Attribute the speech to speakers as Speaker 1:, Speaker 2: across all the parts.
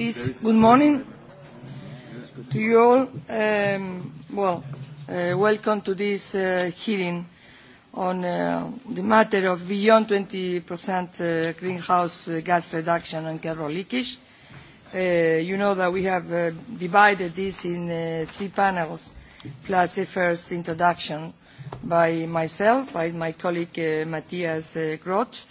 Speaker 1: Please, good morning to you all. Um, well, uh, welcome to this uh, hearing on uh, the matter of beyond 20% uh, greenhouse uh, gas reduction and carbon leakage. Uh, you know that we have uh, divided this in uh, three panels, plus a first introduction by myself, by my colleague uh, Matthias uh, Groth,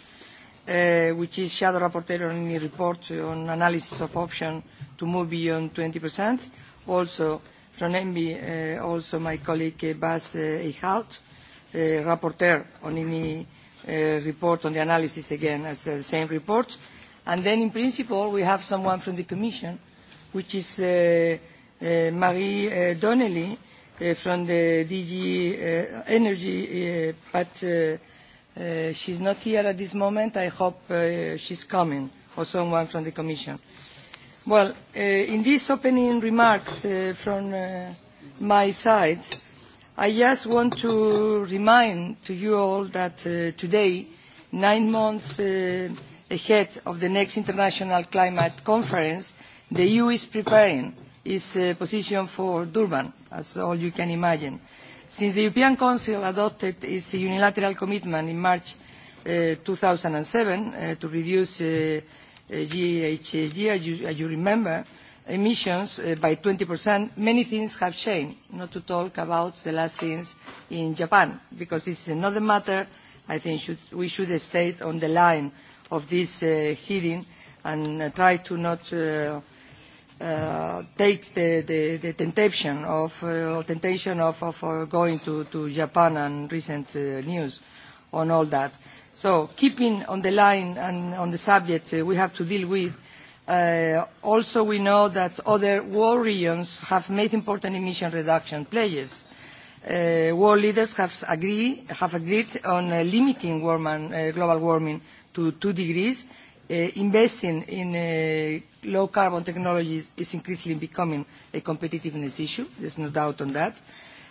Speaker 1: uh, which is shadow rapporteur on any report on analysis of option to move beyond 20%. Also from ENVI, uh, also my colleague uh, Bas uh, Eichhout, uh, rapporteur on any uh, report on the analysis again as the same report. And then in principle we have someone from the Commission, which is uh, uh, Marie uh, Donnelly uh, from the DG uh, Energy, uh, but uh, Uh, she's not here at this moment. I hope uh, she's coming, or someone from the Commission. Well, uh, in these opening remarks uh, from uh, my side, I just want to remind to you all that uh, today, nine months uh, ahead of the next International Climate Conference, the EU is preparing its uh, position for Durban, as all you can imagine. Since the European Council adopted its unilateral commitment in March uh, 2007 uh, to reduce uh, GHG, uh, as you, as you remember, emissions uh, by 20%, many things have changed, not to talk about the last things in Japan, because this is another matter I think should, we should stay on the line of this uh, hearing and uh, try to not uh, uh, take the, the, the temptation of uh, temptation of, of uh, going to, to Japan and recent uh, news on all that. So keeping on the line and on the subject uh, we have to deal with, uh, also we know that other world regions have made important emission reduction pledges. Uh, world leaders have, agree, have agreed on uh, limiting warming, uh, global warming to two degrees uh, investing in uh, low carbon technologies is increasingly becoming a competitiveness issue. There's no doubt on that.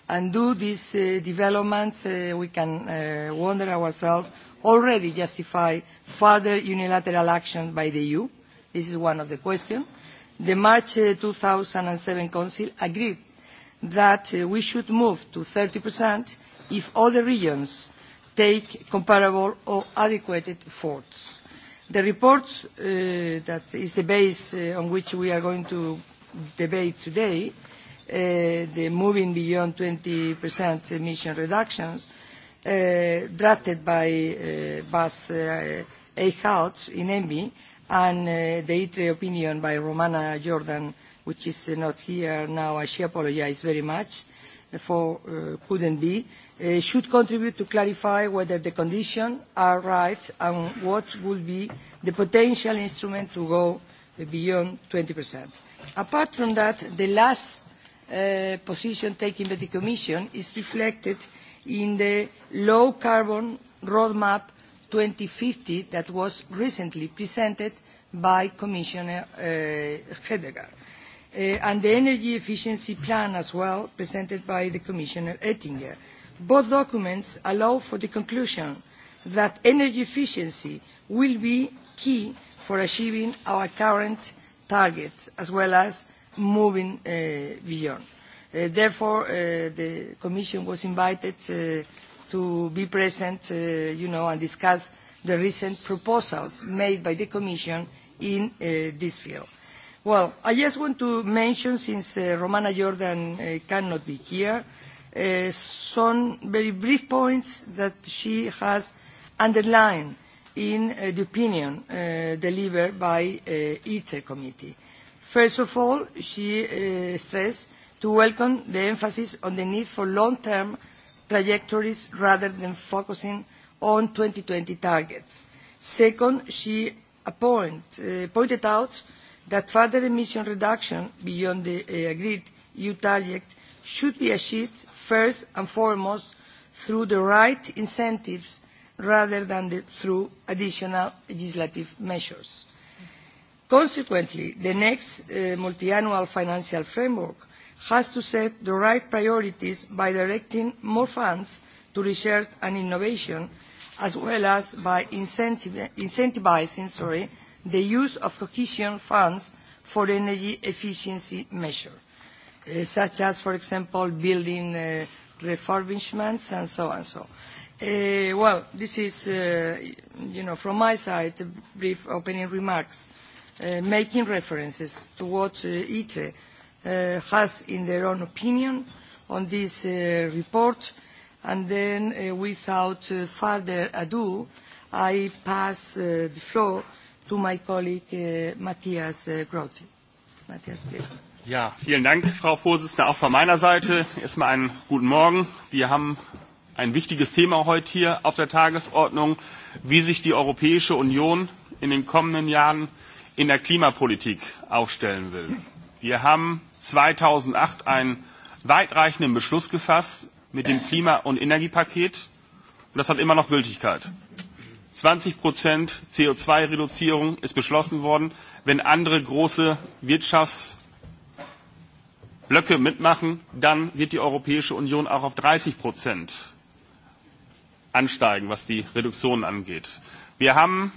Speaker 1: And do these uh, developments, uh, we can uh, wonder ourselves, already justify further unilateral action by the EU? This is one of the questions. The March uh, 2007 Council agreed that uh, we should move to 30% if all the regions take comparable or adequate efforts. The report uh, that is the base uh, on which we are going to debate today, uh, the moving beyond 20% emission reductions, uh, drafted by uh, Bas uh, Eichhout in ENVI, and uh, the ITRE opinion by Romana Jordan, which is uh, not here now, and she apologized very much. Uh, therefore uh, couldn't be, uh, should contribute to clarify whether the conditions are right and what would be the potential instrument to go uh, beyond 20%. Apart from that, the last uh, position taken by the Commission is reflected in the low carbon roadmap 2050 that was recently presented by Commissioner uh, Hedegaard uh, and the Energy Efficiency Plan as well, presented by the Commissioner Oettinger. Both documents allow for the conclusion that energy efficiency will be key for achieving our current targets as well as moving uh, beyond. Uh, therefore, uh, the Commission was invited uh, to be present, uh, you know, and discuss the recent proposals made by the Commission in uh, this field. Well, I just want to mention, since uh, Romana Jordan uh, cannot be here, uh, some very brief points that she has underlined in uh, the opinion uh, delivered by uh, ITER committee. First of all, she uh, stressed to welcome the emphasis on the need for long-term trajectories rather than focusing on 2020 targets. Second, she appoint, uh, pointed out that further emission reduction beyond the uh, agreed EU target should be achieved first and foremost through the right incentives rather than the, through additional legislative measures. Consequently, the next uh, multiannual financial framework has to set the right priorities by directing more funds to research and innovation, as well as by incentiv incentivizing sorry, the use of cohesion funds for energy efficiency measures, uh, such as, for example, building uh, refurbishments and so and so. Uh, well, this is, uh, you know, from my side, brief opening remarks, uh, making references to what uh, ITRE uh, has in their own opinion on this uh, report, and then uh, without uh, further ado, I pass uh, the floor to my colleague uh, Matthias uh, Grote. Matthias, please.
Speaker 2: Ja, vielen Dank, Frau Vorsitzende, auch von meiner Seite. Erstmal einen guten Morgen. Wir haben ein wichtiges Thema heute hier auf der Tagesordnung, wie sich die Europäische Union in den kommenden Jahren in der Klimapolitik aufstellen will. Wir haben 2008 einen weitreichenden Beschluss gefasst mit dem Klima- und Energiepaket. Und das hat immer noch Gültigkeit. 20 Prozent CO2-Reduzierung ist beschlossen worden. Wenn andere große Wirtschaftsblöcke mitmachen, dann wird die Europäische Union auch auf 30 Prozent ansteigen, was die Reduktion angeht. Wir haben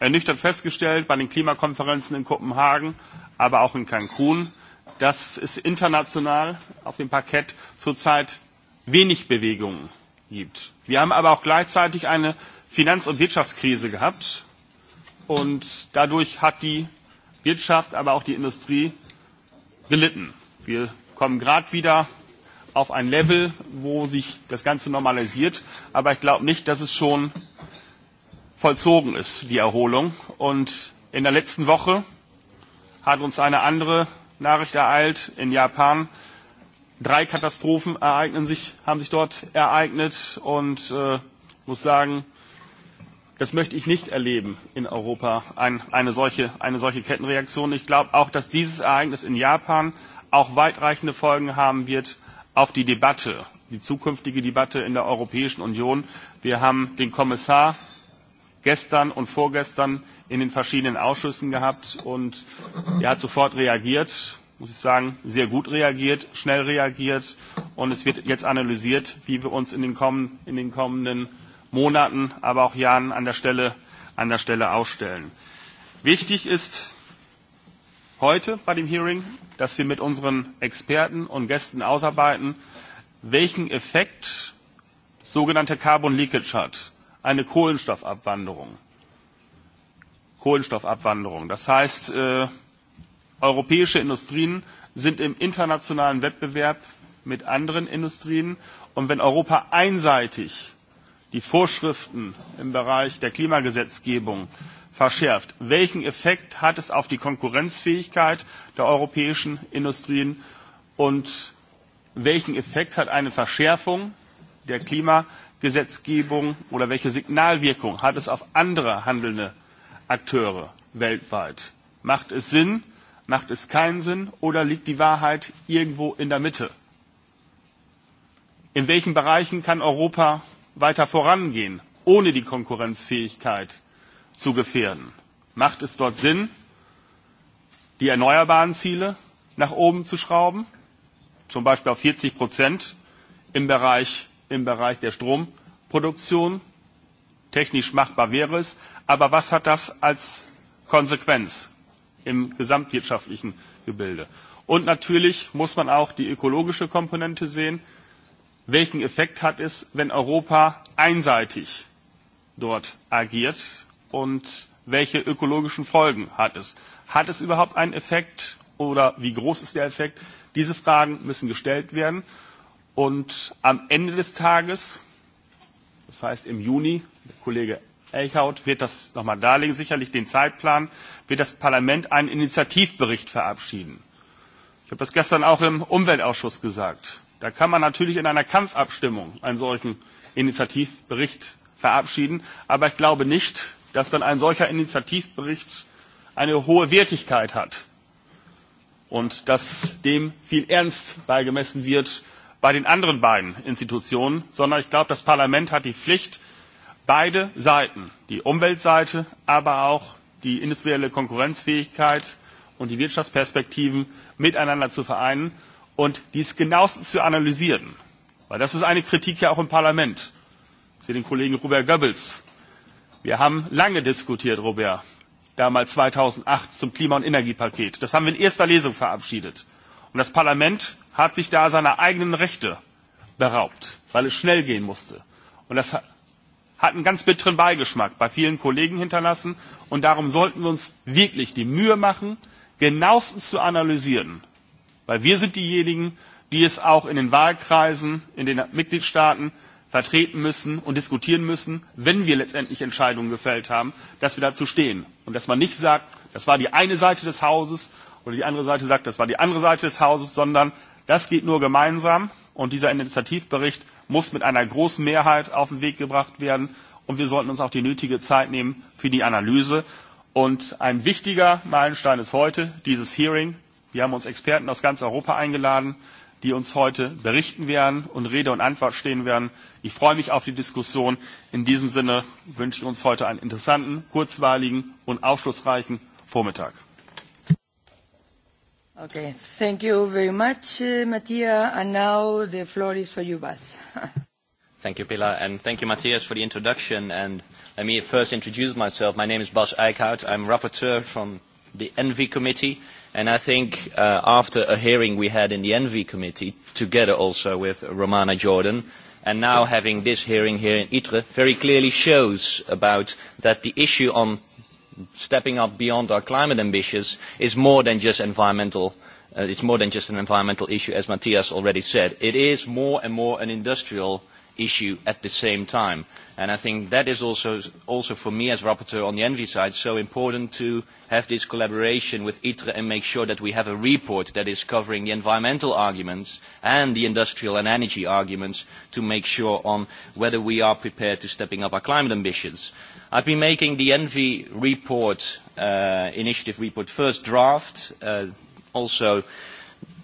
Speaker 2: ernüchtert festgestellt bei den Klimakonferenzen in Kopenhagen, aber auch in Cancun, dass es international auf dem Parkett zurzeit wenig Bewegungen gibt. Wir haben aber auch gleichzeitig eine Finanz- und Wirtschaftskrise gehabt. Und dadurch hat die Wirtschaft, aber auch die Industrie gelitten. Wir kommen gerade wieder auf ein Level, wo sich das Ganze normalisiert. Aber ich glaube nicht, dass es schon vollzogen ist, die Erholung. Und in der letzten Woche hat uns eine andere Nachricht ereilt. In Japan drei Katastrophen ereignen sich, haben sich dort ereignet. Und äh, muss sagen, Das möchte ich nicht erleben in Europa, ein, eine, solche, eine solche Kettenreaktion. Ich glaube auch, dass dieses Ereignis in Japan auch weitreichende Folgen haben wird auf die Debatte, die zukünftige Debatte in der Europäischen Union. Wir haben den Kommissar gestern und vorgestern in den verschiedenen Ausschüssen gehabt und er hat sofort reagiert, muss ich sagen, sehr gut reagiert, schnell reagiert und es wird jetzt analysiert, wie wir uns in den, kommen, in den kommenden Monaten, aber auch Jahren an der Stelle, an der Stelle ausstellen. Wichtig ist heute bei dem Hearing, dass wir mit unseren Experten und Gästen ausarbeiten, welchen Effekt das sogenannte Carbon Leakage hat, eine Kohlenstoffabwanderung. Kohlenstoffabwanderung. Das heißt, äh, europäische Industrien sind im internationalen Wettbewerb mit anderen Industrien. Und wenn Europa einseitig die Vorschriften im Bereich der Klimagesetzgebung verschärft, welchen Effekt hat es auf die Konkurrenzfähigkeit der europäischen Industrien und welchen Effekt hat eine Verschärfung der Klimagesetzgebung oder welche Signalwirkung hat es auf andere handelnde Akteure weltweit? Macht es Sinn? Macht es keinen Sinn? Oder liegt die Wahrheit irgendwo in der Mitte? In welchen Bereichen kann Europa weiter vorangehen, ohne die Konkurrenzfähigkeit zu gefährden? Macht es dort Sinn, die erneuerbaren Ziele nach oben zu schrauben, zum Beispiel auf 40 Prozent im Bereich, im Bereich der Stromproduktion? Technisch machbar wäre es, aber was hat das als Konsequenz im gesamtwirtschaftlichen Gebilde? Und natürlich muss man auch die ökologische Komponente sehen welchen Effekt hat es, wenn Europa einseitig dort agiert und welche ökologischen Folgen hat es. Hat es überhaupt einen Effekt oder wie groß ist der Effekt? Diese Fragen müssen gestellt werden. Und am Ende des Tages, das heißt im Juni, der Kollege Eichhaut wird das nochmal darlegen, sicherlich den Zeitplan, wird das Parlament einen Initiativbericht verabschieden. Ich habe das gestern auch im Umweltausschuss gesagt. Da kann man natürlich in einer Kampfabstimmung einen solchen Initiativbericht verabschieden, aber ich glaube nicht, dass dann ein solcher Initiativbericht eine hohe Wertigkeit hat und dass dem viel Ernst beigemessen wird bei den anderen beiden Institutionen, sondern ich glaube, das Parlament hat die Pflicht, beide Seiten, die Umweltseite, aber auch die industrielle Konkurrenzfähigkeit und die Wirtschaftsperspektiven miteinander zu vereinen und dies genauestens zu analysieren. Weil das ist eine Kritik ja auch im Parlament. Ich sehe den Kollegen Robert Goebbels. Wir haben lange diskutiert, Robert, damals 2008 zum Klima- und Energiepaket. Das haben wir in erster Lesung verabschiedet. Und das Parlament hat sich da seiner eigenen Rechte beraubt, weil es schnell gehen musste. Und das hat einen ganz bitteren Beigeschmack bei vielen Kollegen hinterlassen. Und darum sollten wir uns wirklich die Mühe machen, genauestens zu analysieren, Weil wir sind diejenigen, die es auch in den Wahlkreisen, in den Mitgliedstaaten vertreten müssen und diskutieren müssen, wenn wir letztendlich Entscheidungen gefällt haben, dass wir dazu stehen. Und dass man nicht sagt, das war die eine Seite des Hauses oder die andere Seite sagt, das war die andere Seite des Hauses, sondern das geht nur gemeinsam. Und dieser Initiativbericht muss mit einer großen Mehrheit auf den Weg gebracht werden. Und wir sollten uns auch die nötige Zeit nehmen für die Analyse. Und ein wichtiger Meilenstein ist heute dieses Hearing, Wir haben uns Experten aus ganz Europa eingeladen, die uns heute berichten werden und Rede und Antwort stehen werden. Ich freue mich auf die Diskussion. In diesem Sinne wünsche ich uns heute einen interessanten, kurzweiligen und aufschlussreichen
Speaker 3: Vormittag.
Speaker 1: Okay, thank you very much, uh, Mattia. And now the floor is for you, Bas.
Speaker 3: thank you, Pilar, and thank you, Matthias, for the introduction. And let me first introduce myself. My name is Bas Eickhout. I'm rapporteur from the Envy Committee And I think uh, after a hearing we had in the Envy Committee, together also with Romana Jordan, and now having this hearing here in Itre, very clearly shows about that the issue on stepping up beyond our climate ambitions is more than just environmental uh, it's more than just an environmental issue, as Matthias already said. It is more and more an industrial issue issue at the same time. And I think that is also, also for me as rapporteur on the Envy side so important to have this collaboration with ITRE and make sure that we have a report that is covering the environmental arguments and the industrial and energy arguments to make sure on whether we are prepared to stepping up our climate ambitions. I've been making the Envy report, uh, initiative report, first draft, uh, also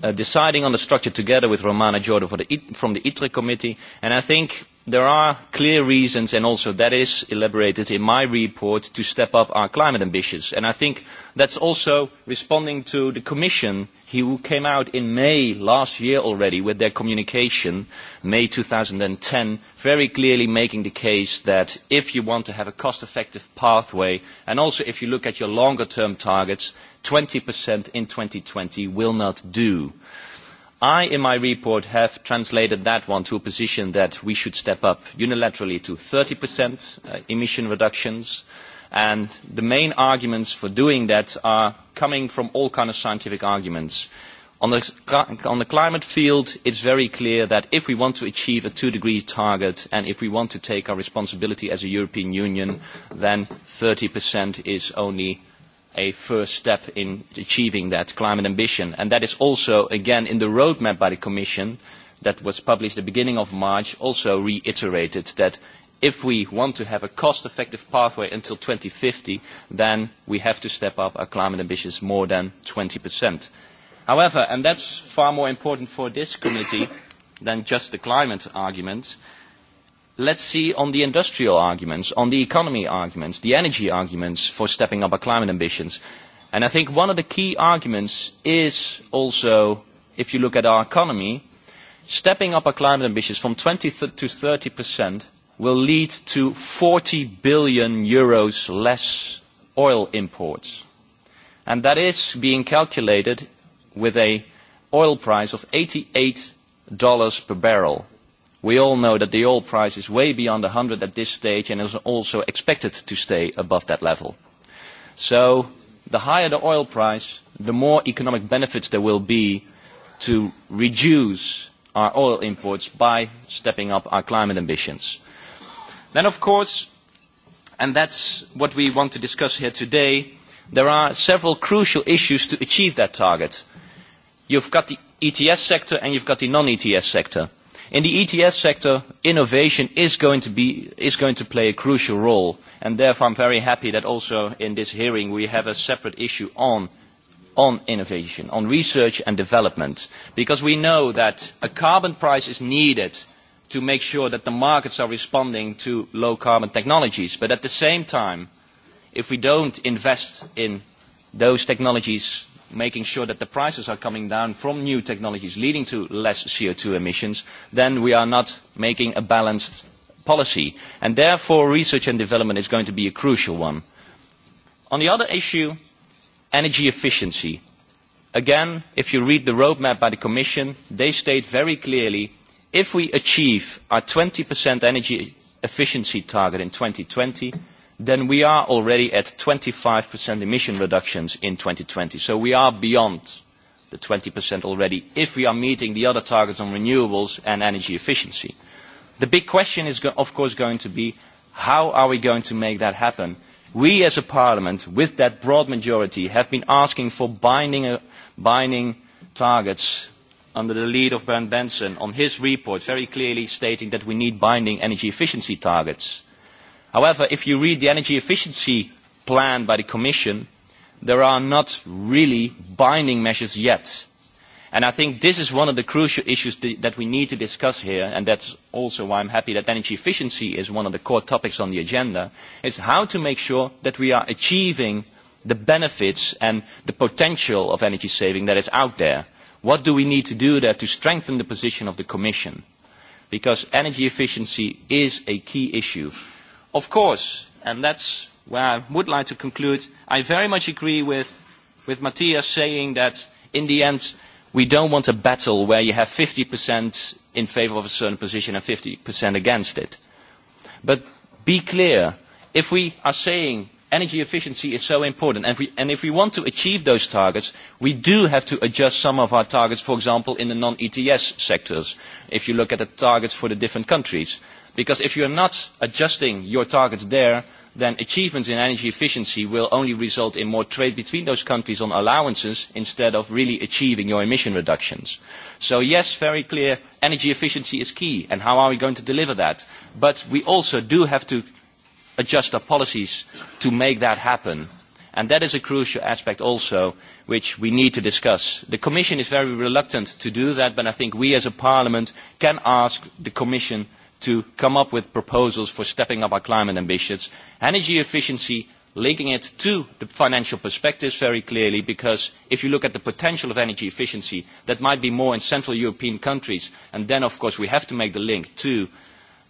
Speaker 3: Uh, deciding on the structure together with Romana Giordo for the, from the ITRE committee. And I think there are clear reasons, and also that is elaborated in my report, to step up our climate ambitions. And I think that's also responding to the Commission, who came out in May last year already with their communication, May 2010, very clearly making the case that if you want to have a cost-effective pathway, and also if you look at your longer-term targets, 20% in 2020 will not do. I, in my report, have translated that one to a position that we should step up unilaterally to 30% uh, emission reductions. And the main arguments for doing that are coming from all kinds of scientific arguments. On the, on the climate field, it's very clear that if we want to achieve a two-degree target and if we want to take our responsibility as a European Union, then 30% is only a first step in achieving that climate ambition. And that is also, again, in the roadmap by the Commission that was published at the beginning of March, also reiterated that if we want to have a cost-effective pathway until 2050, then we have to step up our climate ambitions more than 20%. However, and that's far more important for this committee than just the climate argument, let's see on the industrial arguments, on the economy arguments, the energy arguments for stepping up our climate ambitions. And I think one of the key arguments is also, if you look at our economy, stepping up our climate ambitions from 20 to 30 percent will lead to 40 billion euros less oil imports. And that is being calculated with a oil price of $88 per barrel. We all know that the oil price is way beyond 100 at this stage and is also expected to stay above that level. So the higher the oil price, the more economic benefits there will be to reduce our oil imports by stepping up our climate ambitions. Then, of course, and that's what we want to discuss here today, there are several crucial issues to achieve that target. You've got the ETS sector and you've got the non-ETS sector. In the ETS sector, innovation is going, to be, is going to play a crucial role, and therefore I'm very happy that also in this hearing we have a separate issue on, on innovation, on research and development, because we know that a carbon price is needed to make sure that the markets are responding to low carbon technologies, but at the same time, if we don't invest in those technologies making sure that the prices are coming down from new technologies leading to less CO2 emissions, then we are not making a balanced policy. And therefore, research and development is going to be a crucial one. On the other issue, energy efficiency. Again, if you read the roadmap by the Commission, they state very clearly if we achieve our 20% energy efficiency target in 2020, then we are already at 25% emission reductions in 2020. So we are beyond the 20% already if we are meeting the other targets on renewables and energy efficiency. The big question is, of course, going to be how are we going to make that happen? We as a parliament, with that broad majority, have been asking for binding, uh, binding targets under the lead of Bernd Benson on his report, very clearly stating that we need binding energy efficiency targets. However, if you read the energy efficiency plan by the Commission, there are not really binding measures yet. And I think this is one of the crucial issues th that we need to discuss here, and that's also why I'm happy that energy efficiency is one of the core topics on the agenda, is how to make sure that we are achieving the benefits and the potential of energy saving that is out there. What do we need to do there to strengthen the position of the Commission? Because energy efficiency is a key issue. Of course, and that's where I would like to conclude, I very much agree with, with Matthias saying that in the end, we don't want a battle where you have 50% in favor of a certain position and 50% against it. But be clear, if we are saying energy efficiency is so important and, we, and if we want to achieve those targets, we do have to adjust some of our targets, for example, in the non-ETS sectors, if you look at the targets for the different countries. Because if you're not adjusting your targets there, then achievements in energy efficiency will only result in more trade between those countries on allowances instead of really achieving your emission reductions. So yes, very clear, energy efficiency is key, and how are we going to deliver that? But we also do have to adjust our policies to make that happen. And that is a crucial aspect also which we need to discuss. The Commission is very reluctant to do that, but I think we as a Parliament can ask the Commission – to come up with proposals for stepping up our climate ambitions. Energy efficiency, linking it to the financial perspectives very clearly, because if you look at the potential of energy efficiency, that might be more in Central European countries. And then, of course, we have to make the link to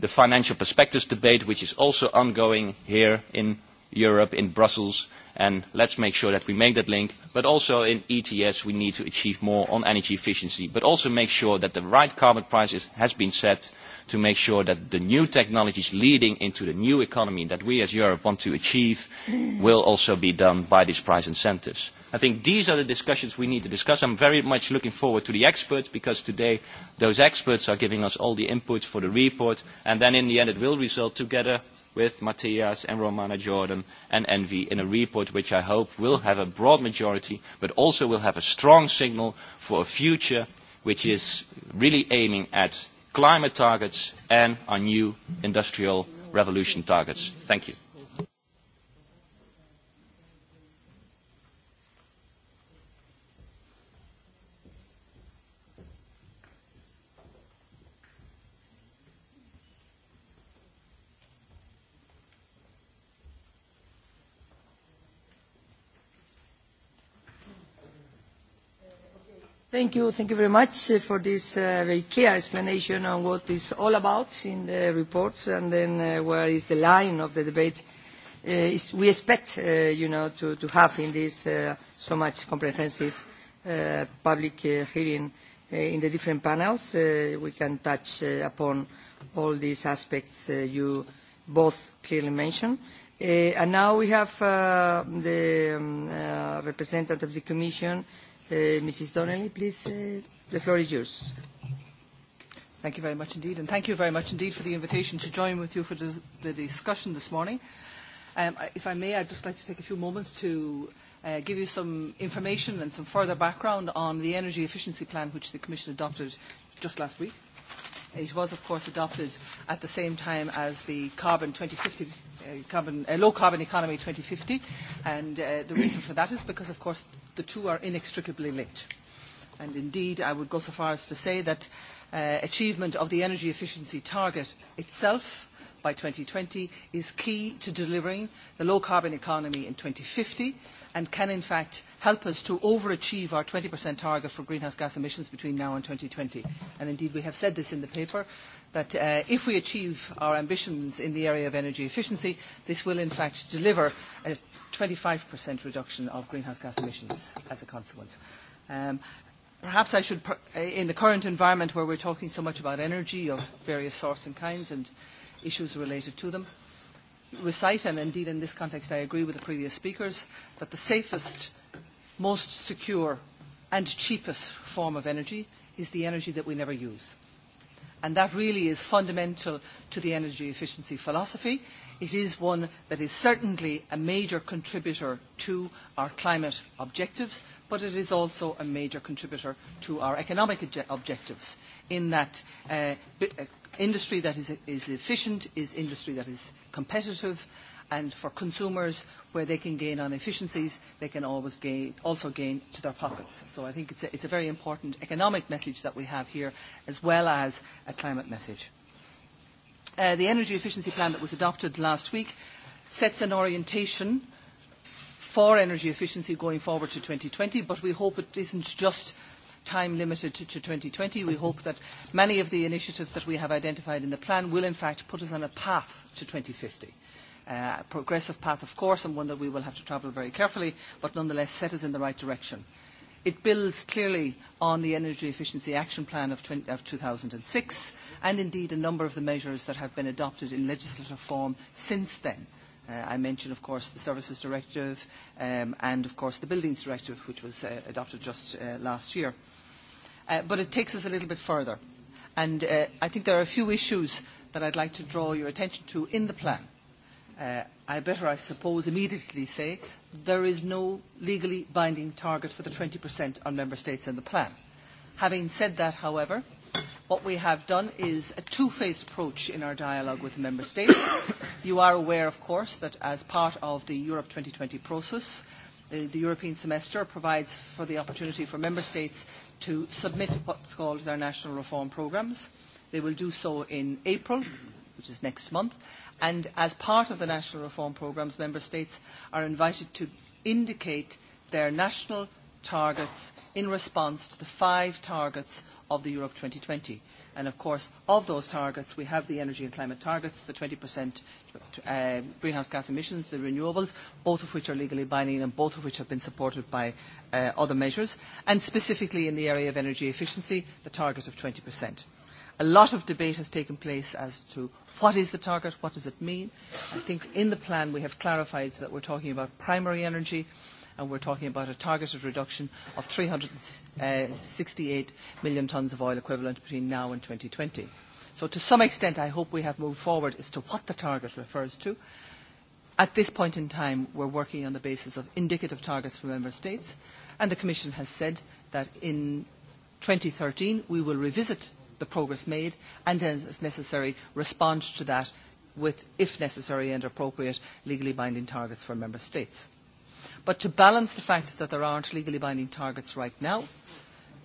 Speaker 3: the financial perspectives debate, which is also ongoing here in Europe, in Brussels, and let's make sure that we make that link. But also in ETS, we need to achieve more on energy efficiency, but also make sure that the right carbon price is, has been set to make sure that the new technologies leading into the new economy that we as Europe want to achieve mm. will also be done by these price incentives. I think these are the discussions we need to discuss. I'm very much looking forward to the experts because today those experts are giving us all the input for the report and then in the end it will result together with Matthias and Romana Jordan and Envy in a report which I hope will have a broad majority but also will have a strong signal for a future which is really aiming at climate targets and our new industrial revolution targets. Thank you.
Speaker 1: Thank you. Thank you very much uh, for this uh, very clear explanation on what it's all about in the reports and then uh, where is the line of the debate uh, is we expect uh, you know, to, to have in this uh, so much comprehensive uh, public uh, hearing uh, in the different panels. Uh, we can touch uh, upon all these aspects uh, you both clearly mentioned. Uh, and now we have uh, the um, uh, representative of the Commission Uh, Mrs. Donnelly, please, uh, the floor is yours. Thank you very much indeed, and thank you very
Speaker 4: much indeed for the
Speaker 1: invitation to join with you for the, the
Speaker 4: discussion this morning. Um, if I may, I'd just like to take a few moments to uh, give you some information and some further background on the energy efficiency plan which the Commission adopted just last week. It was, of course, adopted at the same time as the Carbon 2050 Uh, carbon, a uh, low carbon economy 2050. And uh, the reason for that is because, of course, the two are inextricably linked. And indeed, I would go so far as to say that uh, achievement of the energy efficiency target itself by 2020 is key to delivering the low carbon economy in 2050 and can in fact help us to overachieve our 20% target for greenhouse gas emissions between now and 2020. And indeed we have said this in the paper that uh, if we achieve our ambitions in the area of energy efficiency, this will in fact deliver a 25% reduction of greenhouse gas emissions as a consequence. Um, perhaps I should, uh, in the current environment where we're talking so much about energy of various sorts and kinds and issues related to them, recite, and indeed in this context I agree with the previous speakers, that the safest, most secure and cheapest form of energy is the energy that we never use. And that really is fundamental to the energy efficiency philosophy. It is one that is certainly a major contributor to our climate objectives, but it is also a major contributor to our economic objectives in that uh, uh, industry that is, is efficient is industry that is competitive and for consumers where they can gain on efficiencies, they can always gain, also gain to their pockets. So I think it's a, it's a very important economic message that we have here as well as a climate message. Uh, the energy efficiency plan that was adopted last week sets an orientation for energy efficiency going forward to 2020, but we hope it isn't just time limited to, to 2020. We hope that many of the initiatives that we have identified in the plan will in fact put us on a path to 2050. Uh, a progressive path, of course, and one that we will have to travel very carefully, but nonetheless set us in the right direction. It builds clearly on the Energy Efficiency Action Plan of, 20, of 2006 and indeed a number of the measures that have been adopted in legislative form since then. Uh, I mentioned, of course, the Services Directive um, and, of course, the Buildings Directive, which was uh, adopted just uh, last year. Uh, but it takes us a little bit further. And uh, I think there are a few issues that I'd like to draw your attention to in the plan. Uh, I better, I suppose, immediately say there is no legally binding target for the 20% on Member States in the plan. Having said that, however, what we have done is a two faced approach in our dialogue with the Member States. you are aware, of course, that as part of the Europe 2020 process, uh, the European semester provides for the opportunity for member states to submit what's called their national reform programmes. They will do so in April, which is next month, and as part of the national reform programmes, member states are invited to indicate their national targets in response to the five targets of the Europe 2020. And of course, of those targets, we have the energy and climate targets, the 20% uh, greenhouse gas emissions, the renewables, both of which are legally binding and both of which have been supported by uh, other measures. And specifically in the area of energy efficiency, the target of 20%. A lot of debate has taken place as to what is the target, what does it mean. I think in the plan we have clarified that we're talking about primary energy, and we're talking about a targeted reduction of 368 million tonnes of oil equivalent between now and 2020. So to some extent, I hope we have moved forward as to what the target refers to. At this point in time, we're working on the basis of indicative targets for Member States, and the Commission has said that in 2013 we will revisit the progress made and, as necessary, respond to that with, if necessary and appropriate, legally binding targets for Member States. But to balance the fact that there aren't legally binding targets right now,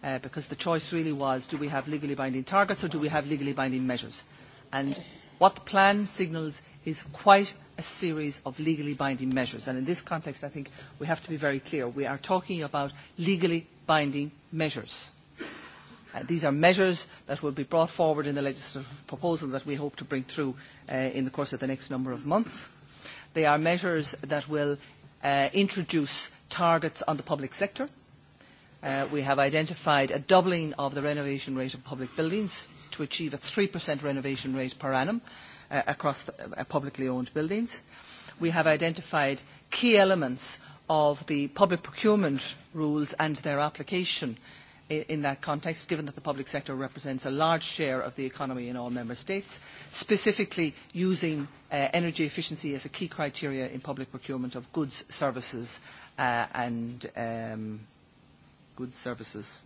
Speaker 4: uh, because the choice really was do we have legally binding targets or do we have legally binding measures? And what the plan signals is quite a series of legally binding measures. And in this context, I think we have to be very clear. We are talking about legally binding measures. Uh, these are measures that will be brought forward in the legislative proposal that we hope to bring through uh, in the course of the next number of months. They are measures that will uh, introduce targets on the public sector. Uh, we have identified a doubling of the renovation rate of public buildings to achieve a 3% renovation rate per annum uh, across the, uh, publicly owned buildings. We have identified key elements of the public procurement rules and their application in, that context, given that the public sector represents a large share of the economy in all member states, specifically using uh, energy efficiency as a key criteria in public procurement of goods, services uh, and um, goods, services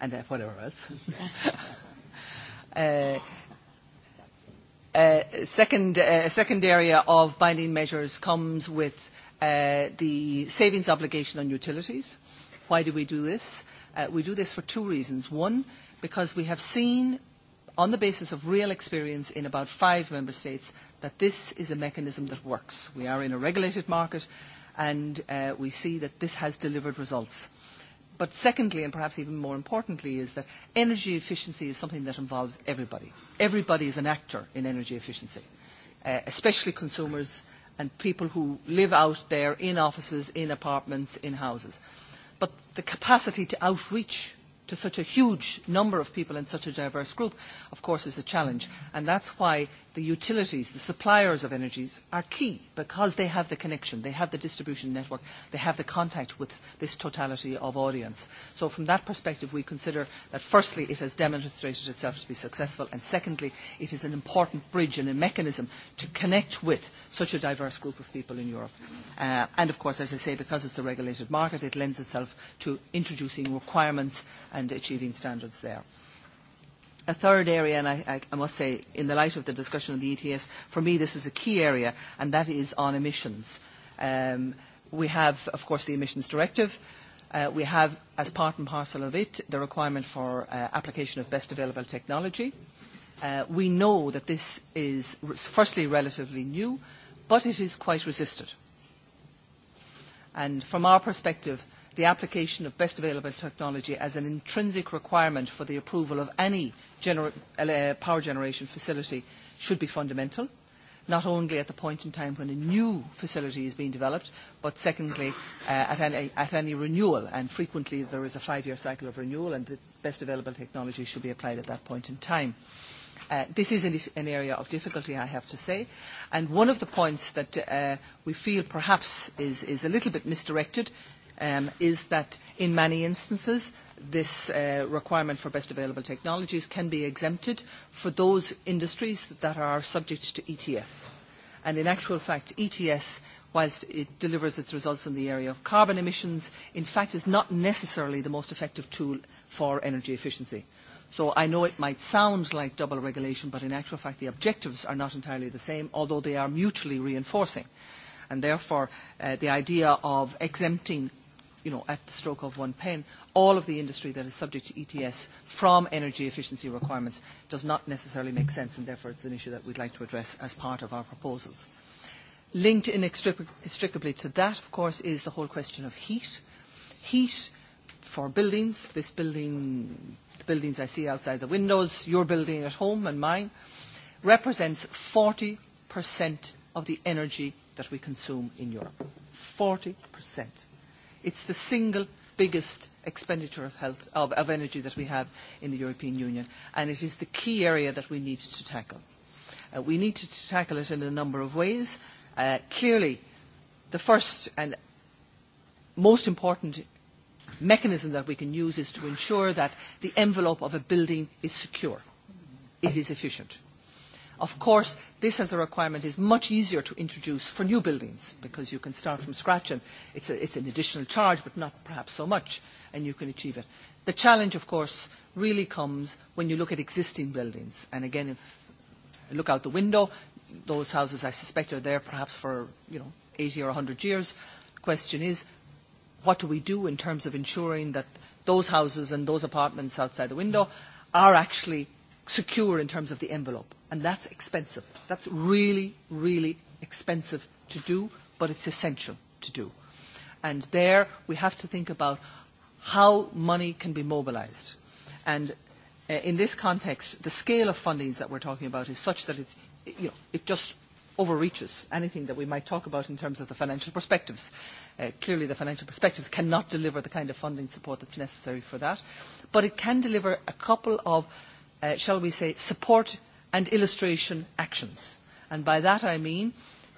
Speaker 4: and uh, whatever else. uh, uh, second, uh, second area of binding measures comes with uh, the savings obligation on utilities. Why do we do this? Uh, we do this for two reasons. One, because we have seen, on the basis of real experience in about five member states, that this is a mechanism that works. We are in a regulated market, and uh, we see that this has delivered results. But secondly, and perhaps even more importantly, is that energy efficiency is something that involves everybody. Everybody is an actor in energy efficiency, uh, especially consumers and people who live out there in offices, in apartments, in houses but the capacity to outreach to such a huge number of people in such a diverse group, of course, is a challenge. And that's why the utilities, the suppliers of energies are key because they have the connection, they have the distribution network, they have the contact with this totality of audience. So from that perspective, we consider that firstly, it has demonstrated itself to be successful, and secondly, it is an important bridge and a mechanism to connect with such a diverse group of people in Europe. Uh, and of course, as I say, because it's a regulated market, it lends itself to introducing requirements and achieving standards there a third area, and I, I, I must say, in the light of the discussion of the ETS, for me this is a key area, and that is on emissions. Um, we have, of course, the emissions directive. Uh, we have, as part and parcel of it, the requirement for uh, application of best available technology. Uh, we know that this is, firstly, relatively new, but it is quite resisted. And from our perspective, the application of best available technology as an intrinsic requirement for the approval of any gener uh, power generation facility should be fundamental, not only at the point in time when a new facility is being developed, but secondly, uh, at, any, at any renewal. And frequently there is a five-year cycle of renewal, and the best available technology should be applied at that point in time. Uh, this is an, an area of difficulty, I have to say. And one of the points that uh, we feel perhaps is, is a little bit misdirected um, is that in many instances this uh, requirement for best available technologies can be exempted for those industries that are subject to ETS. And in actual fact, ETS, whilst it delivers its results in the area of carbon emissions, in fact is not necessarily the most effective tool for energy efficiency. So I know it might sound like double regulation, but in actual fact the objectives are not entirely the same, although they are mutually reinforcing. And therefore, uh, the idea of exempting you know, at the stroke of one pen, all of the industry that is subject to ETS from energy efficiency requirements does not necessarily make sense, and therefore it's an issue that we'd like to address as part of our proposals. Linked inextricably to that, of course, is the whole question of heat. Heat for buildings, this building, the buildings I see outside the windows, your building at home and mine, represents 40% of the energy that we consume in Europe. 40%. It's the single biggest expenditure of, health, of, of energy that we have in the European Union, and it is the key area that we need to tackle. Uh, we need to tackle it in a number of ways. Uh, clearly, the first and most important mechanism that we can use is to ensure that the envelope of a building is secure. It is efficient. Of course, this as a requirement is much easier to introduce for new buildings because you can start from scratch and it's, a, it's an additional charge but not perhaps so much and you can achieve it. The challenge, of course, really comes when you look at existing buildings. And again, if you look out the window, those houses I suspect are there perhaps for, you know, 80 or 100 years. The question is, what do we do in terms of ensuring that those houses and those apartments outside the window are actually secure in terms of the envelope? And that's expensive. That's really, really expensive to do, but it's essential to do. And there we have to think about how money can be mobilized. And uh, in this context, the scale of fundings that we're talking about is such that it, you know, it just overreaches anything that we might talk about in terms of the financial perspectives. Uh, clearly, the financial perspectives cannot deliver the kind of funding support that's necessary for that. But it can deliver a couple of, uh, shall we say, support and illustration actions. And by that I mean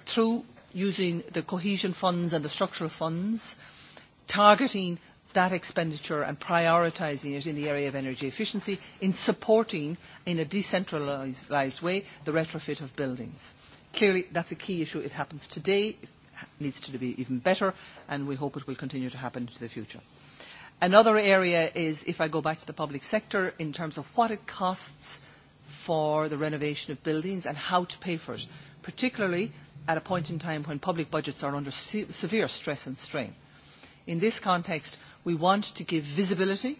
Speaker 4: through using the cohesion funds and the structural funds, targeting that expenditure and prioritising it in the area of energy efficiency in supporting in a decentralised way the retrofit of buildings. Clearly that's a key issue. It happens today, it needs to be even better and we hope it will continue to happen into the future. Another area is, if I go back to the public sector, in terms of what it costs for the renovation of buildings and how to pay for it, particularly at a point in time when public budgets are under se severe stress and strain. In this context, we want to give visibility,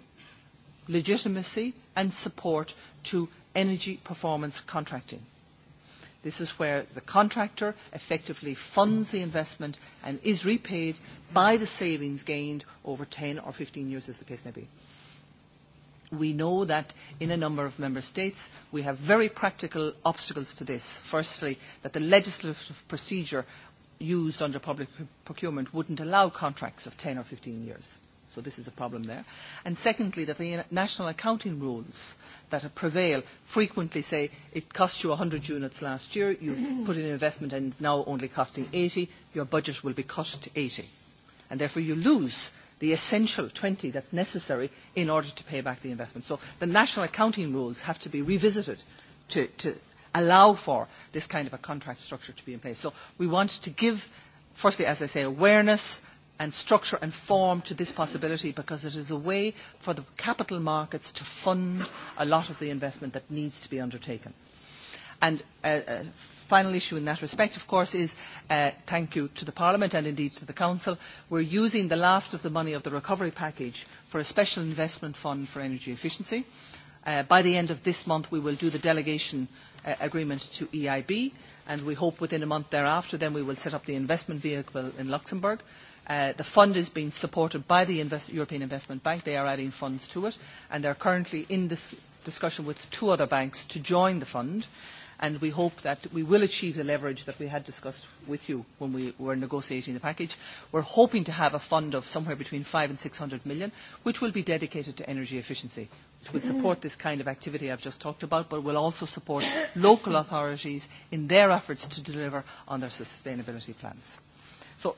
Speaker 4: legitimacy and support to energy performance contracting. This is where the contractor effectively funds the investment and is repaid by the savings gained over 10 or 15 years, as the case may be we know that in a number of member states we have very practical obstacles to this. Firstly, that the legislative procedure used under public procurement wouldn't allow contracts of 10 or 15 years. So this is a problem there. And secondly, that the national accounting rules that prevail frequently say it cost you 100 units last year, you put in an investment and now only costing 80, your budget will be cut to 80. And therefore you lose the essential 20 that's necessary in order to pay back the investment. So the national accounting rules have to be revisited to, to allow for this kind of a contract structure to be in place. So we want to give, firstly, as I say, awareness and structure and form to this possibility because it is a way for the capital markets to fund a lot of the investment that needs to be undertaken. And uh, uh, final issue in that respect, of course, is uh, thank you to the Parliament and indeed to the Council. We're using the last of the money of the recovery package for a special investment fund for energy efficiency. Uh, by the end of this month, we will do the delegation uh, agreement to EIB, and we hope within a month thereafter, then we will set up the investment vehicle in Luxembourg. Uh, the fund is being supported by the Invest European Investment Bank. They are adding funds to it, and they're currently in this discussion with two other banks to join the fund. Uh, and we hope that we will achieve the leverage that we had discussed with you when we were negotiating the package. We're hoping to have a fund of somewhere between five and 600 million, which will be dedicated to energy efficiency, It will support this kind of activity I've just talked about, but will also support local authorities in their efforts to deliver on their sustainability plans. So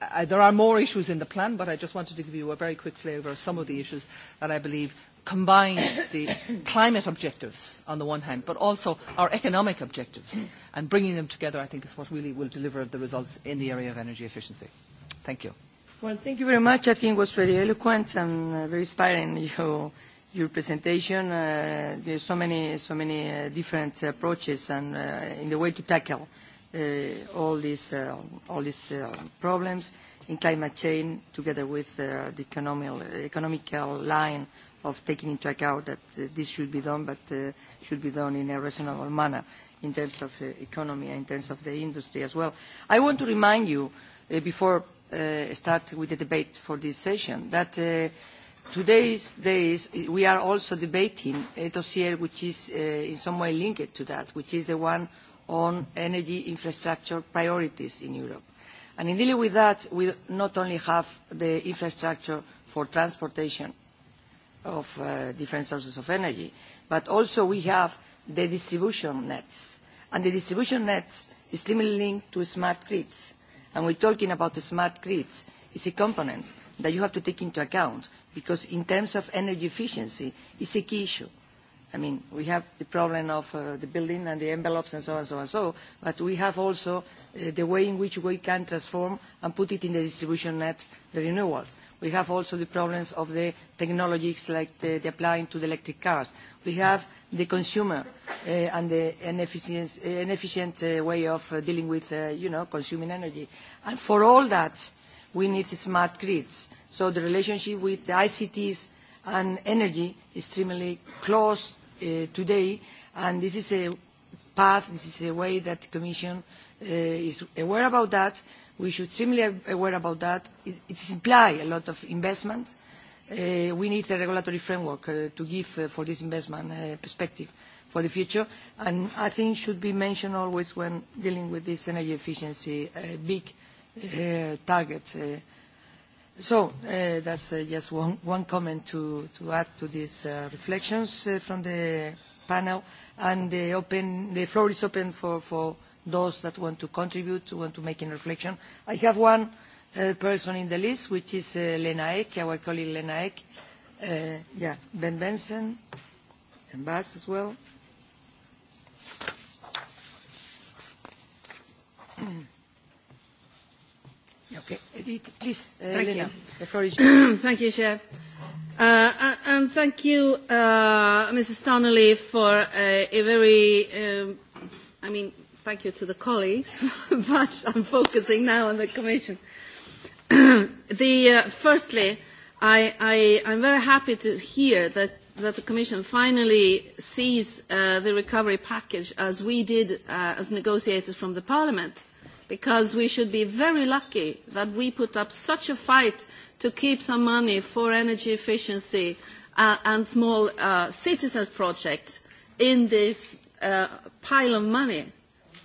Speaker 4: uh, there are more issues in the plan, but I just wanted to give you a very quick flavour of some of the issues that I believe combine the climate objectives on the one hand, but also our economic objectives, and bringing them together, I think, is what really will deliver the results in the area of energy efficiency. Thank you.
Speaker 1: Well, thank you very much. I think it was very eloquent and uh, very inspiring, your, your presentation. Uh, are so many, so many uh, different approaches and uh, in the way to tackle uh, all these, uh, all these uh, problems in climate change together with uh, the economical, economical line of taking into account that uh, this should be done, but uh, should be done in a reasonable manner in terms of uh, economy and in terms of the industry as well. I want to remind you, uh, before uh, start with the debate for this session, that uh, today's days we are also debating a dossier which is uh, in some way linked to that, which is the one on energy infrastructure priorities in Europe. And in dealing with that, we not only have the infrastructure for transportation of uh, different sources of energy. But also we have the distribution nets. And the distribution nets is extremely linked to smart grids. And we're talking about the smart grids. It's a component that you have to take into account because in terms of energy efficiency, it's a key issue. I mean, we have the problem of uh, the building and the envelopes and so on and so and so, but we have also uh, the way in which we can transform and put it in the distribution net, the renewables. We have also the problems of the technologies like the, the applying to the electric cars. We have the consumer uh, and the inefficient, inefficient uh, way of uh, dealing with, uh, you know, consuming energy. And for all that, we need smart grids. So the relationship with the ICTs and energy is extremely close uh, today, and this is a path, this is a way that the Commission uh, is aware about that, We should simply be aware about that. It, it implies a lot of investments. Uh, we need a regulatory framework uh, to give uh, for this investment uh, perspective for the future. And I think it should be mentioned always when dealing with this energy efficiency uh, big uh, target. Uh, so uh, that's uh, just one, one comment to, to add to these uh, reflections uh, from the panel. And the, open, the floor is open for, for those that want to contribute, want to make a reflection. I have one uh, person in the list, which is uh, Lena Ek, our colleague Lena Ek. Uh, yeah, Ben Benson, and Bas as well. okay, Edith, please, uh, thank Lena, you. the floor is yours.
Speaker 5: thank you, Chair. Uh, and thank you, uh, Mrs. Donnelly, for a, a very, um, I mean, thank you to the colleagues, but I'm focusing now on the Commission. the, uh, firstly, I, I, I'm very happy to hear that, that the Commission finally sees uh, the recovery package as we did uh, as negotiators from the Parliament, because we should be very lucky that we put up such a fight to keep some money for energy efficiency uh, and small uh, citizens projects in this uh, pile of money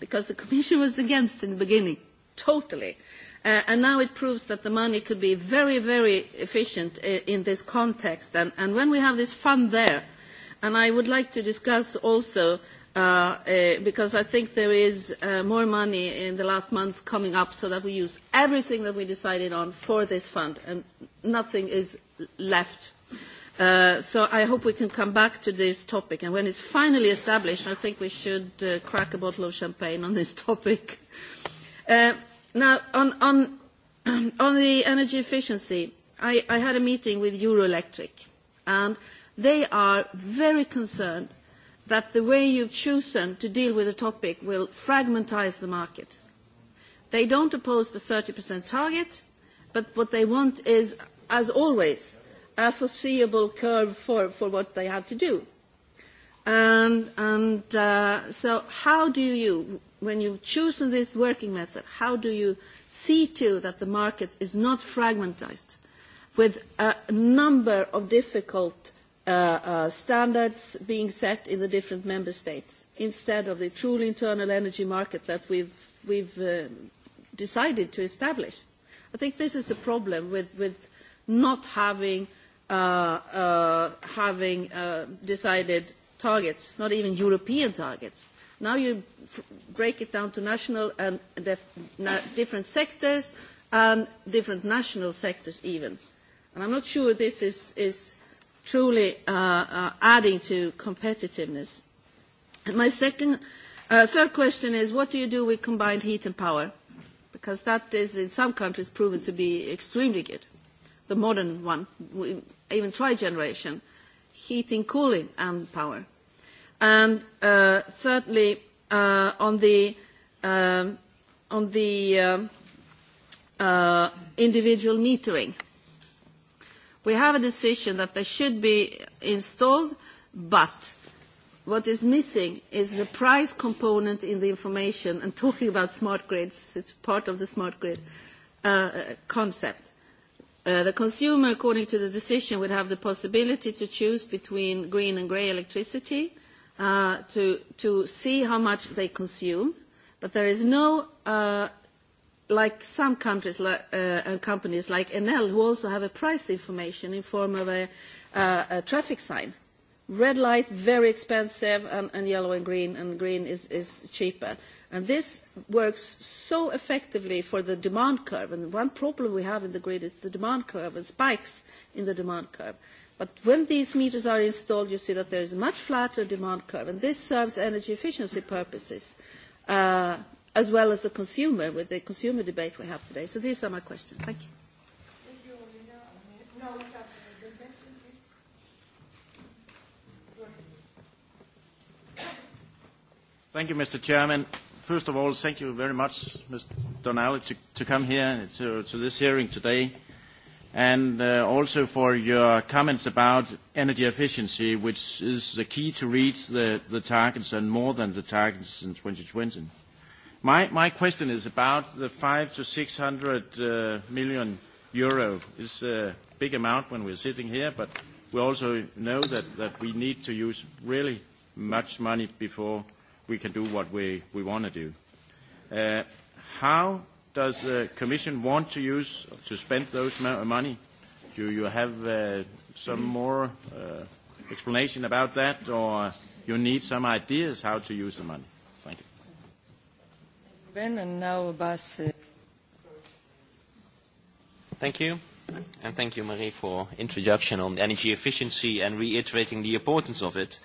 Speaker 5: because the Commission was against in the beginning, totally. Uh, and now it proves that the money could be very, very efficient in, in this context. And, and when we have this fund there, and I would like to discuss also uh, uh, because I think there is uh, more money in the last months coming up so that we use everything that we decided on for this fund and nothing is left Uh, so I hope we can come back to this topic. And when it's finally established, I think we should uh, crack a bottle of champagne on this topic. Uh, now, on, on, on the energy efficiency, I, I had a meeting with Euroelectric, and they are very concerned that the way you've chosen to deal with the topic will fragmentize the market. They don't oppose the 30% target, but what they want is, as always, a foreseeable curve for, for what they have to do. And, and uh, so how do you, when you've chosen this working method, how do you see to that the market is not fragmentized with a number of difficult uh, uh, standards being set in the different member states instead of the truly internal energy market that we've, we've uh, decided to establish? I think this is a problem with, with not having – Uh, uh, having uh, decided targets, not even European targets. Now you f break it down to national and na different sectors and different national sectors even. And I'm not sure this is, is truly uh, uh, adding to competitiveness. And my second, uh, third question is what do you do with combined heat and power? Because that is in some countries proven to be extremely good the modern one, even tri-generation, heating, cooling and power. And uh, thirdly, uh, on the, um, on the uh, uh, individual metering, we have a decision that they should be installed, but what is missing is the price component in the information and talking about smart grids, it's part of the smart grid uh, concept. Uh, the consumer, according to the decision, would have the possibility to choose between green and grey electricity uh, to, to see how much they consume. But there is no, uh, like some countries like, uh, and companies like Enel, who also have a price information in form of a, uh, a traffic sign. Red light, very expensive, and, and yellow and green, and green is, is cheaper. And this works so effectively for the demand curve. And one problem we have in the grid is the demand curve and spikes in the demand curve. But when these meters are installed, you see that there is a much flatter demand curve. And this serves energy efficiency purposes, uh, as well as the consumer, with the consumer debate we have today. So these are my questions. Thank you.
Speaker 6: Thank you, Mr. Chairman first of all, thank you very much, Mr. Donnelly, to, to come here to, to this hearing today, and uh, also for your comments about energy efficiency, which is the key to reach the, the targets and more than the targets in 2020. My, my question is about the five to 600 uh, million euro. It's a big amount when we're sitting here, but we also know that, that we need to use really much money before we can do what we, we want to do. Uh, how does the Commission want to use to spend those uh, money? Do you have uh, some more uh, explanation about that, or you need some ideas how to use the money? Thank you.
Speaker 1: Ben, and now Bas. Uh,
Speaker 3: thank you. And thank you, Marie, for introduction on energy efficiency and reiterating the importance of it.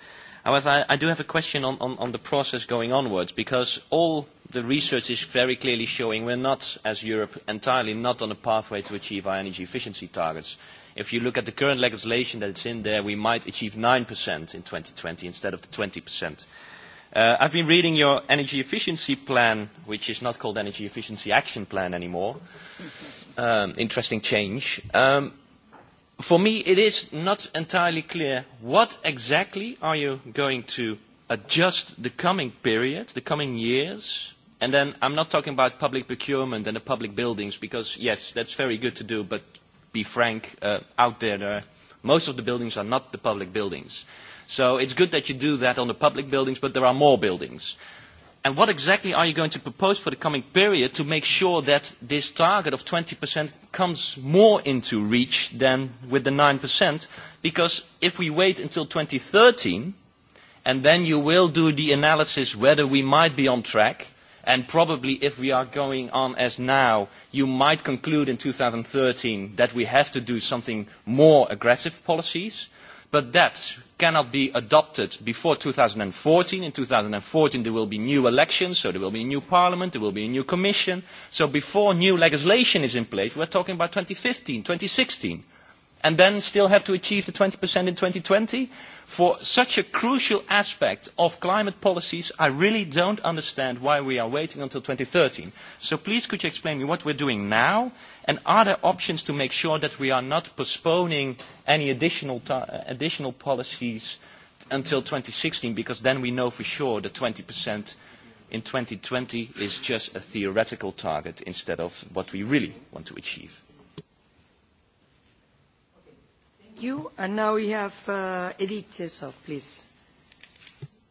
Speaker 3: However, I, I do have a question on, on, on the process going onwards, because all the research is very clearly showing we're not, as Europe, entirely not on a pathway to achieve our energy efficiency targets. If you look at the current legislation that's in there, we might achieve 9% in 2020 instead of the 20%. Uh, I've been reading your energy efficiency plan, which is not called Energy Efficiency Action Plan anymore. Um, interesting change. Um, for me, it is not entirely clear what exactly are you going to adjust the coming period, the coming years. And then I'm not talking about public procurement and the public buildings, because yes, that's very good to do, but be frank, uh, out there, there, uh, most of the buildings are not the public buildings. So it's good that you do that on the public buildings, but there are more buildings. And what exactly are you going to propose for the coming period to make sure that this target of 20% comes more into reach than with the 9%? Because if we wait until 2013, and then you will do the analysis whether we might be on track, and probably if we are going on as now, you might conclude in 2013 that we have to do something more aggressive policies, but that cannot be adopted before 2014. In 2014 there will be new elections, so there will be a new parliament, there will be a new commission. So before new legislation is in place, we're talking about 2015, 2016. And then still have to achieve the 20% in 2020? For such a crucial aspect of climate policies, I really don't understand why we are waiting until 2013. So please could you explain me what we're doing now And are there options to make sure that we are not postponing any additional, additional policies until 2016? Because then we know for sure that 20% in 2020 is just a theoretical target instead of what we really want to achieve.
Speaker 7: Thank you. And now we have uh, Edith Tesov, please.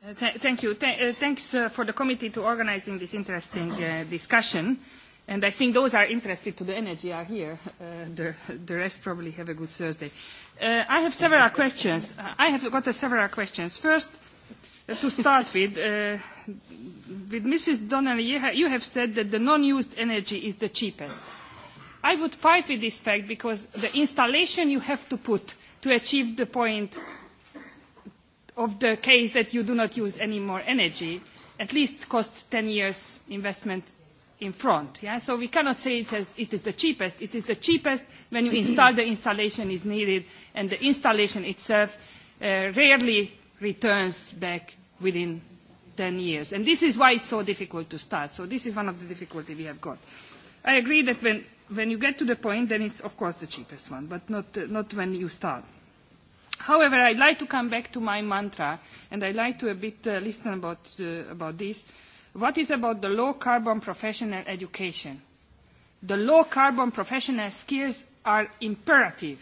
Speaker 7: Uh, th thank you. Th uh, thanks uh, for the committee to organizing this interesting uh, discussion. And I think those are interested to the energy are here. Uh, the, the rest probably have a good Thursday. Uh, I have several questions. Uh, I have got uh, several questions. First, uh, to start with, uh, with Mrs. Donnelly, you, ha you have said that the non-used energy is the cheapest. I would fight with this fact because the installation you have to put to achieve the point of the case that you do not use any more energy at least costs 10 years investment in front. Yeah? So we cannot say it's a, it is the cheapest. It is the cheapest when you install the installation is needed and the installation itself uh, rarely returns back within 10 years. And this is why it's so difficult to start. So this is one of the difficulty we have got. I agree that when, when you get to the point, then it's of course the cheapest one, but not, uh, not when you start. However, I'd like to come back to my mantra, and I'd like to a bit uh, listen about, uh, about this. Uh, What is about the low carbon professional education? The low carbon professional skills are imperative.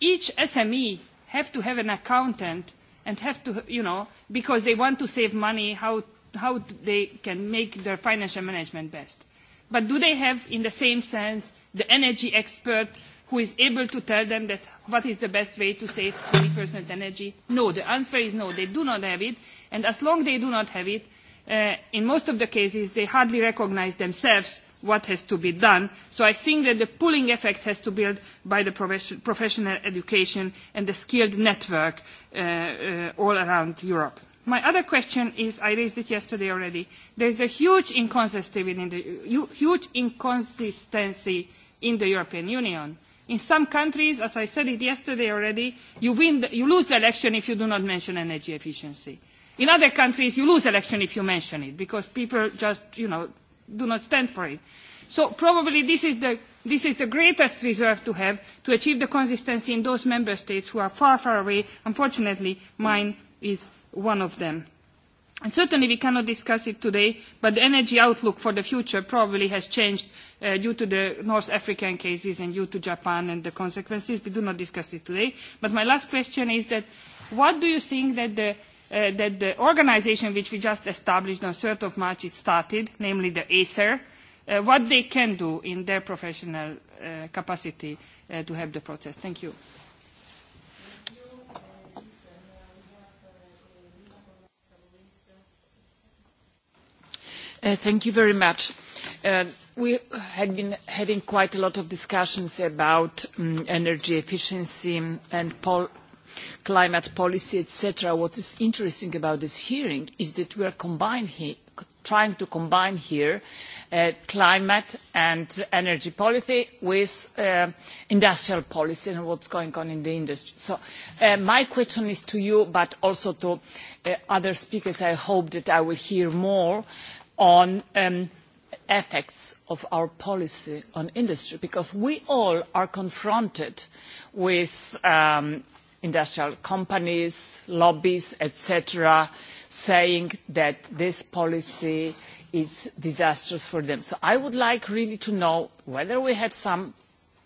Speaker 7: Each SME have to have an accountant and have to, you know, because they want to save money, how, how they can make their financial management best. But do they have, in the same sense, the energy expert who is able to tell them that what is the best way to save 20% energy? No, the answer is no, they do not have it. And as long as they do not have it, uh, in most of the cases, they hardly recognize themselves what has to be done. So I think that the pulling effect has to build by the professional education and the skilled network uh, uh, all around Europe. My other question is, I raised it yesterday already, there's a huge inconsistency, within the, huge inconsistency in the European Union. In some countries, as I said it yesterday already, you, win the, you lose the election if you do not mention energy efficiency. Uh, In other countries, you lose election if you mention it because people just, you know, do not stand for it. So probably this is the, this is the greatest reserve to have to achieve the consistency in those member states who are far, far away. Unfortunately, mine is one of them. And certainly we cannot discuss it today, but the energy outlook for the future probably has changed uh, due to the North African cases and due to Japan and the consequences. We do not discuss it today. But my last question is that what do you think that the uh, that the organization which we just established on 3rd of March it started, namely the ACER, uh, what they can do in their professional uh, capacity uh, to help the process. Thank you.
Speaker 8: Uh, thank you very much. Uh, we had been having quite a lot of discussions about um, energy efficiency and pol climate policy, etc., what is interesting about this hearing is that we are combining here trying to combine here uh, climate and energy policy with uh, industrial policy and what's going on in the industry. So uh, my question is to you, but also to uh, other speakers. I hope that I will hear more on um, effects of our policy on industry, because we all are confronted with um, industrial companies, lobbies, etc., saying that this policy is disastrous for them. So I would like really to know whether we have some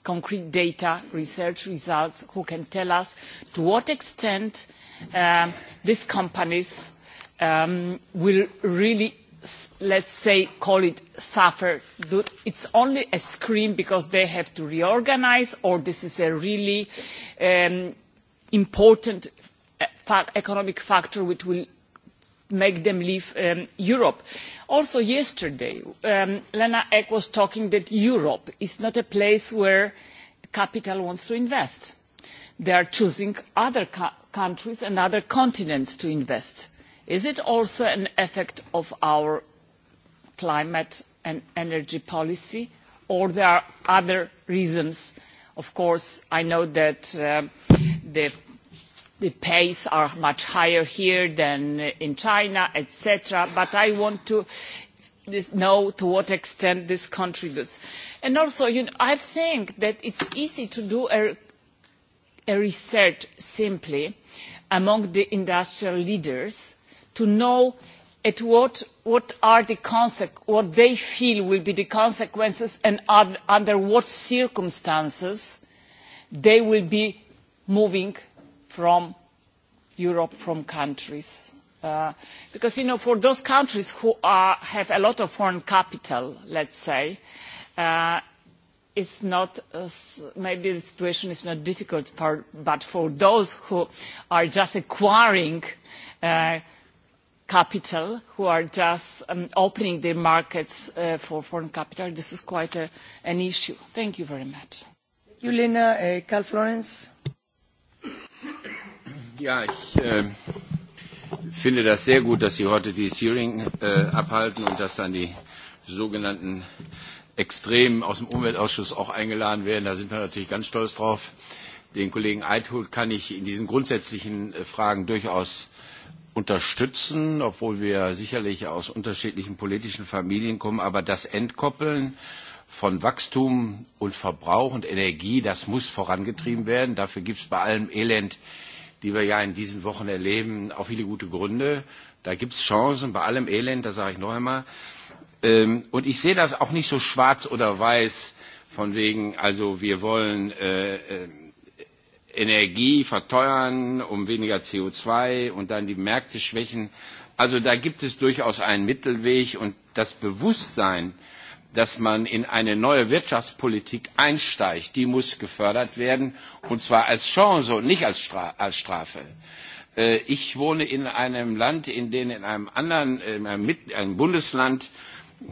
Speaker 8: concrete data, research results, who can tell us to what extent um, these companies um, will really, let's say, call it suffer. It's only a scream because they have to reorganize or this is a really um, important eh, economic factor which will make them leave um, Europe. Also yesterday, um, Lena Eck was talking that Europe is not a place where capital wants to invest. They are choosing other countries and other continents to invest. Is it also an effect of our climate and energy policy, or there are other reasons? Of course, I know that uh, the, pace pays are much higher here than in China, cetera. But I want to know to what extent this contributes. And also, you know, I think that it's easy to do a, research simply among the industrial leaders to know at what, what are the consequences, what they feel will be the consequences and under what circumstances they will be moving from Europe, from countries. Uh, because, you know, for those countries who are, have a lot of foreign capital, let's say, uh, it's not, uh, maybe the situation is not difficult, for, but for those who are just acquiring uh, capital, who are just um, opening their markets uh, for foreign capital, this is quite a, an issue. Thank you very much. Thank you, Lina.
Speaker 1: Uh, Carl Florence.
Speaker 9: Ja, ich äh, finde das sehr gut, dass Sie heute dieses Hearing äh, abhalten und dass dann die sogenannten Extremen aus dem Umweltausschuss auch eingeladen werden. Da sind wir natürlich ganz stolz drauf. Den Kollegen Eithut kann ich in diesen grundsätzlichen äh, Fragen durchaus unterstützen, obwohl wir sicherlich aus unterschiedlichen politischen Familien kommen, aber das Entkoppeln von Wachstum und Verbrauch und Energie, das muss vorangetrieben werden. Dafür gibt es bei allem Elend, die wir ja in diesen Wochen erleben, auch viele gute Gründe. Da gibt es Chancen bei allem Elend, das sage ich noch einmal. Ähm, und ich sehe das auch nicht so schwarz oder weiß, von wegen, also wir wollen äh, äh, Energie verteuern, um weniger CO2 und dann die Märkte schwächen. Also da gibt es durchaus einen Mittelweg und das Bewusstsein, äh, dass man in eine neue Wirtschaftspolitik einsteigt, die muss gefördert werden, und zwar als Chance und nicht als, Stra als Strafe. Äh, ich wohne in einem Land, in dem in einem anderen, in einem, Mit einem Bundesland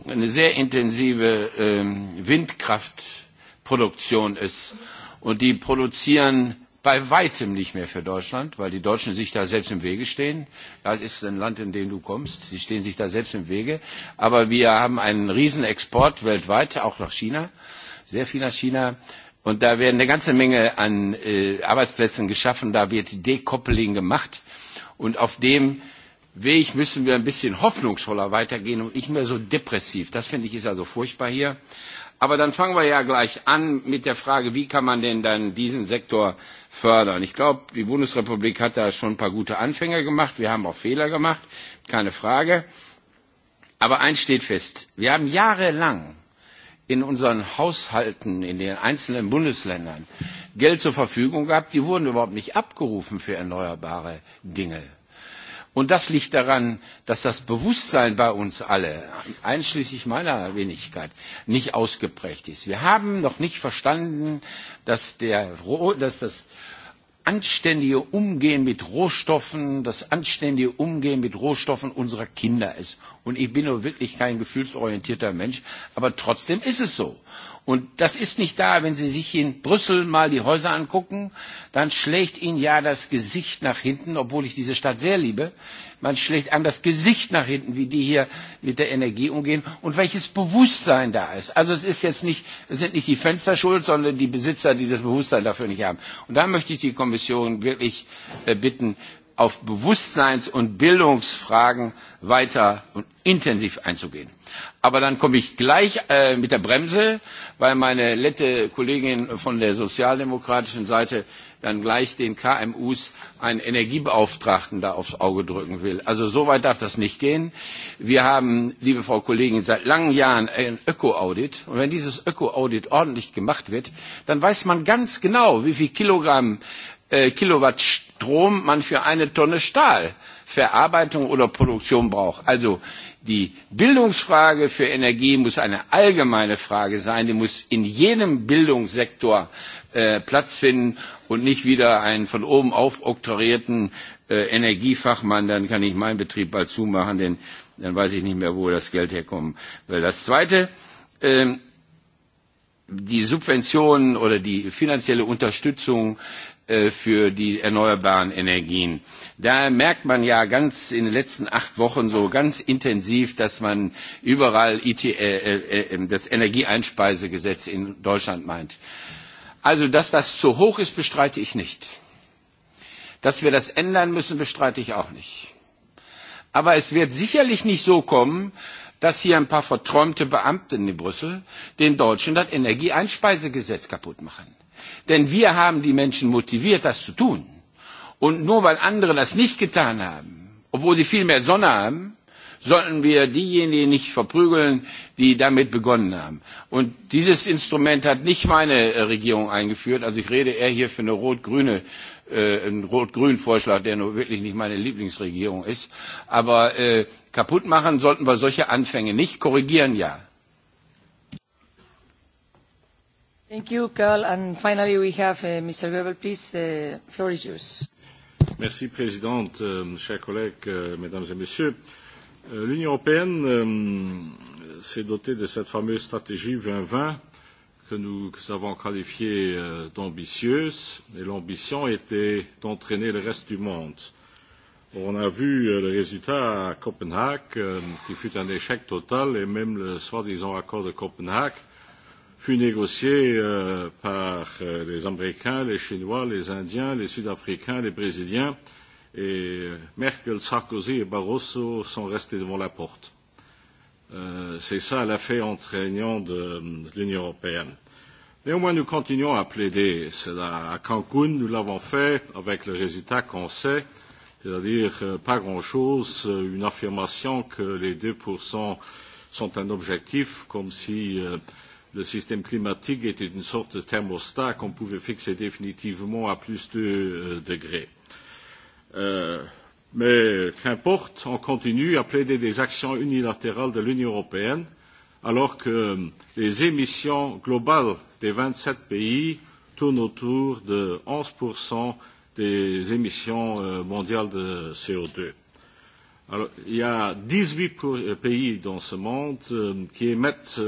Speaker 9: eine sehr intensive äh, Windkraftproduktion ist. Und die produzieren bei weitem nicht mehr für Deutschland, weil die Deutschen sich da selbst im Wege stehen. Das ist ein Land, in dem du kommst. Sie stehen sich da selbst im Wege. Aber wir haben einen Riesenexport weltweit, auch nach China, sehr viel nach China. Und da werden eine ganze Menge an äh, Arbeitsplätzen geschaffen. Da wird Decoupling gemacht. Und auf dem Weg müssen wir ein bisschen hoffnungsvoller weitergehen und nicht mehr so depressiv. Das finde ich ist also furchtbar hier. Aber dann fangen wir ja gleich an mit der Frage, wie kann man denn dann diesen Sektor fördern. Ich glaube, die Bundesrepublik hat da schon ein paar gute Anfänge gemacht. Wir haben auch Fehler gemacht, keine Frage. Aber eins steht fest. Wir haben jahrelang in unseren Haushalten, in den einzelnen Bundesländern Geld zur Verfügung gehabt. Die wurden überhaupt nicht abgerufen für erneuerbare Dinge. Und das liegt daran, dass das Bewusstsein bei uns alle, einschließlich meiner Wenigkeit, nicht ausgeprägt ist. Wir haben noch nicht verstanden, dass, der, dass das anständige Umgehen mit Rohstoffen, das anständige Umgehen mit Rohstoffen unserer Kinder ist. Und ich bin nur wirklich kein gefühlsorientierter Mensch, aber trotzdem ist es so. Und das ist nicht da. Wenn Sie sich in Brüssel mal die Häuser angucken, dann schlägt Ihnen ja das Gesicht nach hinten, obwohl ich diese Stadt sehr liebe man schlägt an das Gesicht nach hinten, wie die hier mit der Energie umgehen und welches Bewusstsein da ist. Also es ist jetzt nicht, es sind nicht die Fenster schuld, sondern die Besitzer, die das Bewusstsein dafür nicht haben. Und da möchte ich die Kommission wirklich äh, bitten, auf Bewusstseins- und Bildungsfragen weiter und intensiv einzugehen. Aber dann komme ich gleich äh, mit der Bremse, weil meine nette Kollegin von der sozialdemokratischen Seite dann gleich den KMUs einen Energiebeauftragten da aufs Auge drücken will. Also so weit darf das nicht gehen. Wir haben, liebe Frau Kollegin, seit langen Jahren ein Öko-Audit. Und wenn dieses Öko-Audit ordentlich gemacht wird, dann weiß man ganz genau, wie viel Kilogramm äh, Kilowatt Strom man für eine Tonne Stahl Verarbeitung oder Produktion braucht. Also die Bildungsfrage für Energie muss eine allgemeine Frage sein, die muss in jedem Bildungssektor äh, Platz finden und nicht wieder einen von oben aufoktorierten äh, Energiefachmann, dann kann ich meinen Betrieb bald zumachen, denn dann weiß ich nicht mehr, wo das Geld herkommen will. Das Zweite, ähm, die Subventionen oder die finanzielle Unterstützung äh, für die erneuerbaren Energien. Da merkt man ja ganz in den letzten acht Wochen so ganz intensiv, dass man überall IT, äh, äh, das Energieeinspeisegesetz in Deutschland meint. Äh, Also, dass das zu hoch ist, bestreite ich nicht. Dass wir das ändern müssen, bestreite ich auch nicht. Aber es wird sicherlich nicht so kommen, dass hier ein paar verträumte Beamten in Brüssel den Deutschen das Energieeinspeisegesetz kaputt machen. Denn wir haben die Menschen motiviert, das zu tun. Und nur weil andere das nicht getan haben, obwohl sie viel mehr Sonne haben, sollten wir diejenigen nicht verprügeln, die damit begonnen haben. Und dieses Instrument hat nicht meine äh, Regierung eingeführt. Also ich rede eher hier für eine rot-grüne äh, einen rot-grünen Vorschlag, der nur wirklich nicht meine Lieblingsregierung ist. Aber äh, kaputt machen sollten wir solche Anfänge nicht, korrigieren ja.
Speaker 1: Thank you, Carl. And finally we have uh, Mr. Goebbels, please, the floor is yours.
Speaker 10: Merci, Présidente, euh, chers collègues, euh, Mesdames et Messieurs. Euh, Euh, L'Union européenne euh, s'est dotée de cette fameuse stratégie 2020 que nous, que nous avons qualifiée euh, d'ambitieuse et l'ambition était d'entraîner le reste du monde. On a vu le résultat à Copenhague qui fut un échec total et même le soi-disant accord de Copenhague fut négocié par les Américains, les Chinois, les Indiens, les Sud-Africains, les Brésiliens Et Merkel, Sarkozy et Barroso sont restés devant la porte. Euh, C'est ça l'affaire entraînant de, de l'Union européenne. Néanmoins, nous continuons à plaider cela. À Cancun, nous l'avons fait avec le résultat qu'on sait, c'est-à-dire euh, pas grand-chose, euh, une affirmation que les 2% sont un objectif, comme si euh, le système climatique était une sorte de thermostat qu'on pouvait fixer définitivement à plus de euh, degrés. Euh, mais qu'importe, on continue à plaider des actions unilatérales de l'Union européenne alors que les émissions globales des 27 pays tournent autour de 11% des émissions euh, mondiales de CO2. Alors, il y a 18 euh, pays dans ce monde qui émettent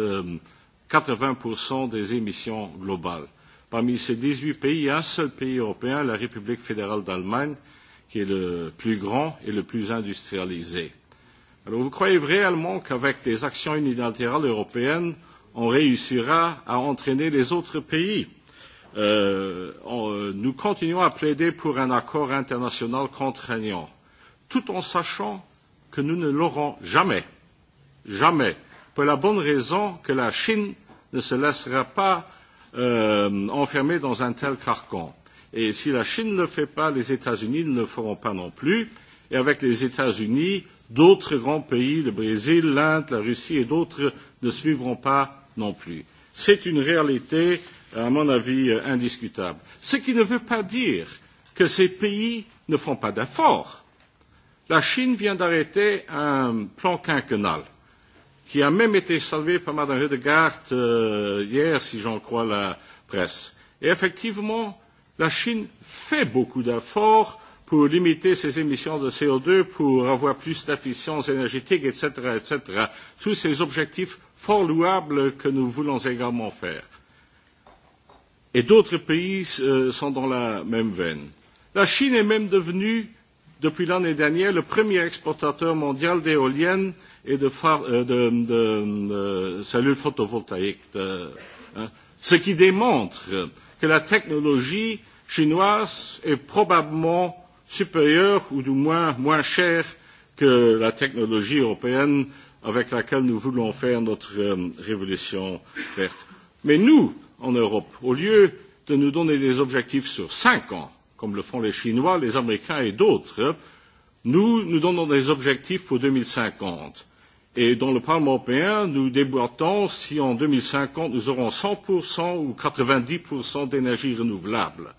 Speaker 10: 80% des émissions globales. Parmi ces 18 pays, il y a un seul pays européen, la République fédérale d'Allemagne, qui est le plus grand et le plus industrialisé. Alors vous croyez réellement qu'avec des actions unilatérales européennes, on réussira à entraîner les autres pays euh, on, euh, Nous continuons à plaider pour un accord international contraignant, tout en sachant que nous ne l'aurons jamais, jamais, pour la bonne raison que la Chine ne se laissera pas euh, enfermer dans un tel carcan. Et si la Chine ne le fait pas, les États-Unis ne le feront pas non plus. Et avec les États-Unis, d'autres grands pays, le Brésil, l'Inde, la Russie et d'autres ne suivront pas non plus. C'est une réalité, à mon avis, euh, indiscutable. Ce qui ne veut pas dire que ces pays ne font pas d'efforts. La Chine vient d'arrêter un plan quinquennal qui a même été salué par Mme Hedegaard euh, hier, si j'en crois la presse. Et effectivement, La Chine fait beaucoup d'efforts pour limiter ses émissions de CO2, pour avoir plus d'efficience énergétique, etc., etc. Tous ces objectifs fort louables que nous voulons également faire. Et d'autres pays euh, sont dans la même veine. La Chine est même devenue, depuis l'année dernière, le premier exportateur mondial d'éoliennes et de, euh, de, de, de, de cellules photovoltaïques. De, euh, hein, ce qui démontre euh, que la technologie chinoise est probablement supérieure ou du moins moins chère que la technologie européenne avec laquelle nous voulons faire notre euh, révolution verte. Mais nous, en Europe, au lieu de nous donner des objectifs sur cinq ans, comme le font les Chinois, les Américains et d'autres, nous nous donnons des objectifs pour 2050. Et dans le Parlement européen, nous débattons si en 2050 nous aurons 100% ou 90% d'énergie renouvelable.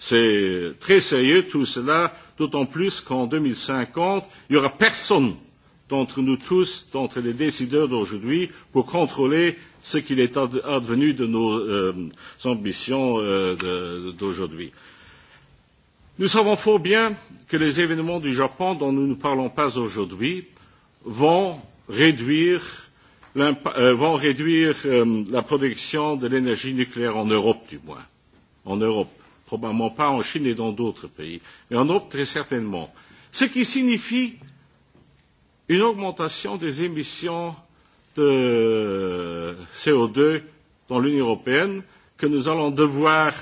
Speaker 10: C'est très sérieux tout cela, d'autant plus qu'en 2050, il n'y aura personne d'entre nous tous, d'entre les décideurs d'aujourd'hui, pour contrôler ce qu'il est advenu de nos euh, ambitions euh, d'aujourd'hui. Nous savons fort bien que les événements du Japon dont nous ne parlons pas aujourd'hui vont réduire, euh, vont réduire euh, la production de l'énergie nucléaire en Europe, du moins. En Europe. Probablement pas en Chine et dans d'autres pays. Mais en Europe, très certainement. Ce qui signifie une augmentation des émissions de CO2 dans l'Union européenne que nous allons devoir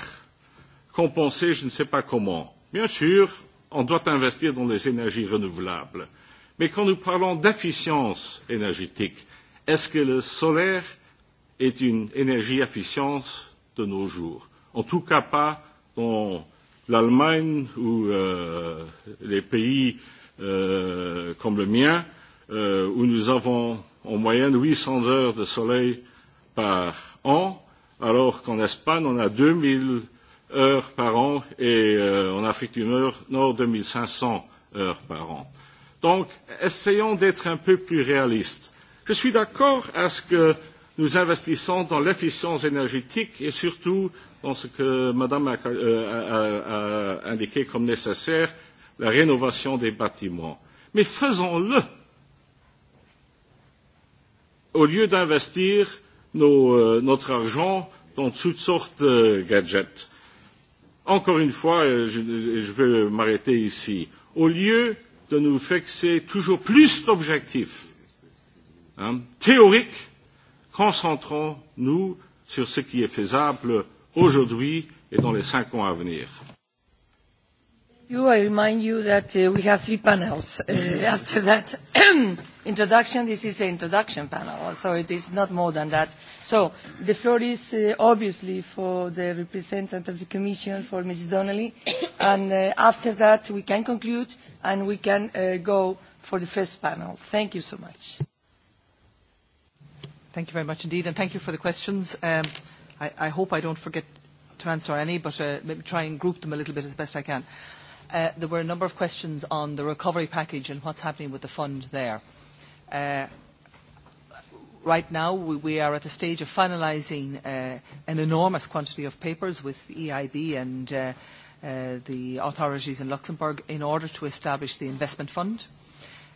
Speaker 10: compenser, je ne sais pas comment. Bien sûr, on doit investir dans les énergies renouvelables. Mais quand nous parlons d'efficience énergétique, est-ce que le solaire est une énergie efficiente de nos jours En tout cas pas dans l'Allemagne ou euh, les pays euh, comme le mien, euh, où nous avons en moyenne 800 heures de soleil par an, alors qu'en Espagne, on a 2000 heures par an et euh, en Afrique du Nord, 2500 heures par an. Donc, essayons d'être un peu plus réalistes. Je suis d'accord à ce que nous investissons dans l'efficience énergétique et surtout dans ce que Madame a, euh, a, a, a indiqué comme nécessaire, la rénovation des bâtiments. Mais faisons-le au lieu d'investir euh, notre argent dans toutes sortes de gadgets. Encore une fois, je, je veux m'arrêter ici. Au lieu de nous fixer toujours plus d'objectifs hein, théoriques. Concentrons-nous sur ce qui est faisable aujourd'hui et dans les cinq ans à venir.
Speaker 1: You, I remind you that uh, we have three panels. Uh, after that, Introduction, this is the introduction panel, so it is not more than that. So the floor is uh, obviously for the representative of the Commission, for Mrs. Donnelly, and uh, after that we can conclude and we can uh, go for the first panel. Thank you so much.
Speaker 4: Thank you very much indeed, and thank you for the questions. Um, I, I hope I don't forget to answer any, but uh, maybe try and group them a little bit as best I can. Uh, there were a number of questions on the recovery package and what's happening with the fund there. Uh, right now we, we are at the stage of finalising uh, an enormous quantity of papers with the EIB and uh, uh, the authorities in Luxembourg in order to establish the investment fund.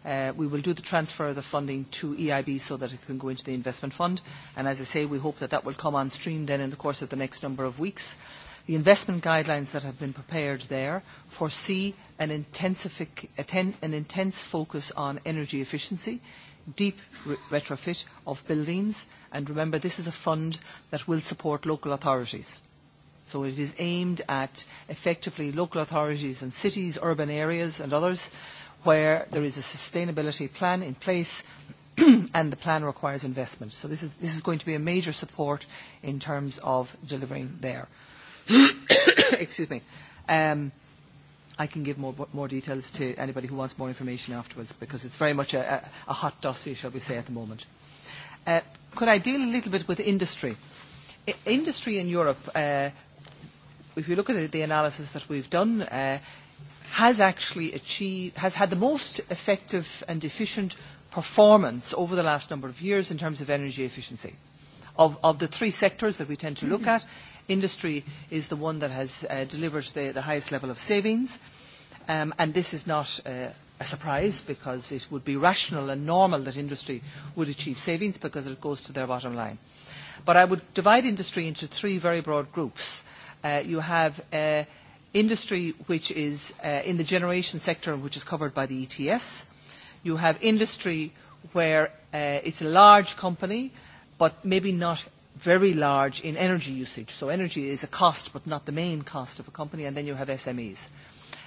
Speaker 4: Uh, we will do the transfer of the funding to EIB so that it can go into the investment fund. And as I say, we hope that that will come on stream then in the course of the next number of weeks. The investment guidelines that have been prepared there foresee an, intensific, an intense focus on energy efficiency, deep re retrofit of buildings, and remember this is a fund that will support local authorities. So it is aimed at effectively local authorities and cities, urban areas and others where there is a sustainability plan in place and the plan requires investment. So this is, this is going to be a major support in terms of delivering there. Excuse me. Um, I can give more, more details to anybody who wants more information afterwards because it's very much a, a, a hot dossier, shall we say, at the moment. Uh, could I deal a little bit with industry? I, industry in Europe, uh, if you look at the, the analysis that we've done, uh, has actually achieved, has had the most effective and efficient performance over the last number of years in terms of energy efficiency. Of, of the three sectors that we tend to look at, industry is the one that has uh, delivered the, the highest level of savings. Um, and this is not uh, a surprise because it would be rational and normal that industry would achieve savings because it goes to their bottom line. But I would divide industry into three very broad groups. Uh, you have uh, industry which is uh, in the generation sector which is covered by the ETS. You have industry where uh, it's a large company but maybe not very large in energy usage. So energy is a cost, but not the main cost of a company, and then you have SMEs.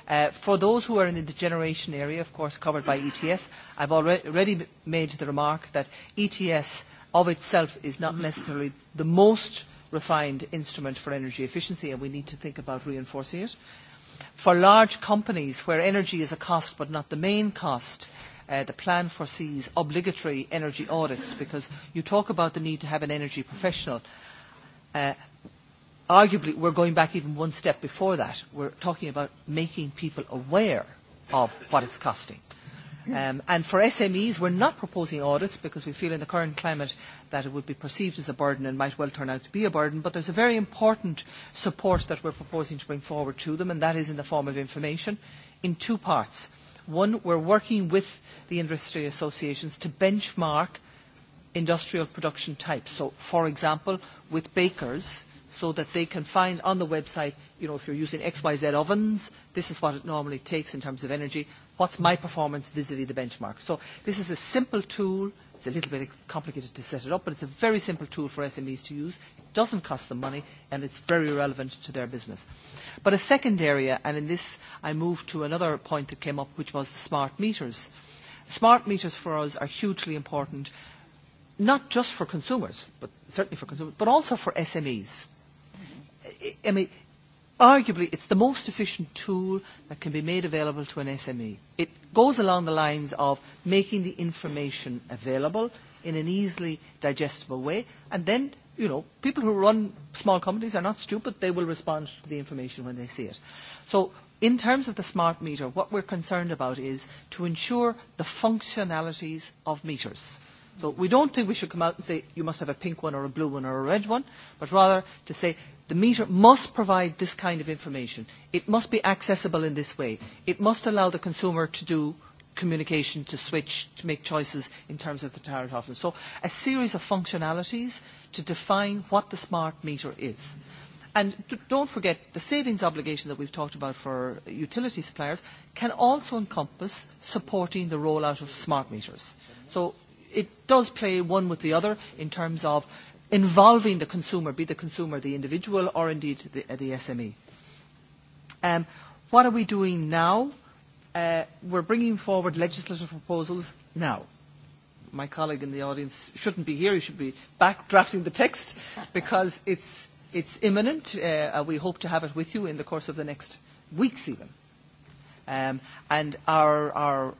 Speaker 4: Uh, for those who are in the generation area, of course, covered by ETS, I've already made the remark that ETS of itself is not necessarily the most refined instrument for energy efficiency, and we need to think about reinforcing it. For large companies where energy is a cost but not the main cost, Uh, the plan foresees obligatory energy audits because you talk about the need to have an energy professional. Uh, arguably, we're going back even one step before that. We're talking about making people aware of what it's costing. Um, and for SMEs, we're not proposing audits because we feel in the current climate that it would be perceived as a burden and might well turn out to be a burden. But there's a very important support that we're proposing to bring forward to them, and that is in the form of information in two parts. One, we're working with the industry associations to benchmark industrial production types. So, for example, with bakers, so that they can find on the website, you know, if you're using XYZ ovens, this is what it normally takes in terms of energy. What's my performance vis a vis -vis the benchmark? So this is a simple tool. It's a little bit complicated to set it up, but it's a very simple tool for SMEs to use doesn't cost them money and it's very relevant to their business. But a second area, and in this I move to another point that came up, which was the smart meters. Smart meters for us are hugely important, not just for consumers, but certainly for consumers, but also for SMEs. I mean, arguably it's the most efficient tool that can be made available to an SME. It goes along the lines of making the information available in an easily digestible way and then you know, people who run small companies are not stupid. They will respond to the information when they see it. So in terms of the smart meter, what we're concerned about is to ensure the functionalities of meters. So we don't think we should come out and say you must have a pink one or a blue one or a red one, but rather to say the meter must provide this kind of information. It must be accessible in this way. It must allow the consumer to do communication, to switch, to make choices in terms of the tariff often. So a series of functionalities to define what the smart meter is. And don't forget, the savings obligation that we've talked about for utility suppliers can also encompass supporting the rollout of smart meters. So it does play one with the other in terms of involving the consumer, be the consumer the individual or indeed the, uh, the SME. Um, what are we doing now? Uh, we're bringing forward legislative proposals now my colleague in the audience shouldn't be here. He should be back drafting the text because it's, it's imminent. Uh, we hope to have it with you in the course of the next weeks even. Um, and our, our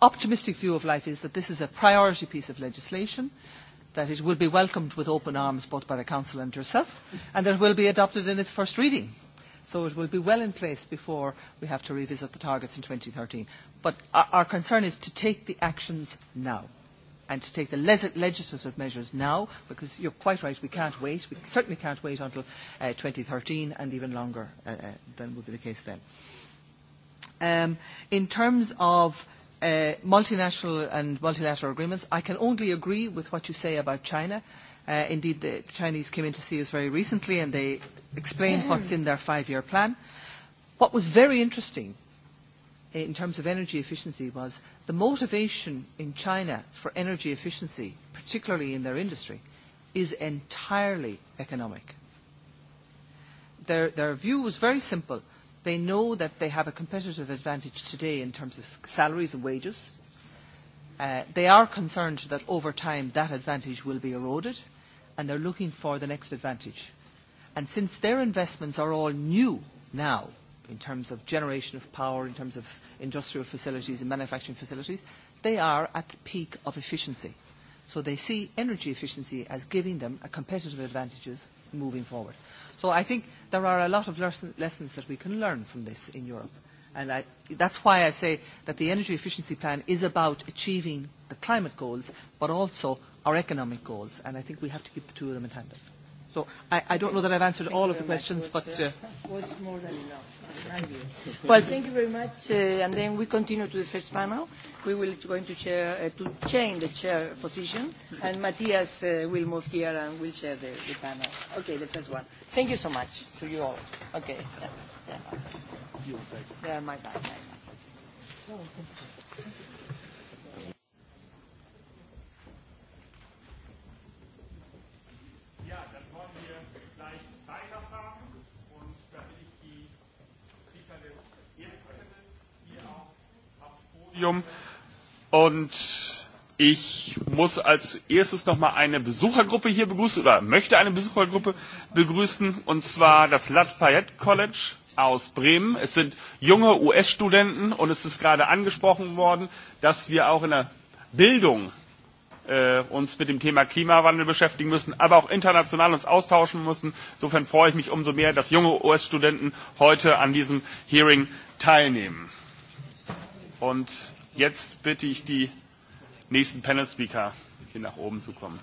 Speaker 4: optimistic view of life is that this is a priority piece of legislation, that it will be welcomed with open arms both by the Council and yourself, and that it will be adopted in its first reading. So it will be well in place before we have to revisit the targets in 2013. But our, our concern is to take the actions now and to take the legislative measures now, because you're quite right, we can't wait. We certainly can't wait until uh, 2013 and even longer uh, uh, than would be the case then. Um, in terms of uh, multinational and multilateral agreements, I can only agree with what you say about China. Uh, indeed, the Chinese came in to see us very recently and they explained what's in their five-year plan. What was very interesting in terms of energy efficiency was The motivation in China for energy efficiency, particularly in their industry, is entirely economic. Their, their view was very simple. They know that they have a competitive advantage today in terms of salaries and wages. Uh, they are concerned that over time that advantage will be eroded, and they're looking for the next advantage. And since their investments are all new now, in terms of generation of power, in terms of industrial facilities and manufacturing facilities, they are at the peak of efficiency. So they see energy efficiency as giving them a competitive advantages moving forward. So I think there are a lot of lessons that we can learn from this in Europe. And I, that's why I say that the energy efficiency plan is about achieving the climate goals, but also our economic goals. And I think we have to keep the two of them in tandem. So I, I don't know that I've answered all of the questions, but... Uh,
Speaker 1: was more than enough. Well, thank you very much. Uh, and then we continue to the first panel. We will going to, chair, uh, to change the chair position, and Matthias uh, will move here and will chair the, the panel. Okay, the first one. Thank you so much to you all. Okay. Yeah, yeah. yeah my bad, my bad. thank
Speaker 10: you. Thank you.
Speaker 2: Präsidium. Und ich muss als erstes nochmal eine Besuchergruppe hier begrüßen, oder möchte eine Besuchergruppe begrüßen, und zwar das Lafayette College aus Bremen. Es sind junge US-Studenten und es ist gerade angesprochen worden, dass wir auch in der Bildung äh, uns mit dem Thema Klimawandel beschäftigen müssen, aber auch international uns austauschen müssen. Insofern freue ich mich umso mehr, dass junge US-Studenten heute an diesem Hearing teilnehmen. Und jetzt bitte ich die nächsten Panel Speaker hier nach oben zu kommen.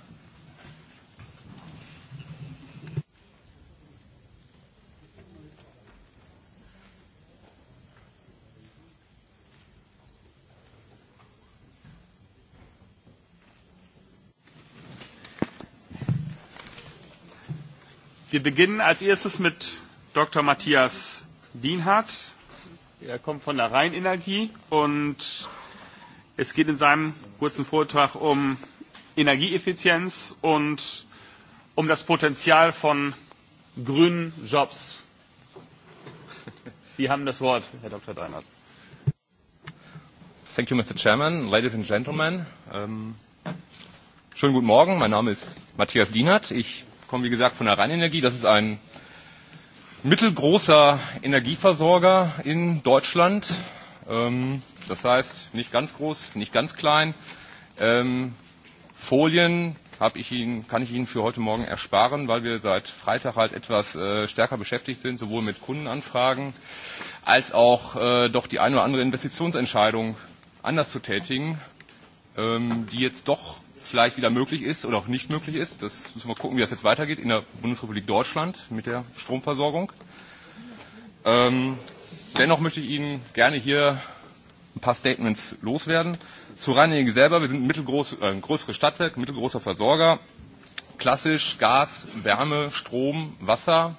Speaker 2: Wir beginnen als erstes mit Dr. Matthias Dienhardt. Er kommt von der Rheinenergie und es geht in seinem kurzen Vortrag um Energieeffizienz und um das Potenzial von grünen Jobs. Sie haben das Wort, Herr Dr. Deinert.
Speaker 11: Thank you, Mr. Chairman, ladies and gentlemen. Ähm, schönen guten Morgen, mein Name ist Matthias Dienert. Ich komme, wie gesagt, von der Rheinenergie. Das ist ein mittelgroßer Energieversorger in Deutschland. Ähm, das heißt, nicht ganz groß, nicht ganz klein. Ähm, Folien ich Ihnen, kann ich Ihnen für heute Morgen ersparen, weil wir seit Freitag halt etwas äh, stärker beschäftigt sind, sowohl mit Kundenanfragen als auch äh, doch die eine oder andere Investitionsentscheidung anders zu tätigen, ähm, die jetzt doch vielleicht wieder möglich ist oder auch nicht möglich ist. Das müssen wir gucken, wie das jetzt weitergeht in der Bundesrepublik Deutschland mit der Stromversorgung. Ähm, dennoch möchte ich Ihnen gerne hier ein paar Statements loswerden. Zu Rheinlingen selber, wir sind ein mittelgroß, äh, größeres Stadtwerk, mittelgroßer Versorger. Klassisch Gas, Wärme, Strom, Wasser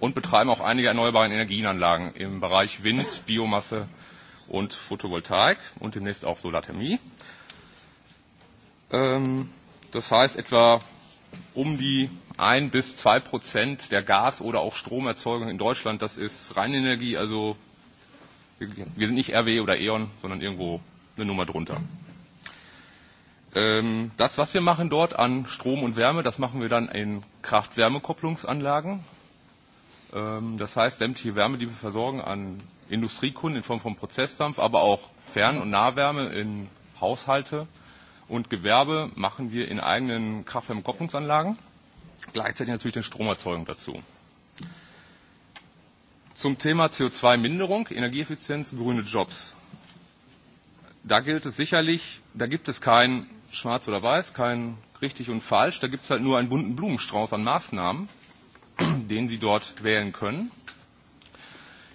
Speaker 11: und betreiben auch einige erneuerbare Energienanlagen im Bereich Wind, Biomasse und Photovoltaik und demnächst auch Solarthermie. Ähm, das heißt etwa um die ein bis zwei Prozent der Gas- oder auch Stromerzeugung in Deutschland, das ist Reinenergie, also wir sind nicht RW oder E.ON, sondern irgendwo eine Nummer drunter. Ähm, das, was wir machen dort an Strom und Wärme, das machen wir dann in Kraft-Wärme-Kopplungsanlagen. Ähm, das heißt, sämtliche Wärme, die wir versorgen an Industriekunden in Form von Prozessdampf, aber auch Fern- und Nahwärme in Haushalte, und Gewerbe machen wir in eigenen Kraftwärmekopplungsanlagen, gleichzeitig natürlich den Stromerzeugung dazu. Zum Thema CO2-Minderung, Energieeffizienz, grüne Jobs. Da gilt es sicherlich, da gibt es kein schwarz oder weiß, kein richtig und falsch, da gibt es halt nur einen bunten Blumenstrauß an Maßnahmen, den Sie dort wählen können.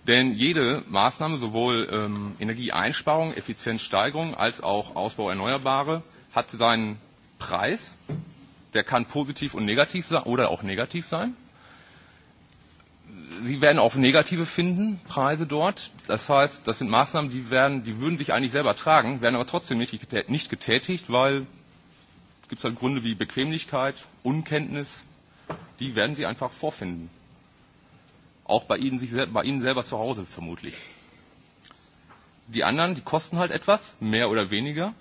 Speaker 11: Denn jede Maßnahme, sowohl ähm, Energieeinsparung, Effizienzsteigerung als auch Ausbau Erneuerbare, hat seinen Preis. Der kann positiv und negativ sein oder auch negativ sein. Sie werden auch negative finden, Preise dort. Das heißt, das sind Maßnahmen, die, werden, die würden sich eigentlich selber tragen, werden aber trotzdem nicht, getätigt, weil es gibt halt Gründe wie Bequemlichkeit, Unkenntnis, die werden Sie einfach vorfinden. Auch bei Ihnen, sich, bei Ihnen selber zu Hause vermutlich. Die anderen, die kosten halt etwas, mehr oder weniger.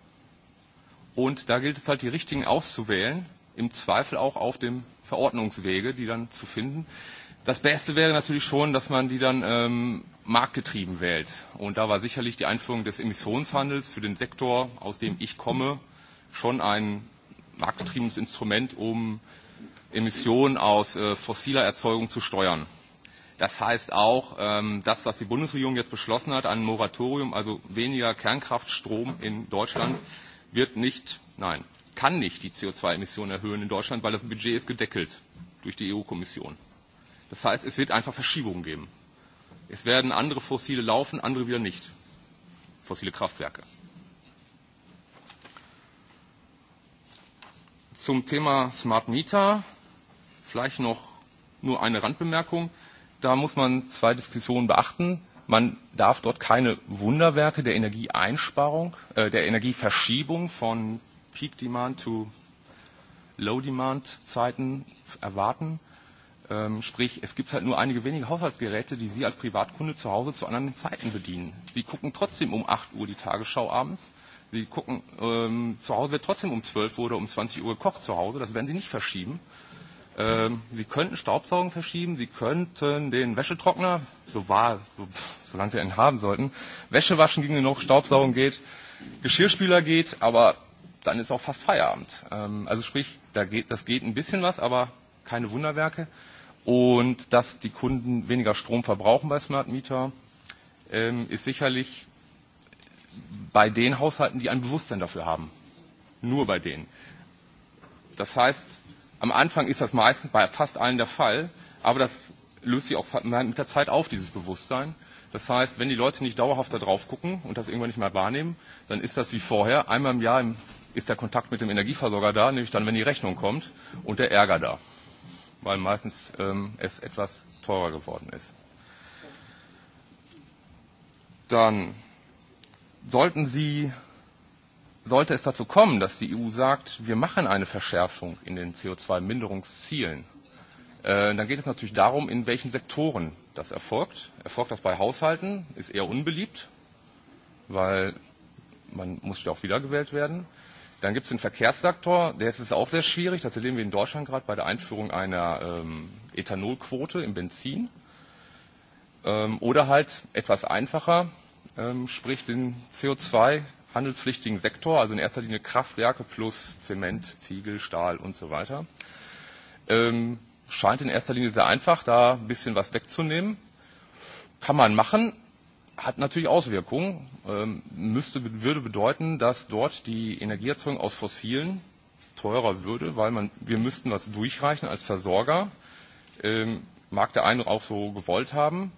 Speaker 11: Und da gilt es halt, die richtigen auszuwählen, im Zweifel auch auf dem Verordnungswege, die dann zu finden. Das Beste wäre natürlich schon, dass man die dann ähm, marktgetrieben wählt. Und da war sicherlich die Einführung des Emissionshandels für den Sektor, aus dem ich komme, schon ein marktgetriebenes Instrument, um Emissionen aus äh, fossiler Erzeugung zu steuern. Das heißt auch, ähm, das, was die Bundesregierung jetzt beschlossen hat, ein Moratorium, also weniger Kernkraftstrom in Deutschland, wird nicht, nein, kann nicht die CO2-Emissionen erhöhen in Deutschland, weil das Budget ist gedeckelt durch die EU-Kommission. Das heißt, es wird einfach Verschiebungen geben. Es werden andere fossile laufen, andere wieder nicht. Fossile Kraftwerke. Zum Thema Smart Meter vielleicht noch nur eine Randbemerkung. Da muss man zwei Diskussionen beachten. Man darf dort keine Wunderwerke der Energieeinsparung, äh, der Energieverschiebung von Peak Demand to Low Demand Zeiten erwarten. Ähm, sprich, es gibt halt nur einige wenige Haushaltsgeräte, die Sie als Privatkunde zu Hause zu anderen Zeiten bedienen. Sie gucken trotzdem um 8 Uhr die Tagesschau abends. Sie gucken, ähm, zu Hause wird trotzdem um 12 Uhr oder um 20 Uhr gekocht zu Hause. Das werden Sie nicht verschieben. Ähm, Sie könnten Staubsaugen verschieben, Sie könnten den Wäschetrockner so war, so, solange wir einen haben sollten. Wäsche waschen ging genug, Staubsaugen geht, Geschirrspüler geht, aber dann ist auch fast Feierabend. Ähm, also sprich, da geht, das geht ein bisschen was, aber keine Wunderwerke. Und dass die Kunden weniger Strom verbrauchen bei Smart Meter, ähm, ist sicherlich bei den Haushalten, die ein Bewusstsein dafür haben. Nur bei denen. Das heißt, am Anfang ist das meistens bei fast allen der Fall, aber das löst sich auch mit der Zeit auf, dieses Bewusstsein. Das heißt, wenn die Leute nicht dauerhaft da drauf gucken und das irgendwann nicht mehr wahrnehmen, dann ist das wie vorher. Einmal im Jahr ist der Kontakt mit dem Energieversorger da, nämlich dann, wenn die Rechnung kommt und der Ärger da, weil meistens ähm, es etwas teurer geworden ist. Dann sollten Sie, sollte es dazu kommen, dass die EU sagt, wir machen eine Verschärfung in den CO2-Minderungszielen Äh, dann geht es natürlich darum, in welchen Sektoren das erfolgt. Erfolgt das bei Haushalten, ist eher unbeliebt, weil man muss ja auch wiedergewählt werden. Dann gibt es den Verkehrssektor, der ist auch sehr schwierig. Das erleben wir in Deutschland gerade bei der Einführung einer ähm, Ethanolquote im Benzin. Ähm, oder halt etwas einfacher, ähm, sprich den CO2-handelspflichtigen Sektor, also in erster Linie Kraftwerke plus Zement, Ziegel, Stahl und so weiter. Ähm, scheint in erster Linie sehr einfach, da ein bisschen was wegzunehmen. Kann man machen, hat natürlich Auswirkungen, ähm, müsste, würde bedeuten, dass dort die Energieerzeugung aus Fossilen teurer würde, weil man, wir müssten was durchreichen als Versorger. Ähm, mag der eine auch so gewollt haben,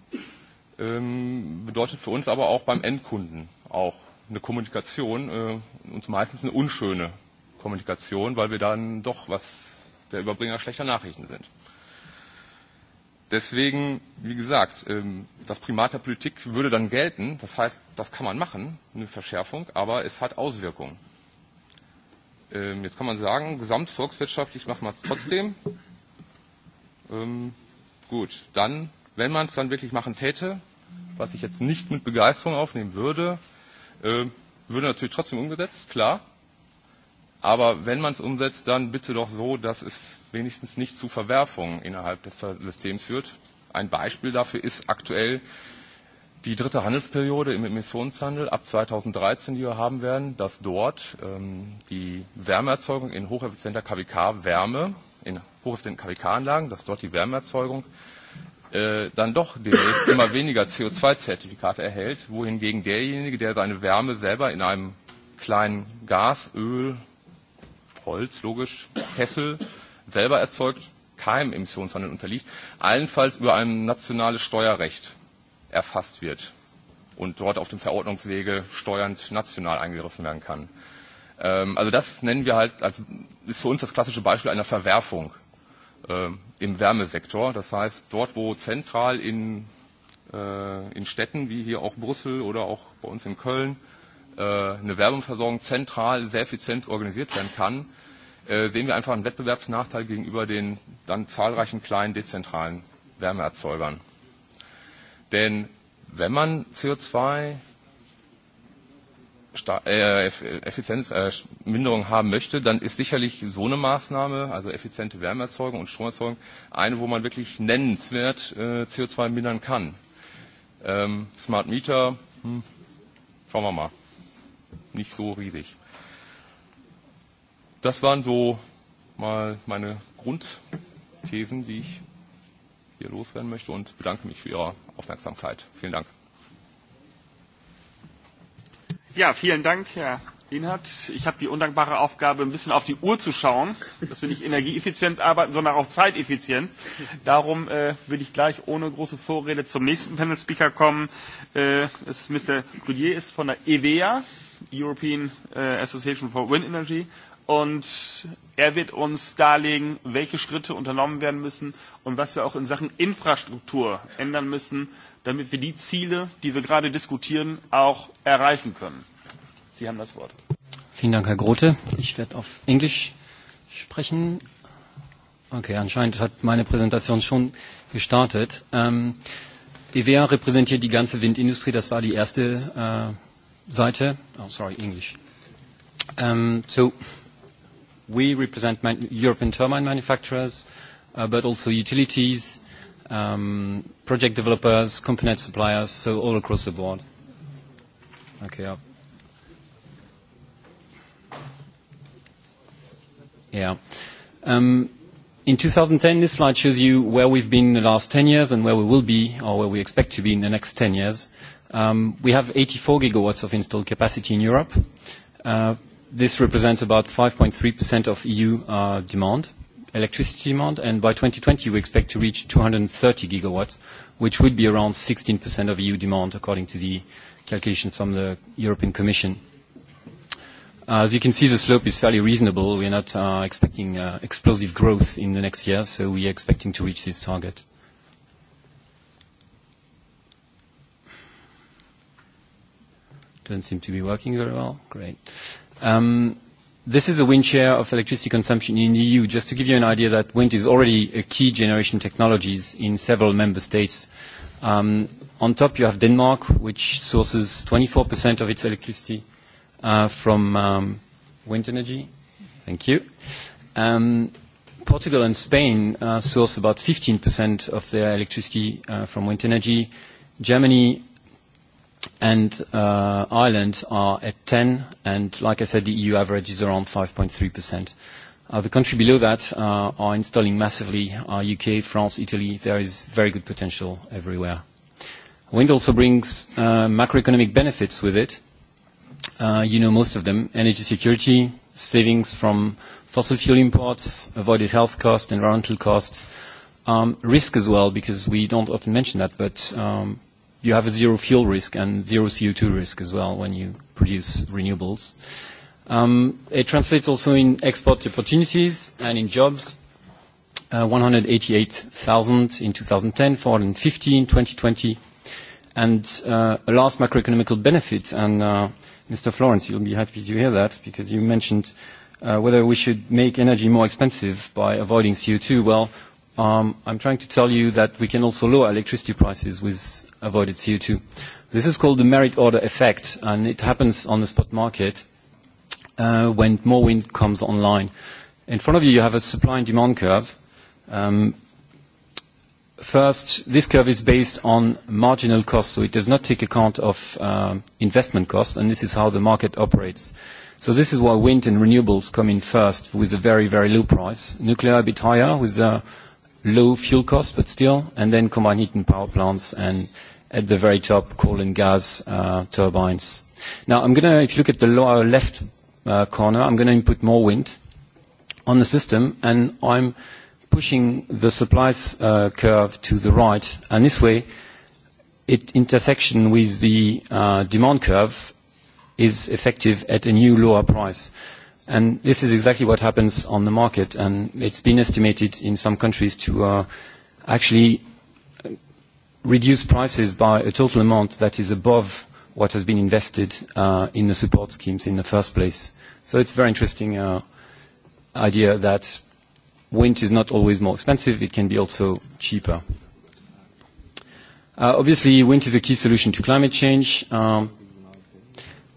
Speaker 11: ähm, bedeutet für uns aber auch beim Endkunden auch eine Kommunikation, äh, uns meistens eine unschöne Kommunikation, weil wir dann doch was der Überbringer schlechter Nachrichten sind. Deswegen, wie gesagt, ähm, das Primat der Politik würde dann gelten. Das heißt, das kann man machen, eine Verschärfung, aber es hat Auswirkungen. Ähm, jetzt kann man sagen, gesamtvolkswirtschaftlich machen wir es trotzdem. Ähm, gut, dann, wenn man es dann wirklich machen täte, was ich jetzt nicht mit Begeisterung aufnehmen würde, würde natürlich trotzdem umgesetzt, klar. Aber wenn man es umsetzt, dann bitte doch so, dass es wenigstens nicht zu Verwerfungen innerhalb des Systems führt. Ein Beispiel dafür ist aktuell die dritte Handelsperiode im Emissionshandel ab 2013, die wir haben werden, dass dort ähm, die Wärmeerzeugung in hocheffizienter KWK-Wärme, in hocheffizienten KWK-Anlagen, dass dort die Wärmeerzeugung äh, dann doch immer weniger CO2-Zertifikate erhält, wohingegen derjenige, der seine Wärme selber in einem kleinen Gas, Öl, Holz, logisch, Kessel selber erzeugt, keinem Emissionshandel unterliegt, allenfalls über ein nationales Steuerrecht erfasst wird und dort auf dem Verordnungswege steuernd national eingegriffen werden kann. Ähm, also das nennen wir halt, als, ist für uns das klassische Beispiel einer Verwerfung äh, im Wärmesektor. Das heißt, dort wo zentral in, äh, in Städten wie hier auch Brüssel oder auch bei uns in Köln äh, eine Wärmeversorgung zentral sehr effizient organisiert werden kann, Äh, sehen wir einfach einen Wettbewerbsnachteil gegenüber den dann zahlreichen kleinen dezentralen Wärmeerzeugern. Denn wenn man CO2 Effizienzminderung äh, äh haben möchte, dann ist sicherlich so eine Maßnahme, also effiziente Wärmeerzeugung und Stromerzeugung, eine, wo man wirklich nennenswert äh, CO2 mindern kann. Ähm, Smart Meter, hm, schauen wir mal, nicht so riesig. Das waren so mal meine Grundthesen, die ich hier loswerden möchte und bedanke mich für Ihre Aufmerksamkeit. Vielen Dank.
Speaker 2: Ja, vielen Dank, Herr Lienhardt. Ich habe die undankbare Aufgabe, ein bisschen auf die Uhr zu schauen, dass wir nicht Energieeffizienz arbeiten, sondern auch Zeiteffizienz. Darum äh, will ich gleich ohne große Vorrede zum nächsten Panel-Speaker kommen. Äh, es ist Mr. Grudier ist von der EWEA, European äh, Association for Wind Energy, und er wird uns darlegen, welche Schritte unternommen werden müssen und was wir auch in Sachen Infrastruktur ändern müssen, damit wir die Ziele, die wir gerade diskutieren, auch erreichen können. Sie haben das
Speaker 12: Wort. Vielen Dank, Herr Grote. Ich werde auf Englisch sprechen. Okay, anscheinend hat meine Präsentation schon gestartet. Ähm, EWA repräsentiert die ganze Windindustrie. Das war die erste äh, Seite. Oh, sorry, Englisch. Um, so We represent man European turbine manufacturers, uh, but also utilities, um, project developers, component suppliers, so all across the board. Okay. yeah. Um, in 2010, this slide shows you where we've been in the last 10 years and where we will be, or where we expect to be in the next 10 years. Um, we have 84 gigawatts of installed capacity in Europe. Uh, this represents about 5.3% of EU uh, demand, electricity demand, and by 2020 we expect to reach 230 gigawatts, which would be around 16% of EU demand, according to the calculations from the European Commission. Uh, as you can see, the slope is fairly reasonable. We are not uh, expecting uh, explosive growth in the next year, so we are expecting to reach this target. Doesn't seem to be working very well. Great. Um, this is a wind share of electricity consumption in the EU. Just to give you an idea that wind is already a key generation technologies in several member states. Um, on top you have Denmark, which sources 24% of its electricity uh, from um, wind energy. Thank you. Um, Portugal and Spain uh, source about 15% of their electricity uh, from wind energy. Germany and uh, Ireland are at 10, and like I said, the EU average is around 5.3%. Uh, the country below that uh, are installing massively, uh, UK, France, Italy. There is very good potential everywhere. Wind also brings uh, macroeconomic benefits with it. Uh, you know most of them, energy security, savings from fossil fuel imports, avoided health costs, environmental costs, um, risk as well, because we don't often mention that, but um, you have a zero fuel risk and zero CO2 risk as well when you produce renewables. Um, it translates also in export opportunities and in jobs. Uh, 188,000 in 2010, 450 in 2020. And uh, a last macroeconomic benefit, and uh, Mr. Florence, you'll be happy to hear that because you mentioned uh, whether we should make energy more expensive by avoiding CO2. Well, um, I'm trying to tell you that we can also lower electricity prices with avoided CO2. This is called the merit order effect, and it happens on the spot market uh, when more wind comes online. In front of you, you have a supply and demand curve. Um, first, this curve is based on marginal cost, so it does not take account of uh, investment cost, and this is how the market operates. So this is why wind and renewables come in first with a very, very low price. Nuclear a bit higher with a uh, low fuel cost, but still, and then combined heat and power plants and at the very top coal and gas uh, turbines. Now I'm going to, if you look at the lower left uh, corner, I'm going to input more wind on the system and I'm pushing the supply uh, curve to the right and this way it intersection with the uh, demand curve is effective at a new lower price. And this is exactly what happens on the market and it's been estimated in some countries to uh, actually reduce prices by a total amount that is above what has been invested uh, in the support schemes in the first place. So it's a very interesting uh, idea that wind is not always more expensive, it can be also cheaper. Uh, obviously, wind is a key solution to climate change. Um,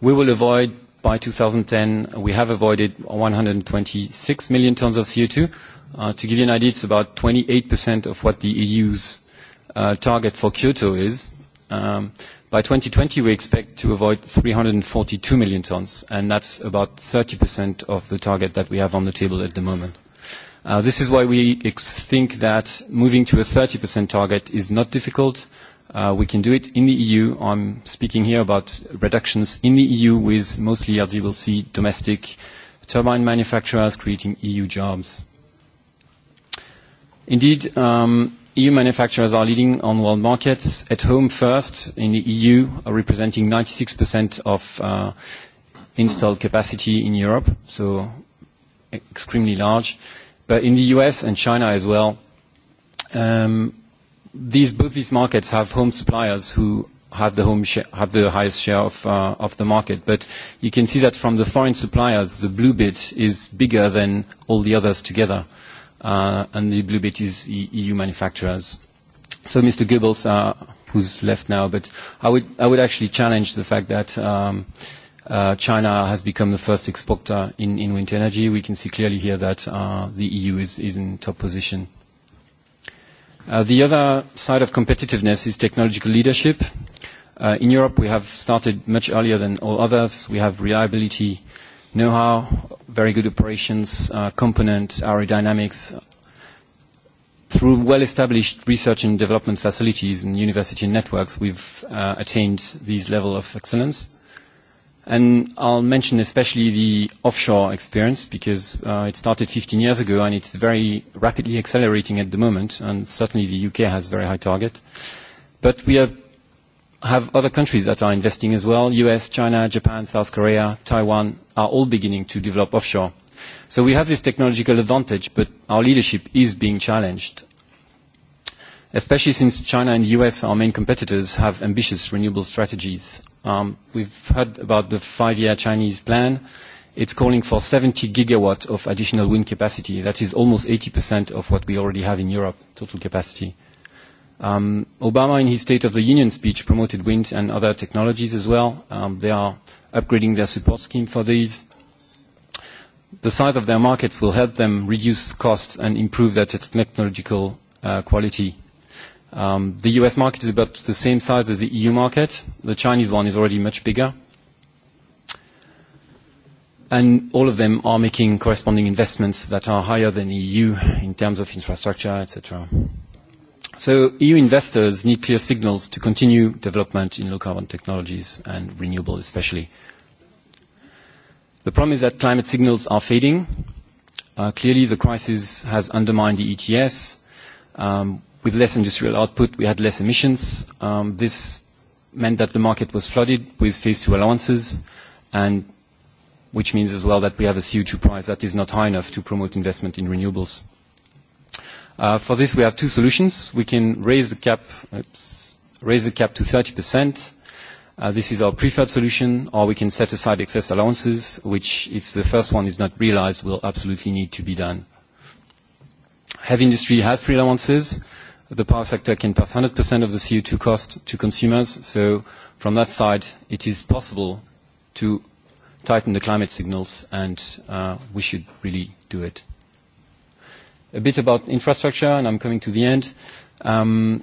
Speaker 12: we will avoid, by 2010, we have avoided 126 million tons of CO2. Uh, to give you an idea, it's about 28% of what the EU's uh, target for Kyoto is. Um, by 2020, we expect to avoid 342 million tons, and that's about 30% of the target that we have on the table at the moment. Uh, this is why we think that moving to a 30% target is not difficult. Uh, we can do it in the EU. I'm speaking here about reductions in the EU with mostly, as you will see, domestic turbine manufacturers creating EU jobs. Indeed, um, EU manufacturers are leading on world markets at home first in the EU, are representing 96% of uh, installed capacity in Europe, so extremely large. But in the US and China as well, um, these, both these markets have home suppliers who have the, home have the highest share of, uh, of the market. But you can see that from the foreign suppliers, the blue bit is bigger than all the others together uh, and the Blue Bit is EU e manufacturers. So Mr. Goebbels, uh, who's left now, but I would, I would actually challenge the fact that um, uh, China has become the first exporter in, in wind energy. We can see clearly here that uh, the EU is, is in top position. Uh, the other side of competitiveness is technological leadership. Uh, in Europe, we have started much earlier than all others. We have reliability know-how, very good operations uh, component, aerodynamics, through well-established research and development facilities and university networks, we've uh, attained these level of excellence. And I'll mention especially the offshore experience because uh, it started 15 years ago and it's very rapidly accelerating at the moment and certainly the UK has very high target. But we are have other countries that are investing as well. US, China, Japan, South Korea, Taiwan are all beginning to develop offshore. So we have this technological advantage, but our leadership is being challenged, especially since China and the US, our main competitors, have ambitious renewable strategies. Um, we've heard about the five-year Chinese plan. It's calling for 70 gigawatt of additional wind capacity. That is almost 80% of what we already have in Europe, total capacity. Um, Obama, in his State of the Union speech, promoted wind and other technologies as well. Um, they are upgrading their support scheme for these. The size of their markets will help them reduce costs and improve their technological uh, quality. Um, the US market is about the same size as the EU market. The Chinese one is already much bigger. And all of them are making corresponding investments that are higher than EU in terms of infrastructure, etc. cetera. So EU investors need clear signals to continue development in low-carbon technologies and renewable especially. The problem is that climate signals are fading. Uh, clearly, the crisis has undermined the ETS. Um, with less industrial output, we had less emissions. Um, this meant that the market was flooded with phase two allowances, and which means as well that we have a CO2 price that is not high enough to promote investment in renewables. Uh, for this, we have two solutions. We can raise the cap, oops, raise the cap to 30%. Uh, this is our preferred solution, or we can set aside excess allowances, which, if the first one is not realized, will absolutely need to be done. Heavy industry has free allowances. The power sector can pass 100% of the CO2 cost to consumers, so from that side, it is possible to tighten the climate signals, and uh, we should really do it a bit about infrastructure, and I'm coming to the end. Um,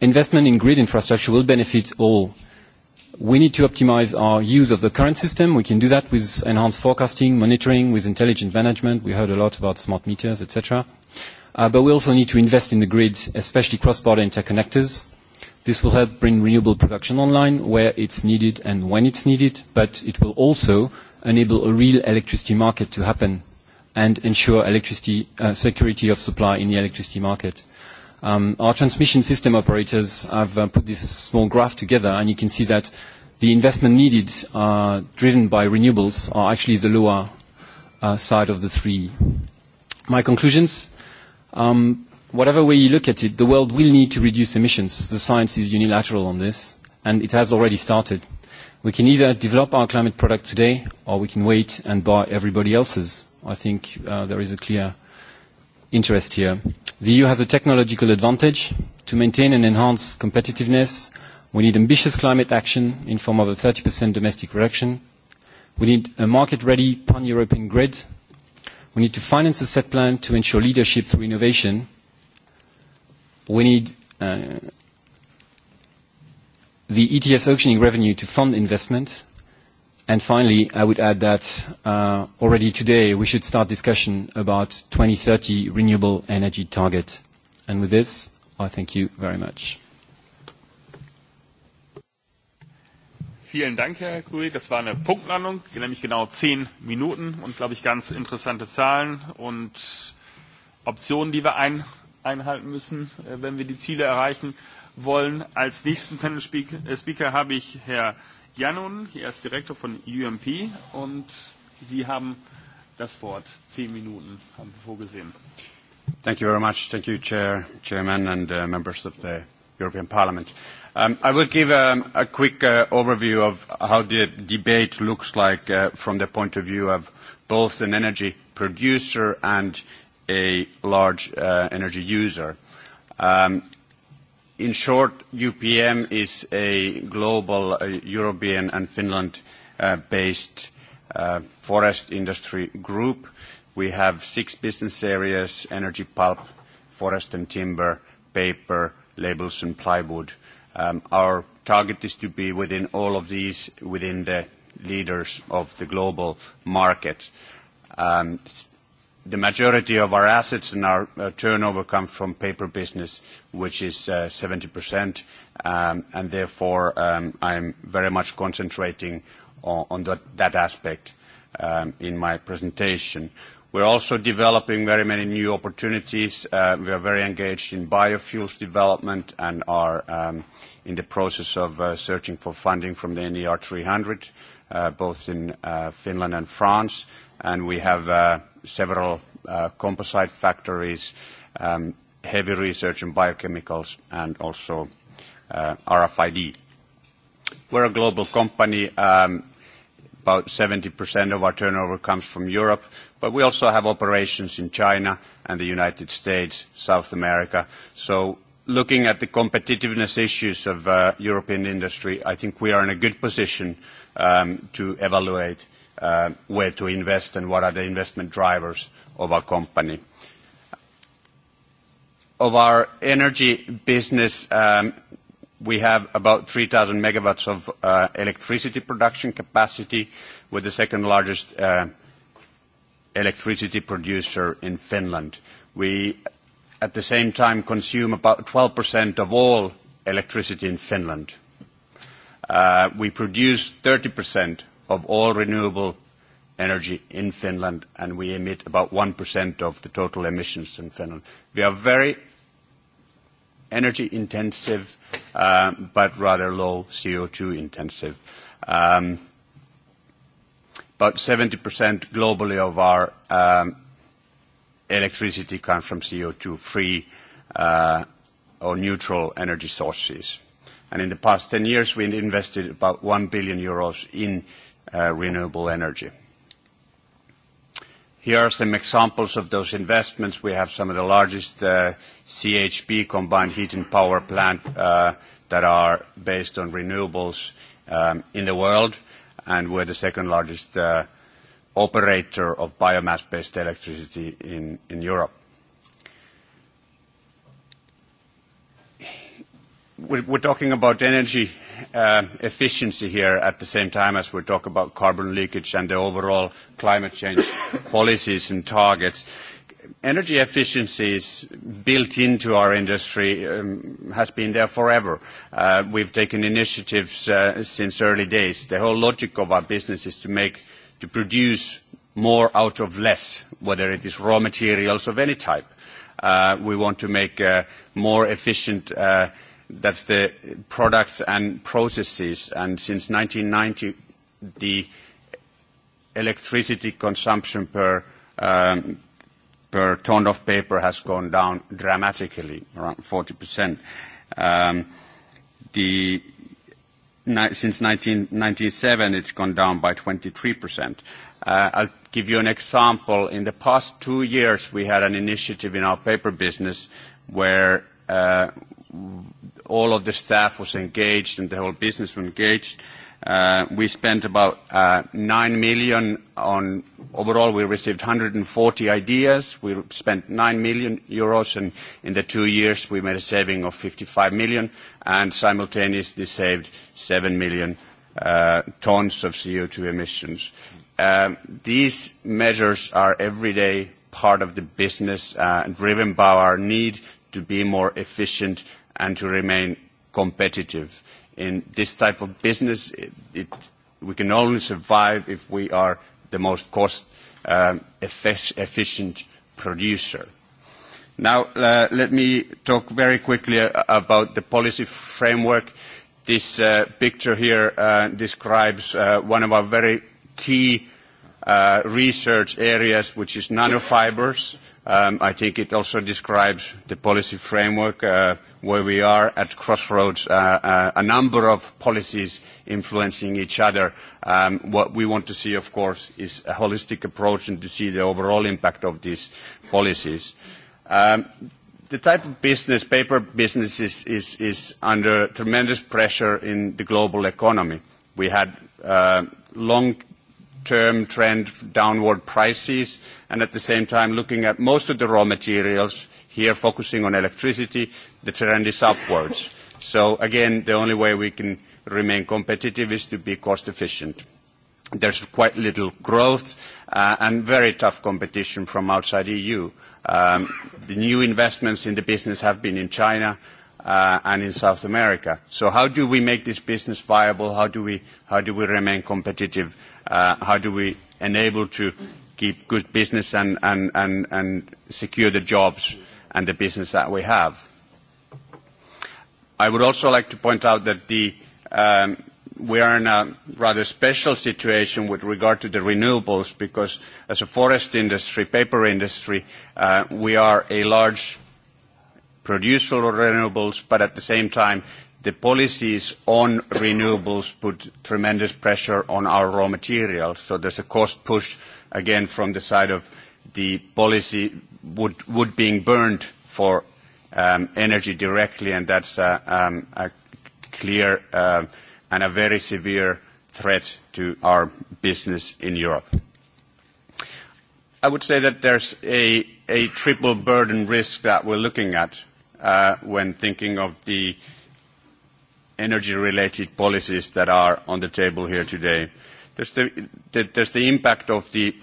Speaker 12: investment in grid infrastructure will benefit all. We need to optimize our use of the current system. We can do that with enhanced forecasting, monitoring, with intelligent management. We heard a lot about smart meters, etc. Uh, but we also need to invest in the grid, especially cross-border interconnectors. This will help bring renewable production online where it's needed and when it's needed, but it will also enable a real electricity market to happen and ensure electricity uh, security of supply in the electricity market. Um, our transmission system operators have uh, put this small graph together, and you can see that the investment needed uh, driven by renewables are actually the lower uh, side of the three. My conclusions, um, whatever way you look at it, the world will need to reduce emissions. The science is unilateral on this, and it has already started. We can either develop our climate product today, or we can wait and buy everybody else's. I think uh, there is a clear interest here. The EU has a technological advantage. To maintain and enhance competitiveness, we need ambitious climate action in form of a 30% domestic reduction. We need a market-ready pan-European grid. We need to finance a set plan to ensure leadership through innovation. We need uh, the ETS auctioning revenue to fund investment And finally, I would add that uh, already today we should start discussion about 2030 renewable energy target. And with this, I thank you very much.
Speaker 2: Vielen Dank, Herr Kui. Das war eine Punktlandung, nämlich genau zehn Minuten und, glaube ich, ganz interessante Zahlen und Optionen, die wir ein, einhalten müssen, äh, wenn wir die Ziele erreichen wollen. Als nächsten Panel-Speaker äh, habe ich Herr Janun. Er ist Direktor von UMP und Sie haben das Wort. Zehn Minuten haben wir vorgesehen.
Speaker 13: Thank you very much. Thank you, Chair, Chairman and uh, members of the European Parliament. Um, I will give um, a quick uh, overview of how the debate looks like uh, from the point of view of both an energy producer and a large uh, energy user. Um, in short, UPM is a global uh, European and Finland-based uh, uh, forest industry group. We have six business areas, energy pulp, forest and timber, paper, labels and plywood. Um, our target is to be within all of these, within the leaders of the global market. Um, the majority of our assets and our uh, turnover come from paper business, which is 70%, uh, um, and therefore um, I'm very much concentrating on, that, aspect um, in my presentation. We're also developing very many new opportunities. Uh, we are very engaged in biofuels development and are in the process of searching for funding from the NER 300, both in uh, Finland and France. And we have uh, several uh, composite factories, um, heavy research in biochemicals, and also uh, RFID. We're a global company. Um, about 70% of our turnover comes from Europe, but we also have operations in China and the United States, South America. So looking at the competitiveness issues of uh, European industry, I think we are in a good position um, to evaluate Uh, where to invest and what are the investment drivers of our company. Of our energy business, um, we have about 3,000 megawatts of uh, electricity production capacity. We're the second largest uh, electricity producer in Finland. We, at the same time, consume about 12% of all electricity in Finland. we produce 30% of all renewable energy in Finland, and we emit about 1% of the total emissions in Finland. We are very energy intensive, um, but rather low CO2 intensive. Um, about 70% globally of our um, electricity comes from CO2-free uh, or neutral energy sources. And in the past 10 years, we invested about 1 billion euros in uh, renewable energy. Here are some examples of those investments. We have some of the largest uh, CHP combined heat and power plant uh, that are based on renewables um, in the world, and we're the second largest uh, operator of biomass-based electricity in, in Europe. We're, we're talking about energy uh, efficiency here at the same time as we talk about carbon leakage and the overall climate change policies and targets. Energy efficiency is built into our industry, um, has been there forever. Uh, we've taken initiatives uh, since early days. The whole logic of our business is to make, to produce more out of less, whether it is raw materials of any type. Uh, we want to make uh, more efficient uh, that's the products and processes. And since 1990, the electricity consumption per, um, per ton of paper has gone down dramatically, around 40%. Um, the, since 1997, it's gone down by 23%. Uh, I'll give you an example. In the past two years, we had an initiative in our paper business where uh, all of the staff was engaged and the whole business was engaged. Uh, we spent about uh, 9 million on, overall we received 140 ideas. We spent 9 million euros and in the two years we made a saving of 55 million and simultaneously saved 7 million uh, tons of CO2 emissions. Uh, these measures are everyday part of the business uh, driven by our need to be more efficient and to remain competitive. In this type of business, it, it, we can only survive if we are the most cost um, efficient producer. Now, uh, let me talk very quickly uh, about the policy framework. This uh, picture here uh, describes uh, one of our very key uh, research areas, which is nanofibers. Um, I think it also describes the policy framework. Uh, where we are at crossroads, uh, uh, a number of policies influencing each other. Um, what we want to see, of course, is a holistic approach and to see the overall impact of these policies. Um, the type of business, paper business, is, is, is under tremendous pressure in the global economy. We had uh, long term trend downward prices, and at the same time looking at most of the raw materials, here focusing on electricity, the trend is upwards. So again, the only way we can remain competitive is to be cost efficient. There's quite little growth uh, and very tough competition from outside EU. Um, the new investments in the business have been in China uh, and in South America. So how do we make this business viable? How do we, how do we remain competitive? Uh, how do we enable to keep good business and, and, and, and secure the jobs and the business that we have? I would also like to point out that the, um, we are in a rather special situation with regard to the renewables because as a forest industry, paper industry, uh, we are a large producer of renewables, but at the same time, the policies on renewables put tremendous pressure on our raw materials. So there's a cost push, again, from the side of the policy wood, wood being burned for um, energy directly, and that's uh, um, a clear uh, and a very severe threat to our business in Europe. I would say that there's a, a triple burden risk that we're looking at uh, when thinking of the energy-related policies that are on the table here today. There's the, the, there's the impact of the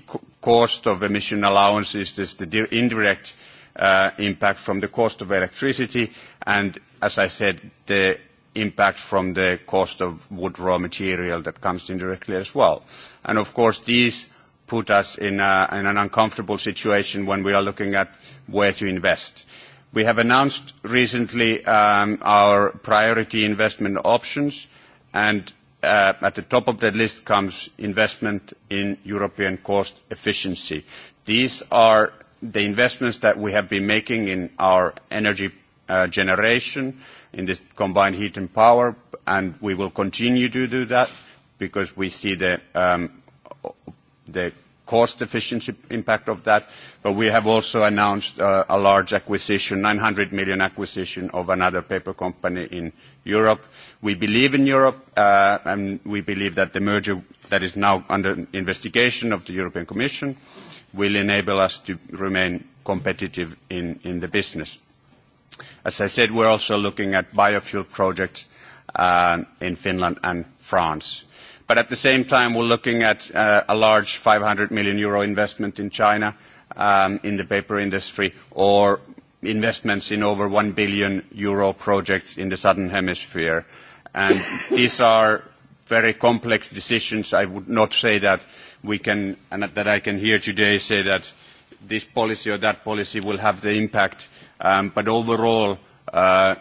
Speaker 13: cost of emission allowances, there's the indirect uh, impact from the cost of electricity, and as I said, the impact from the cost of wood raw material that comes indirectly as well. And of course, these put us in, a, uh, in an uncomfortable situation when we are looking at where to invest. We have announced recently um, our priority investment options, and uh, at the top of that list comes investment in European cost efficiency. These are the investments that we have been making in our energy uh, generation, in this combined heat and power, and we will continue to do that because we see the, um, the cost efficiency impact of that. But we have also announced uh, a large acquisition, 900 million acquisition of another paper company in Europe. We believe in Europe, uh, and we believe that the merger that is now under investigation of the European Commission will enable us to remain competitive in, in the business. As I said, we're also looking at biofuel projects uh, in Finland and France. But at the same time, we're looking at uh, a large 500 million euro investment in China um, in the paper industry or investments in over 1 billion euro projects in the southern hemisphere. And these are very complex decisions. I would not say that we can, and that I can here today say that this policy or that policy will have the impact. Um, but overall, uh,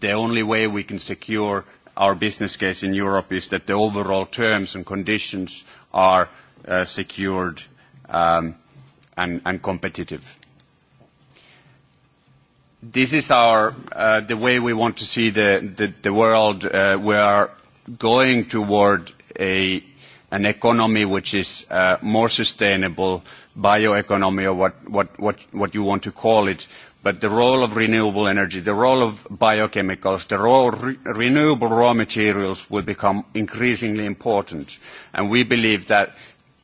Speaker 13: the only way we can secure our business case in Europe is that the overall terms and conditions are uh, secured um, and, and competitive. This is our, uh, the way we want to see the, the, the world. Uh, we are going toward a, an economy which is uh, more sustainable, bioeconomy or what, what, what, what you want to call it, but the role of renewable energy, the role of biochemicals, the role of re renewable raw materials will become increasingly important. And we believe that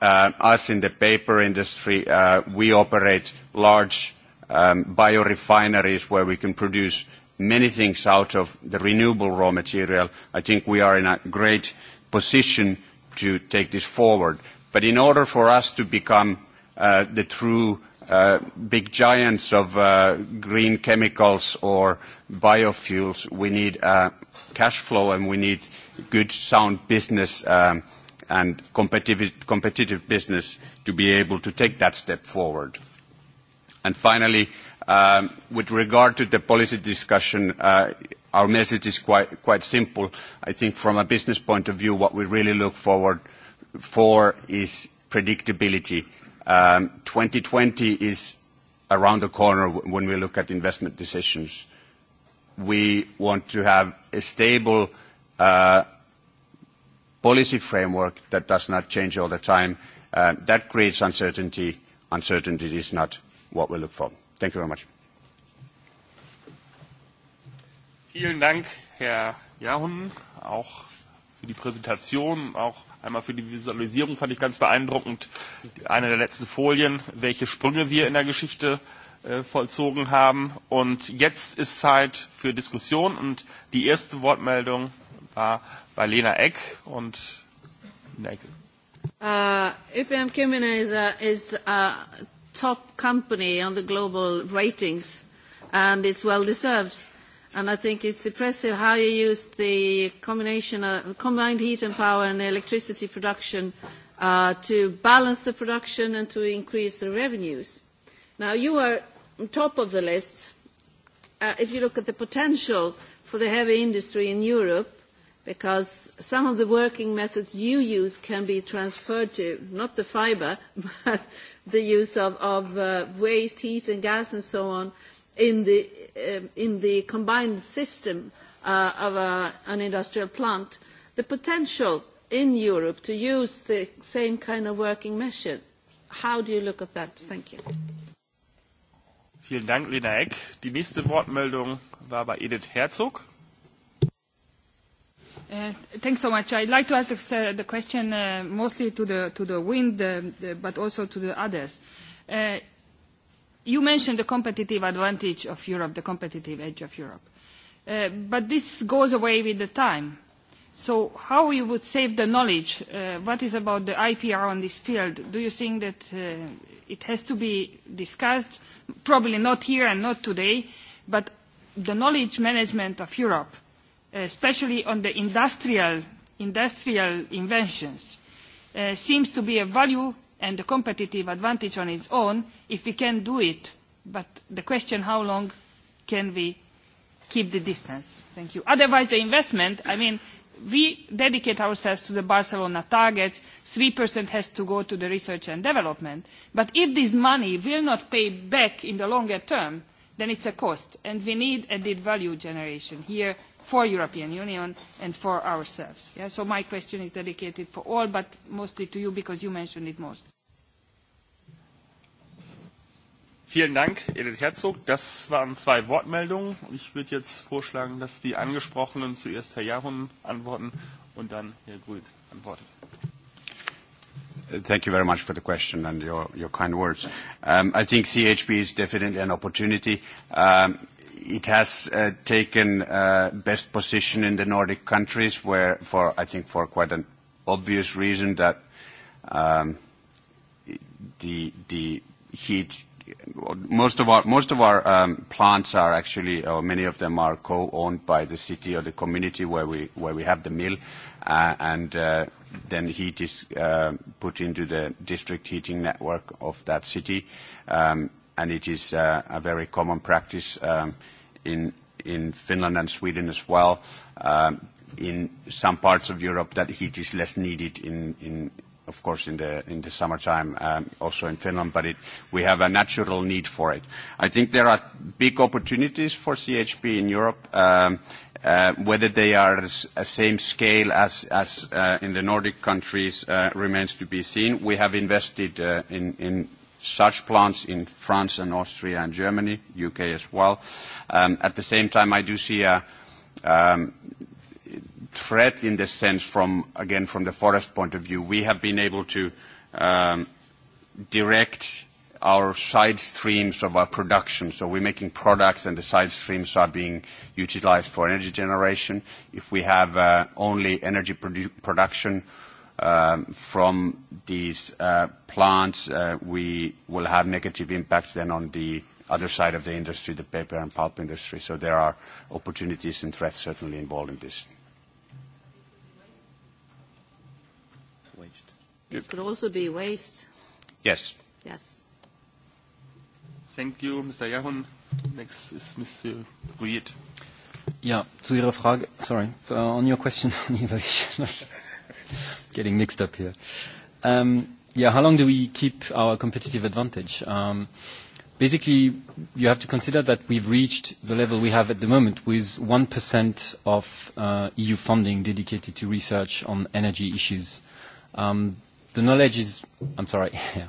Speaker 13: uh, us in the paper industry, uh, we operate large um, biorefineries where we can produce many things out of the renewable raw material, I think we are in a great position to take this forward. But in order for us to become uh, the true uh, big giants of uh, green chemicals or biofuels, we need uh, cash flow and we need good, sound business um, and competitive, competitive business to be able to take that step forward. And finally, Um, with regard to the policy discussion, uh, our message is quite, quite simple. I think from a business point of view, what we really look forward for is predictability. 2020 um, is around the corner when we look at investment decisions. We want to have a stable uh, policy framework that does not change all the time. Uh, that creates uncertainty. Uncertainty is not what we look for. Thank you very much.
Speaker 2: Vielen Dank, Herr Jahun, auch für die Präsentation, auch einmal für die Visualisierung fand ich ganz beeindruckend. Eine der letzten Folien, welche Sprünge wir in der Geschichte äh, vollzogen haben. Und jetzt ist Zeit für Diskussion und die erste Wortmeldung war bei Lena Eck und Lena Eck.
Speaker 7: Uh, ÖPM Kimina
Speaker 5: is, uh, is uh top company on the global ratings, and it's well deserved. And I think it's impressive how you used the combination of combined heat and power and electricity production uh, to balance the production and to increase the revenues. Now, you are on top of the list. Uh, if you look at the potential for the heavy industry in Europe, because some of the working methods you use can be transferred to, not the fiber, but the use of, of uh, waste, heat and gas and so on in the, uh, in the combined system uh, of a, an industrial plant, the potential in Europe to use the same kind of working measure. How do you look at that? Thank you.
Speaker 2: Vielen Dank, Lena Eck. Die nächste Wortmeldung war bei Edith Herzog.
Speaker 7: Uh, thanks so much. I'd like to ask the, uh, the question uh, mostly to the, to the wind, uh, the, but also to the others. Uh, you mentioned the competitive advantage of Europe, the competitive edge of Europe. Uh, but this goes away with the time. So how you would save the knowledge? Uh, what is about the IPR on this field? Do you think that uh, it has to be discussed? Probably not here and not today, but the knowledge management of Europe especially on the industrial, industrial inventions, uh, seems to be a value and a competitive advantage on its own if we can do it. But the question how long can we keep the distance? Thank you. Otherwise, the investment, I mean, we dedicate ourselves to the Barcelona targets. 3% has to go to the research and development. But if this money will not pay back in the longer term, then it's a cost. And we need added value generation here for European Union and for ourselves. Yeah? So my question is dedicated for all, but mostly to you because you mentioned it most.
Speaker 2: Vielen Dank, Edith Herzog. Das waren zwei Wortmeldungen. Und ich würde jetzt vorschlagen, dass die Angesprochenen zuerst Herr Jahun antworten und dann Herr Grüth antwortet.
Speaker 13: Thank you very much for the question and your, your kind words. Um, I think CHP is definitely an opportunity. Um, it has uh, taken uh, best position in the Nordic countries where for I think for quite an obvious reason that um, the the heat most of our most of our um, plants are actually or many of them are co-owned by the city or the community where we where we have the mill uh, and uh, then heat is uh, put into the district heating network of that city um, and it is uh, a very common practice um, in, in Finland and Sweden as well. Um, in some parts of Europe, that heat is less needed in, in of course, in the, in the summertime, um, also in Finland, but it, we have a natural need for it. I think there are big opportunities for CHP in Europe. Um, Uh, whether they are the same scale as, as uh, in the Nordic countries uh, remains to be seen. We have invested uh, in, in such plants in France and Austria and Germany, UK as well. Um, at the same time, I do see a um, threat in this sense from, again, from the forest point of view. We have been able to um, direct our side streams of our production. So we're making products and the side streams are being utilized for energy generation. If we have uh, only energy produ production um, from these uh, plants, uh, we will have negative impacts then on the other side of the industry, the paper and pulp industry. So there are opportunities and threats certainly involved in this.
Speaker 12: Waste.
Speaker 5: It could also be waste. Yes. Yes.
Speaker 2: Thank you, Mr. Jahn. Next is Mr. Ruit
Speaker 12: Yeah, to your Frage, sorry, uh, on your question on innovation. Getting mixed up here. Um, yeah, how long do we keep our competitive advantage? Um, basically, you have to consider that we've reached the level we have at the moment with 1% of uh, EU funding dedicated to research on energy issues. Um, the knowledge is, I'm sorry, yeah.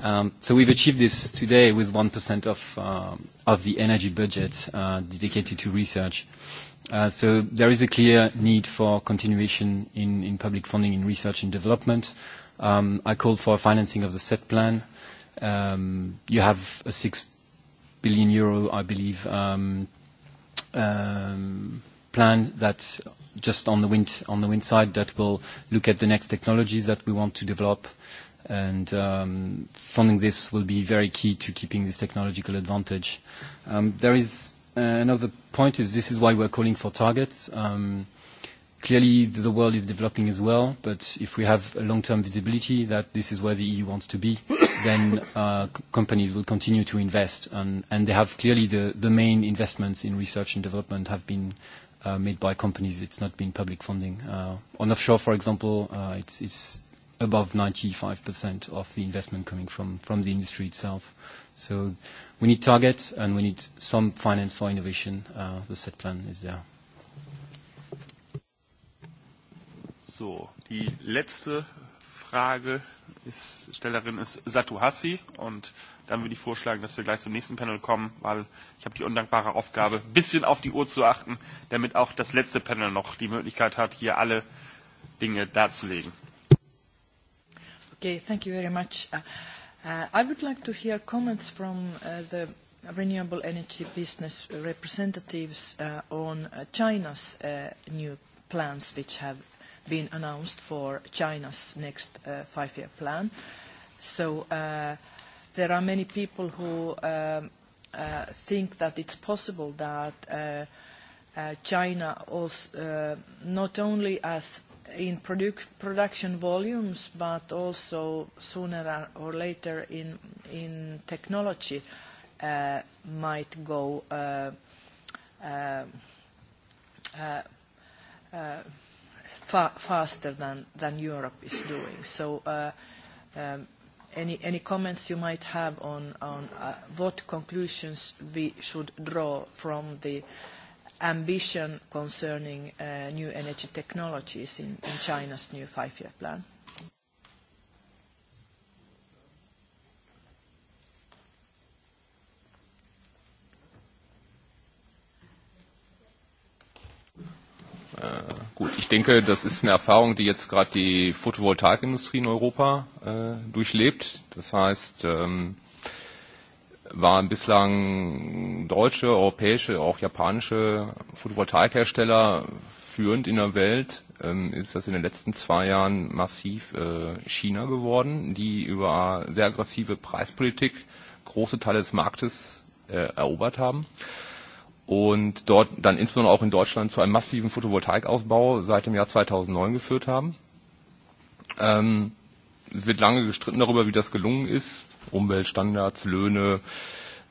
Speaker 12: Um, so we've achieved this today with 1% of, um, of the energy budget uh, dedicated to research. Uh, so there is a clear need for continuation in, in public funding in research and development. Um, I called for financing of the set plan. Um, you have a 6 billion euro, I believe, um, um, plan that just on the wind on the wind side that will look at the next technologies that we want to develop and um, funding this will be very key to keeping this technological advantage. Um, there is uh, another point is this is why we're calling for targets. Um, Clearly, the world is developing as well, but if we have a long-term visibility that this is where the EU wants to be, then uh, companies will continue to invest. And, and they have clearly the, the main investments in research and development have been uh, made by companies. It's not been public funding. Uh, on offshore, for example, uh, it's, it's above 95% of the investment coming from, from the industry itself. So we need targets and we need some finance for innovation. Uh, the set plan is there.
Speaker 2: So, die letzte Frage ist, Stellerin ist Satu Hassi und dann würde ich vorschlagen, dass wir gleich zum nächsten Panel kommen, weil ich habe die undankbare Aufgabe, ein bisschen auf die Uhr zu achten, damit auch das letzte Panel noch die Möglichkeit hat, hier alle Dinge darzulegen.
Speaker 14: Okay, thank you very much. Uh, uh, I would like to hear comments from uh, the renewable energy business representatives uh, on uh, China's uh, new plans which have been announced for China's next uh, five-year plan. So uh, there are many people who um, uh, think that it's possible that uh, uh, China also, uh, not only as in produ production volumes, but also sooner or later in, in technology uh, might go uh, uh, uh, uh fa faster than, than Europe is doing. So uh, um, any, any comments you might have on, on uh, what conclusions we should draw from the ambition concerning uh, new energy technologies in, in China's new five-year plan?
Speaker 11: Äh, gut, ich denke, das ist eine Erfahrung, die jetzt gerade die Photovoltaikindustrie in Europa äh, durchlebt. Das heißt, ähm, waren bislang deutsche, europäische, auch japanische Photovoltaikhersteller führend in der Welt. Ähm, ist das in den letzten zwei Jahren massiv äh, China geworden, die über sehr aggressive Preispolitik große Teile des Marktes äh, erobert haben. Äh, und dort dann insbesondere auch in Deutschland zu einem massiven Photovoltaikausbau seit dem Jahr 2009 geführt haben. Ähm, es wird lange gestritten darüber, wie das gelungen ist. Umweltstandards, Löhne,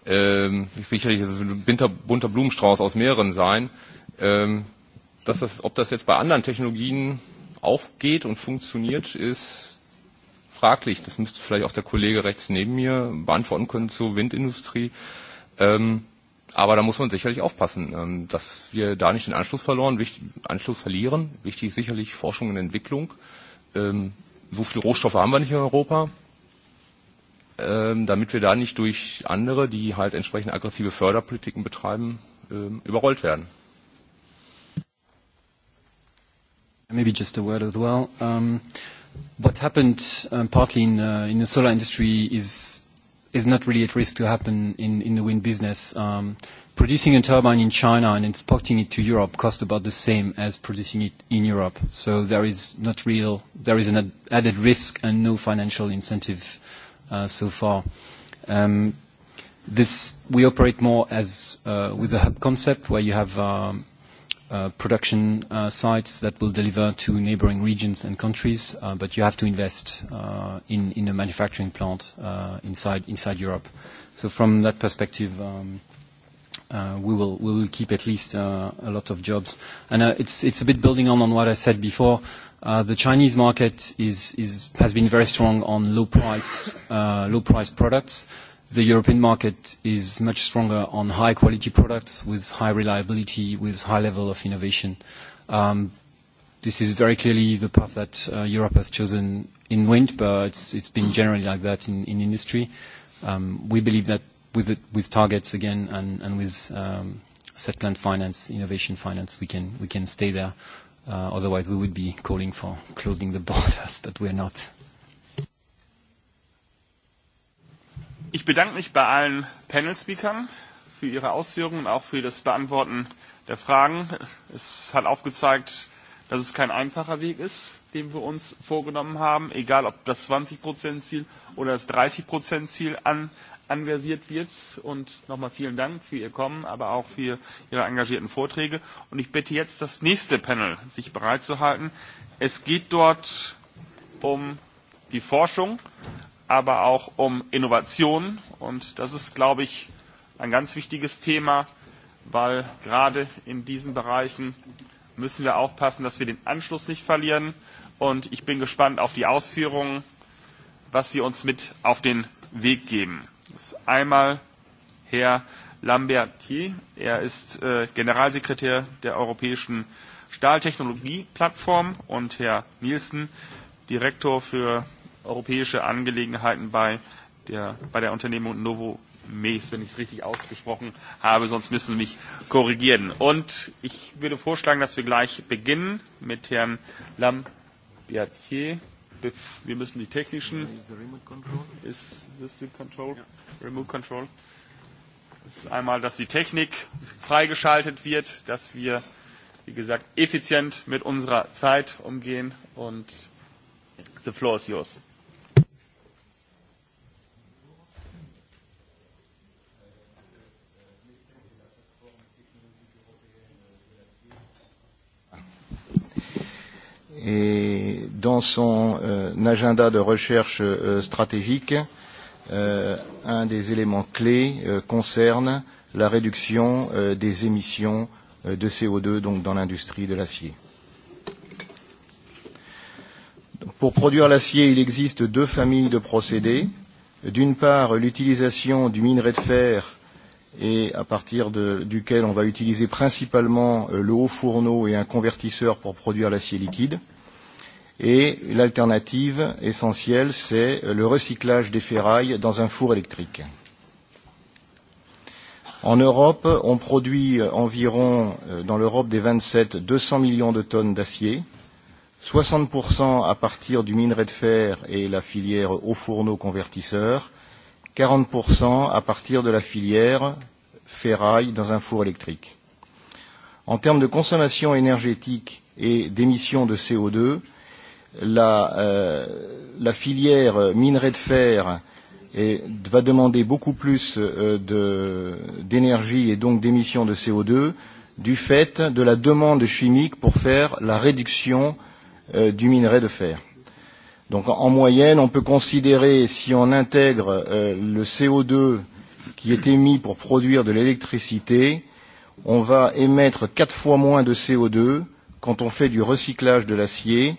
Speaker 11: ähm, sicherlich ein bunter, bunter Blumenstrauß aus mehreren sein. Ähm, dass das, ob das jetzt bei anderen Technologien aufgeht und funktioniert, ist fraglich. Das müsste vielleicht auch der Kollege rechts neben mir beantworten können zur Windindustrie. Ähm, Aber da muss man sicherlich aufpassen, ähm, dass wir da nicht den Anschluss verloren, wichtig, Anschluss verlieren. Wichtig ist sicherlich Forschung und Entwicklung. Ähm, so viele Rohstoffe haben wir nicht in Europa, ähm, damit wir da nicht durch andere, die halt entsprechend aggressive Förderpolitiken betreiben, überrollt werden.
Speaker 12: Maybe just a word as well. Um, what happened um, partly in, uh, in the solar industry is is not really at risk to happen in, in the wind business. Um, producing a turbine in China and exporting it to Europe costs about the same as producing it in Europe. So there is not real, there is an ad added risk and no financial incentive uh, so far. Um, this, we operate more as uh, with a hub concept where you have um, uh, production uh, sites that will deliver to neighboring regions and countries, uh, but you have to invest uh, in, in a manufacturing plant uh, inside, inside Europe. So from that perspective, um, uh, we, will, we will keep at least uh, a lot of jobs. And uh, it's, it's a bit building on, on what I said before. Uh, the Chinese market is, is, has been very strong on low price, uh, low price products the European market is much stronger on high quality products with high reliability, with high level of innovation. Um, this is very clearly the path that uh, Europe has chosen in wind, but it's, it's been generally like that in, in industry. Um, we believe that with, it, with targets again and, and with um, set plant finance, innovation finance, we can, we can stay there. Uh, otherwise, we would be calling for closing the borders, but we're not.
Speaker 2: Ich bedanke mich bei allen Panel-Speakern für ihre Ausführungen, und auch für das Beantworten der Fragen. Es hat aufgezeigt, dass es kein einfacher Weg ist, den wir uns vorgenommen haben, egal ob das 20%-Ziel oder das 30%-Ziel an, anversiert wird. Und nochmal vielen Dank für Ihr Kommen, aber auch für Ihre engagierten Vorträge. Und ich bitte jetzt das nächste Panel, sich halten. Es geht dort um die Forschung, aber auch um Innovationen. Und das ist, glaube ich, ein ganz wichtiges Thema, weil gerade in diesen Bereichen müssen wir aufpassen, dass wir den Anschluss nicht verlieren. Und ich bin gespannt auf die Ausführungen, was Sie uns mit auf den Weg geben. Das ist einmal Herr Lambertier. Er ist äh, Generalsekretär der Europäischen Stahltechnologieplattform und Herr Nielsen, Direktor für europäische Angelegenheiten bei der, bei der Unternehmung Novo Mes, wenn ich es richtig ausgesprochen habe, sonst müssen Sie mich korrigieren. Und ich würde vorschlagen, dass wir gleich beginnen mit Herrn Lambertier. Wir müssen die technischen. Ist das die Control? Ja. Remote Control. Das ist einmal, dass die Technik freigeschaltet wird, dass wir, wie gesagt, effizient mit unserer Zeit umgehen und the floor is yours.
Speaker 15: et dans son euh, agenda de recherche euh, stratégique, euh, un des éléments clés euh, concerne la réduction euh, des émissions euh, de CO2 donc dans l'industrie de l'acier. Pour produire l'acier, il existe deux familles de procédés. D'une part, l'utilisation du minerai de fer et à partir de, duquel on va utiliser principalement euh, le haut fourneau et un convertisseur pour produire l'acier liquide. Et l'alternative essentielle, c'est euh, le recyclage des ferrailles dans un four électrique. En Europe, on produit euh, environ, dans l'Europe des 27, 200 millions de tonnes d'acier, 60% à partir du minerai de fer et la filière haut fourneau convertisseur, 40% à partir de la filière ferraille dans un four électrique. En termes de consommation énergétique et d'émissions de CO2, la, euh, la filière minerai de fer est, va demander beaucoup plus euh, d'énergie et donc d'émissions de CO2 du fait de la demande chimique pour faire la réduction euh, du minerai de fer. Donc en moyenne, on peut considérer, si on intègre euh, le CO2 qui est émis pour produire de l'électricité, on va émettre quatre fois moins de CO2 quand on fait du recyclage de l'acier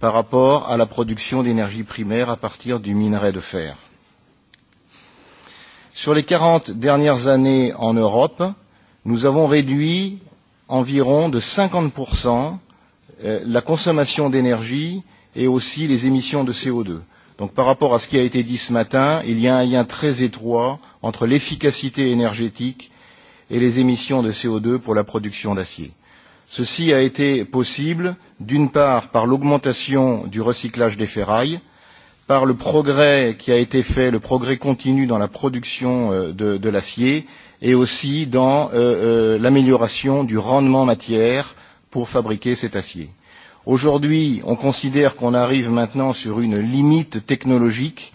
Speaker 15: par rapport à la production d'énergie primaire à partir du minerai de fer. Sur les 40 dernières années en Europe, nous avons réduit environ de 50% euh, la consommation d'énergie et aussi les émissions de CO2. Donc par rapport à ce qui a été dit ce matin, il y a un lien très étroit entre l'efficacité énergétique et les émissions de CO2 pour la production d'acier. Ceci a été possible d'une part par l'augmentation du recyclage des ferrailles, par le progrès qui a été fait, le progrès continu dans la production euh, de, de l'acier et aussi dans euh, euh, l'amélioration du rendement matière pour fabriquer cet acier. Aujourd'hui, on considère qu'on arrive maintenant sur une limite technologique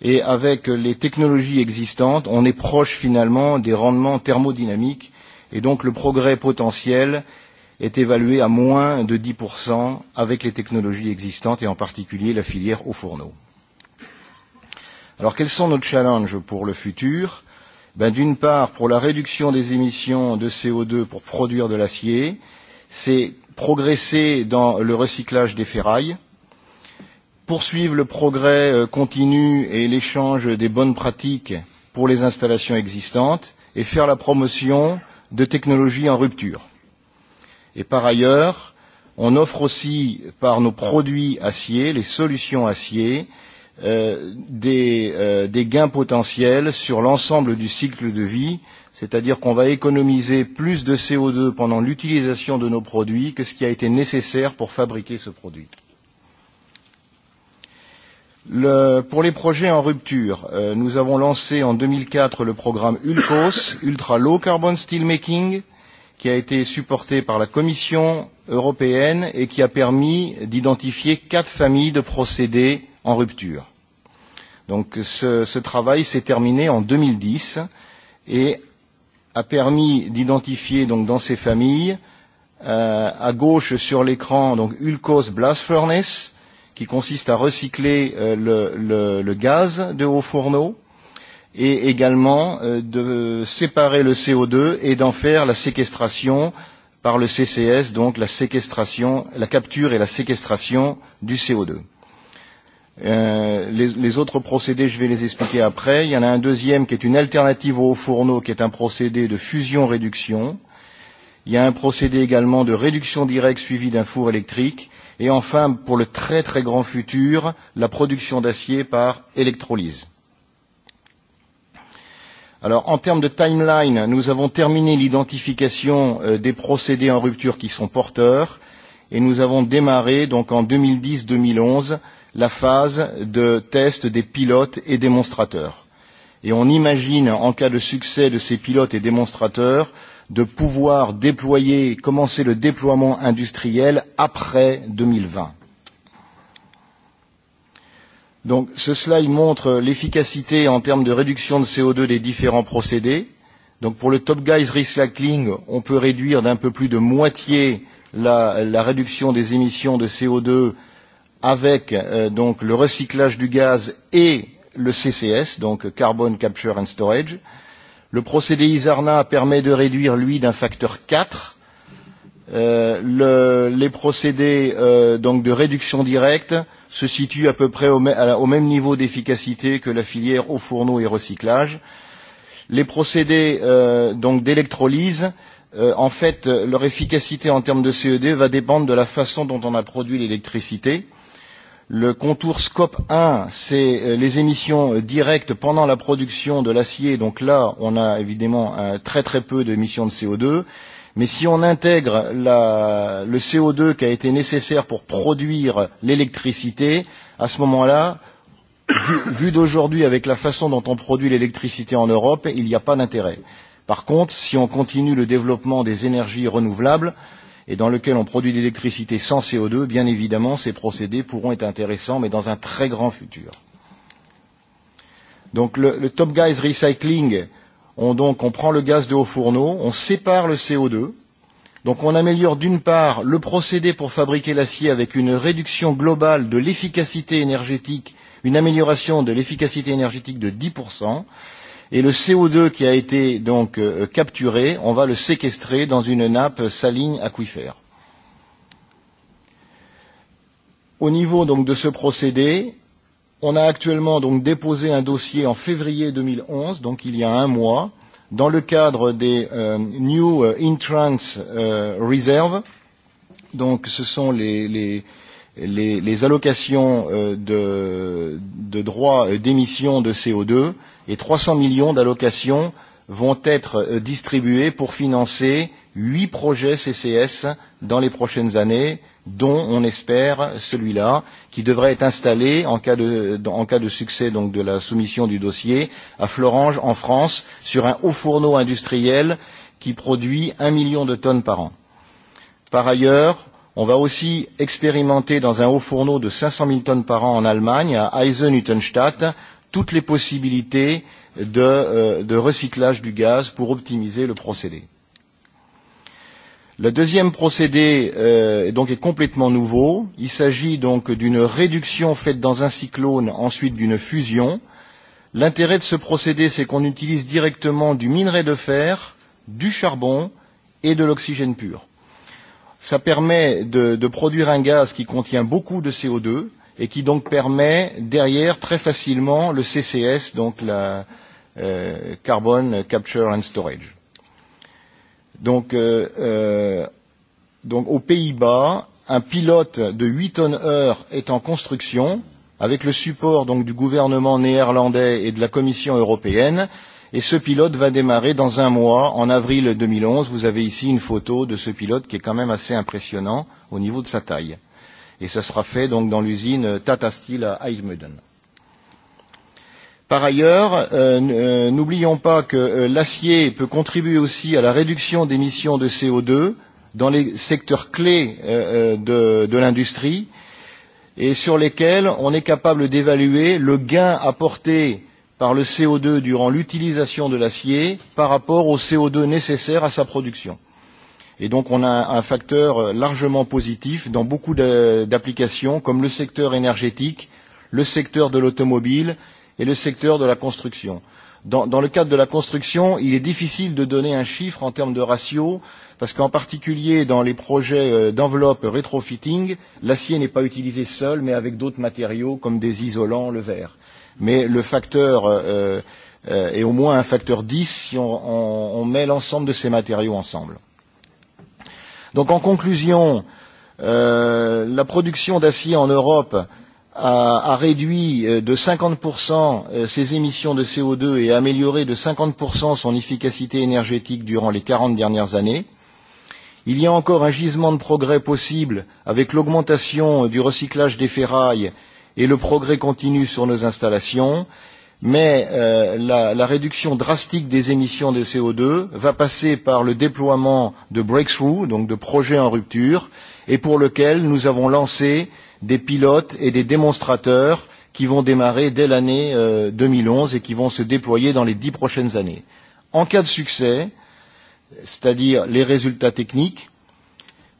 Speaker 15: et avec les technologies existantes, on est proche finalement des rendements thermodynamiques et donc le progrès potentiel est évalué à moins de 10% avec les technologies existantes et en particulier la filière au fourneau. Alors quels sont nos challenges pour le futur ben, D'une part, pour la réduction des émissions de CO2 pour produire de l'acier, c'est progresser dans le recyclage des ferrailles, poursuivre le progrès euh, continu et l'échange des bonnes pratiques pour les installations existantes et faire la promotion de technologies en rupture. Et par ailleurs, on offre aussi par nos produits acier, les solutions acier, euh, des, euh, des gains potentiels sur l'ensemble du cycle de vie c'est-à-dire qu'on va économiser plus de CO2 pendant l'utilisation de nos produits que ce qui a été nécessaire pour fabriquer ce produit. Le, pour les projets en rupture, euh, nous avons lancé en 2004 le programme ULCOS, Ultra Low Carbon Steelmaking, qui a été supporté par la Commission européenne et qui a permis d'identifier quatre familles de procédés en rupture. Donc ce, ce travail s'est terminé en 2010 et a permis d'identifier donc dans ces familles euh, à gauche sur l'écran donc Ulcos Blast Furnace qui consiste à recycler euh, le, le, le gaz de haut fourneau et également euh, de séparer le CO2 et d'en faire la séquestration par le CCS, donc la séquestration, la capture et la séquestration du CO2. Euh, les, les autres procédés, je vais les expliquer après. Il y en a un deuxième qui est une alternative au fourneau, qui est un procédé de fusion-réduction. Il y a un procédé également de réduction directe suivi d'un four électrique. Et enfin, pour le très très grand futur, la production d'acier par électrolyse. Alors, en termes de timeline, nous avons terminé l'identification euh, des procédés en rupture qui sont porteurs et nous avons démarré, donc en 2010-2011, la phase de test des pilotes et démonstrateurs. Et on imagine, en cas de succès de ces pilotes et démonstrateurs, de pouvoir déployer, commencer le déploiement industriel après 2020. Donc ce slide montre l'efficacité en termes de réduction de CO2 des différents procédés. Donc pour le Top Guys Recycling, on peut réduire d'un peu plus de moitié la, la réduction des émissions de CO2 avec euh, donc le recyclage du gaz et le CCS, donc Carbon Capture and Storage. Le procédé ISARNA permet de réduire, lui, d'un facteur 4. Euh, le, les procédés euh, donc de réduction directe se situent à peu près au, à, au même niveau d'efficacité que la filière au fourneau et recyclage. Les procédés euh, donc d'électrolyse, euh, en fait, leur efficacité en termes de CED va dépendre de la façon dont on a produit l'électricité. Euh, Le contour scope 1, c'est euh, les émissions euh, directes pendant la production de l'acier. Donc là, on a évidemment euh, très très peu d'émissions de CO2. Mais si on intègre la, le CO2 qui a été nécessaire pour produire l'électricité, à ce moment-là, vu, vu d'aujourd'hui avec la façon dont on produit l'électricité en Europe, il n'y a pas d'intérêt. Par contre, si on continue le développement des énergies renouvelables, et dans lequel on produit de l'électricité sans CO2, bien évidemment, ces procédés pourront être intéressants, mais dans un très grand futur. Donc le, le Top Guys Recycling, on, donc, on prend le gaz de haut fourneau, on sépare le CO2, donc on améliore d'une part le procédé pour fabriquer l'acier avec une réduction globale de l'efficacité énergétique, une amélioration de l'efficacité énergétique de 10%, Et le CO2 qui a été donc euh, euh, capturé, on va le séquestrer dans une nappe saline aquifère. Au niveau donc de ce procédé, on a actuellement donc déposé un dossier en février 2011, donc il y a un mois, dans le cadre des euh, New euh, Entrants euh, Reserve. Donc ce sont les, les, les, les allocations euh, de, de droits d'émission de CO2 et 300 millions d'allocations vont être euh, distribués pour financer huit projets CCS dans les prochaines années, dont on espère celui-là, qui devrait être installé en cas de, en cas de succès donc, de la soumission du dossier à Florange en France sur un haut fourneau industriel qui produit un million de tonnes par an. Par ailleurs, on va aussi expérimenter dans un haut fourneau de 500 000 tonnes par an en Allemagne, à Eisenhüttenstadt, toutes les possibilités de, euh, de recyclage du gaz pour optimiser le procédé. Le deuxième procédé euh, donc est complètement nouveau. Il s'agit donc d'une réduction faite dans un cyclone, ensuite d'une fusion. L'intérêt de ce procédé, c'est qu'on utilise directement du minerai de fer, du charbon et de l'oxygène pur. Ça permet de, de produire un gaz qui contient beaucoup de CO2, et qui donc permet derrière très facilement le CCS, donc la euh, Carbon Capture and Storage. Donc, euh, euh, donc aux Pays-Bas, un pilote de 8 tonnes heure est en construction avec le support donc du gouvernement néerlandais et de la Commission européenne. Et ce pilote va démarrer dans un mois, en avril 2011. Vous avez ici une photo de ce pilote qui est quand même assez impressionnant au niveau de sa taille. Euh, Et ça sera fait donc dans l'usine Tata Steel à Eichmüden. Par ailleurs, euh, euh, n'oublions pas que euh, l'acier peut contribuer aussi à la réduction d'émissions de CO2 dans les secteurs clés euh, euh, de, de l'industrie et sur lesquels on est capable d'évaluer le gain apporté par le CO2 durant l'utilisation de l'acier par rapport au CO2 nécessaire à sa production. Et donc on a un facteur euh, largement positif dans beaucoup d'applications comme le secteur énergétique, le secteur de l'automobile et le secteur de la construction. Dans, dans le cadre de la construction, il est difficile de donner un chiffre en termes de ratio, parce qu'en particulier dans les projets euh, d'enveloppe rétrofitting, l'acier n'est pas utilisé seul, mais avec d'autres matériaux comme des isolants, le verre. Mais le facteur euh, euh, euh est au moins un facteur 10 si on, on, on met l'ensemble de ces matériaux ensemble. Donc en conclusion, euh, la production d'acier en Europe a, a réduit euh, de 50% euh, ses émissions de CO2 et a amélioré de 50% son efficacité énergétique durant les 40 dernières années. Il y a encore un gisement de progrès possible avec l'augmentation euh, du recyclage des ferrailles et le progrès continu sur nos installations mais euh, la, la réduction drastique des émissions de CO2 va passer par le déploiement de breakthroughs, donc de projets en rupture, et pour lequel nous avons lancé des pilotes et des démonstrateurs qui vont démarrer dès l'année euh, 2011 et qui vont se déployer dans les dix prochaines années. En cas de succès, c'est-à-dire les résultats techniques,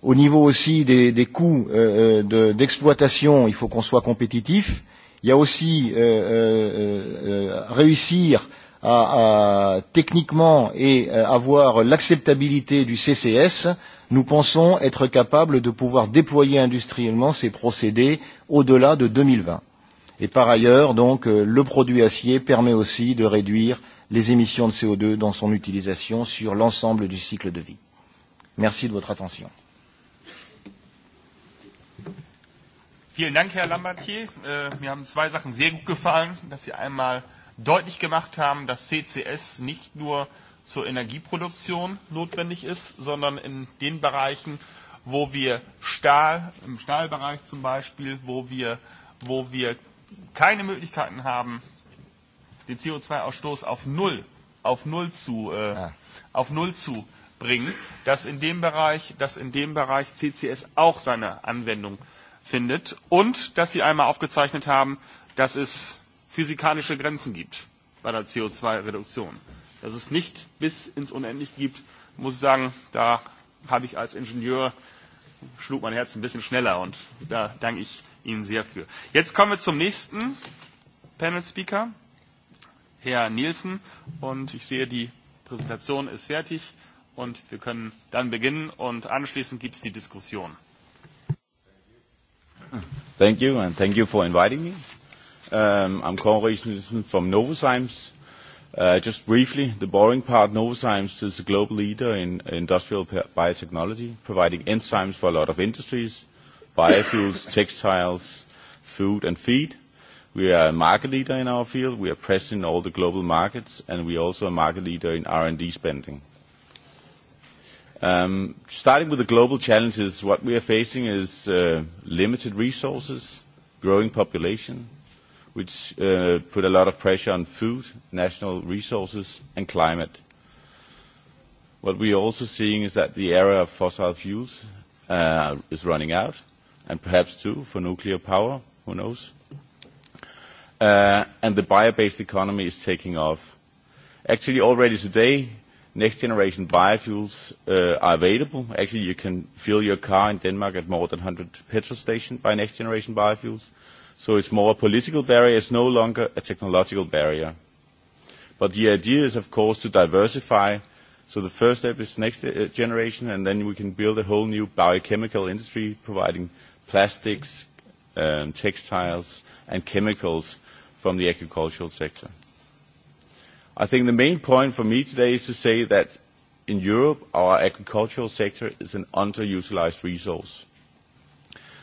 Speaker 15: au niveau aussi des, des coûts euh, euh d'exploitation, de, il faut qu'on soit compétitif, Il y a aussi euh, euh, euh, réussir à, à techniquement et euh, avoir l'acceptabilité du CCS. Nous pensons être capables de pouvoir déployer industriellement ces procédés au-delà de 2020. Et par ailleurs, donc, euh, le produit acier permet aussi de réduire les émissions de CO2 dans son utilisation sur l'ensemble du cycle de vie. Merci de votre attention.
Speaker 2: Vielen Dank, Herr Lambertier. Äh, mir haben zwei Sachen sehr gut gefallen, dass Sie einmal deutlich gemacht haben, dass CCS nicht nur zur Energieproduktion notwendig ist, sondern in den Bereichen, wo wir Stahl, im Stahlbereich zum Beispiel, wo wir, wo wir keine Möglichkeiten haben, den CO2-Ausstoß auf Null, auf Null zu, äh, ja. Ah. auf Null zu bringen, dass in dem Bereich, dass in dem Bereich CCS auch seine Anwendung findet und dass Sie einmal aufgezeichnet haben, dass es physikalische Grenzen gibt bei der CO2-Reduktion. Dass es nicht bis ins Unendliche gibt, muss ich sagen, da habe ich als Ingenieur, schlug mein Herz ein bisschen schneller und da danke ich Ihnen sehr für. Jetzt kommen wir zum nächsten Panel-Speaker, Herr Nielsen und ich sehe, die Präsentation ist fertig und wir können dann beginnen und anschließend gibt es die Diskussion.
Speaker 6: Thank you, and thank you for inviting me. Um, I'm Kåre Nielsen from Novozymes. Uh, just briefly, the boring part, Novozymes is a global leader in industrial biotechnology, providing enzymes for a lot of industries, biofuels, textiles, food and feed. We are a market leader in our field. We are present in all the global markets, and we are also a market leader in R&D spending. Um, starting with the global challenges, what we are facing is uh, limited resources, growing population, which uh, put a lot of pressure on food, national resources, and climate. What we are also seeing is that the era of fossil fuels uh, is running out, and perhaps too for nuclear power, who knows? Uh, and the bio-based economy is taking off. Actually, already today, next generation biofuels uh, are available. Actually, you can fill your car in Denmark at more than 100 petrol stations by next generation biofuels. So it's more a political barrier, it's no longer a technological barrier. But the idea is, of course, to diversify. So the first step is next uh, generation, and then we can build a whole new biochemical industry providing plastics, um, textiles, and chemicals from the agricultural sector. I think the main point for me today is to say that in Europe, our agricultural sector is an underutilized resource.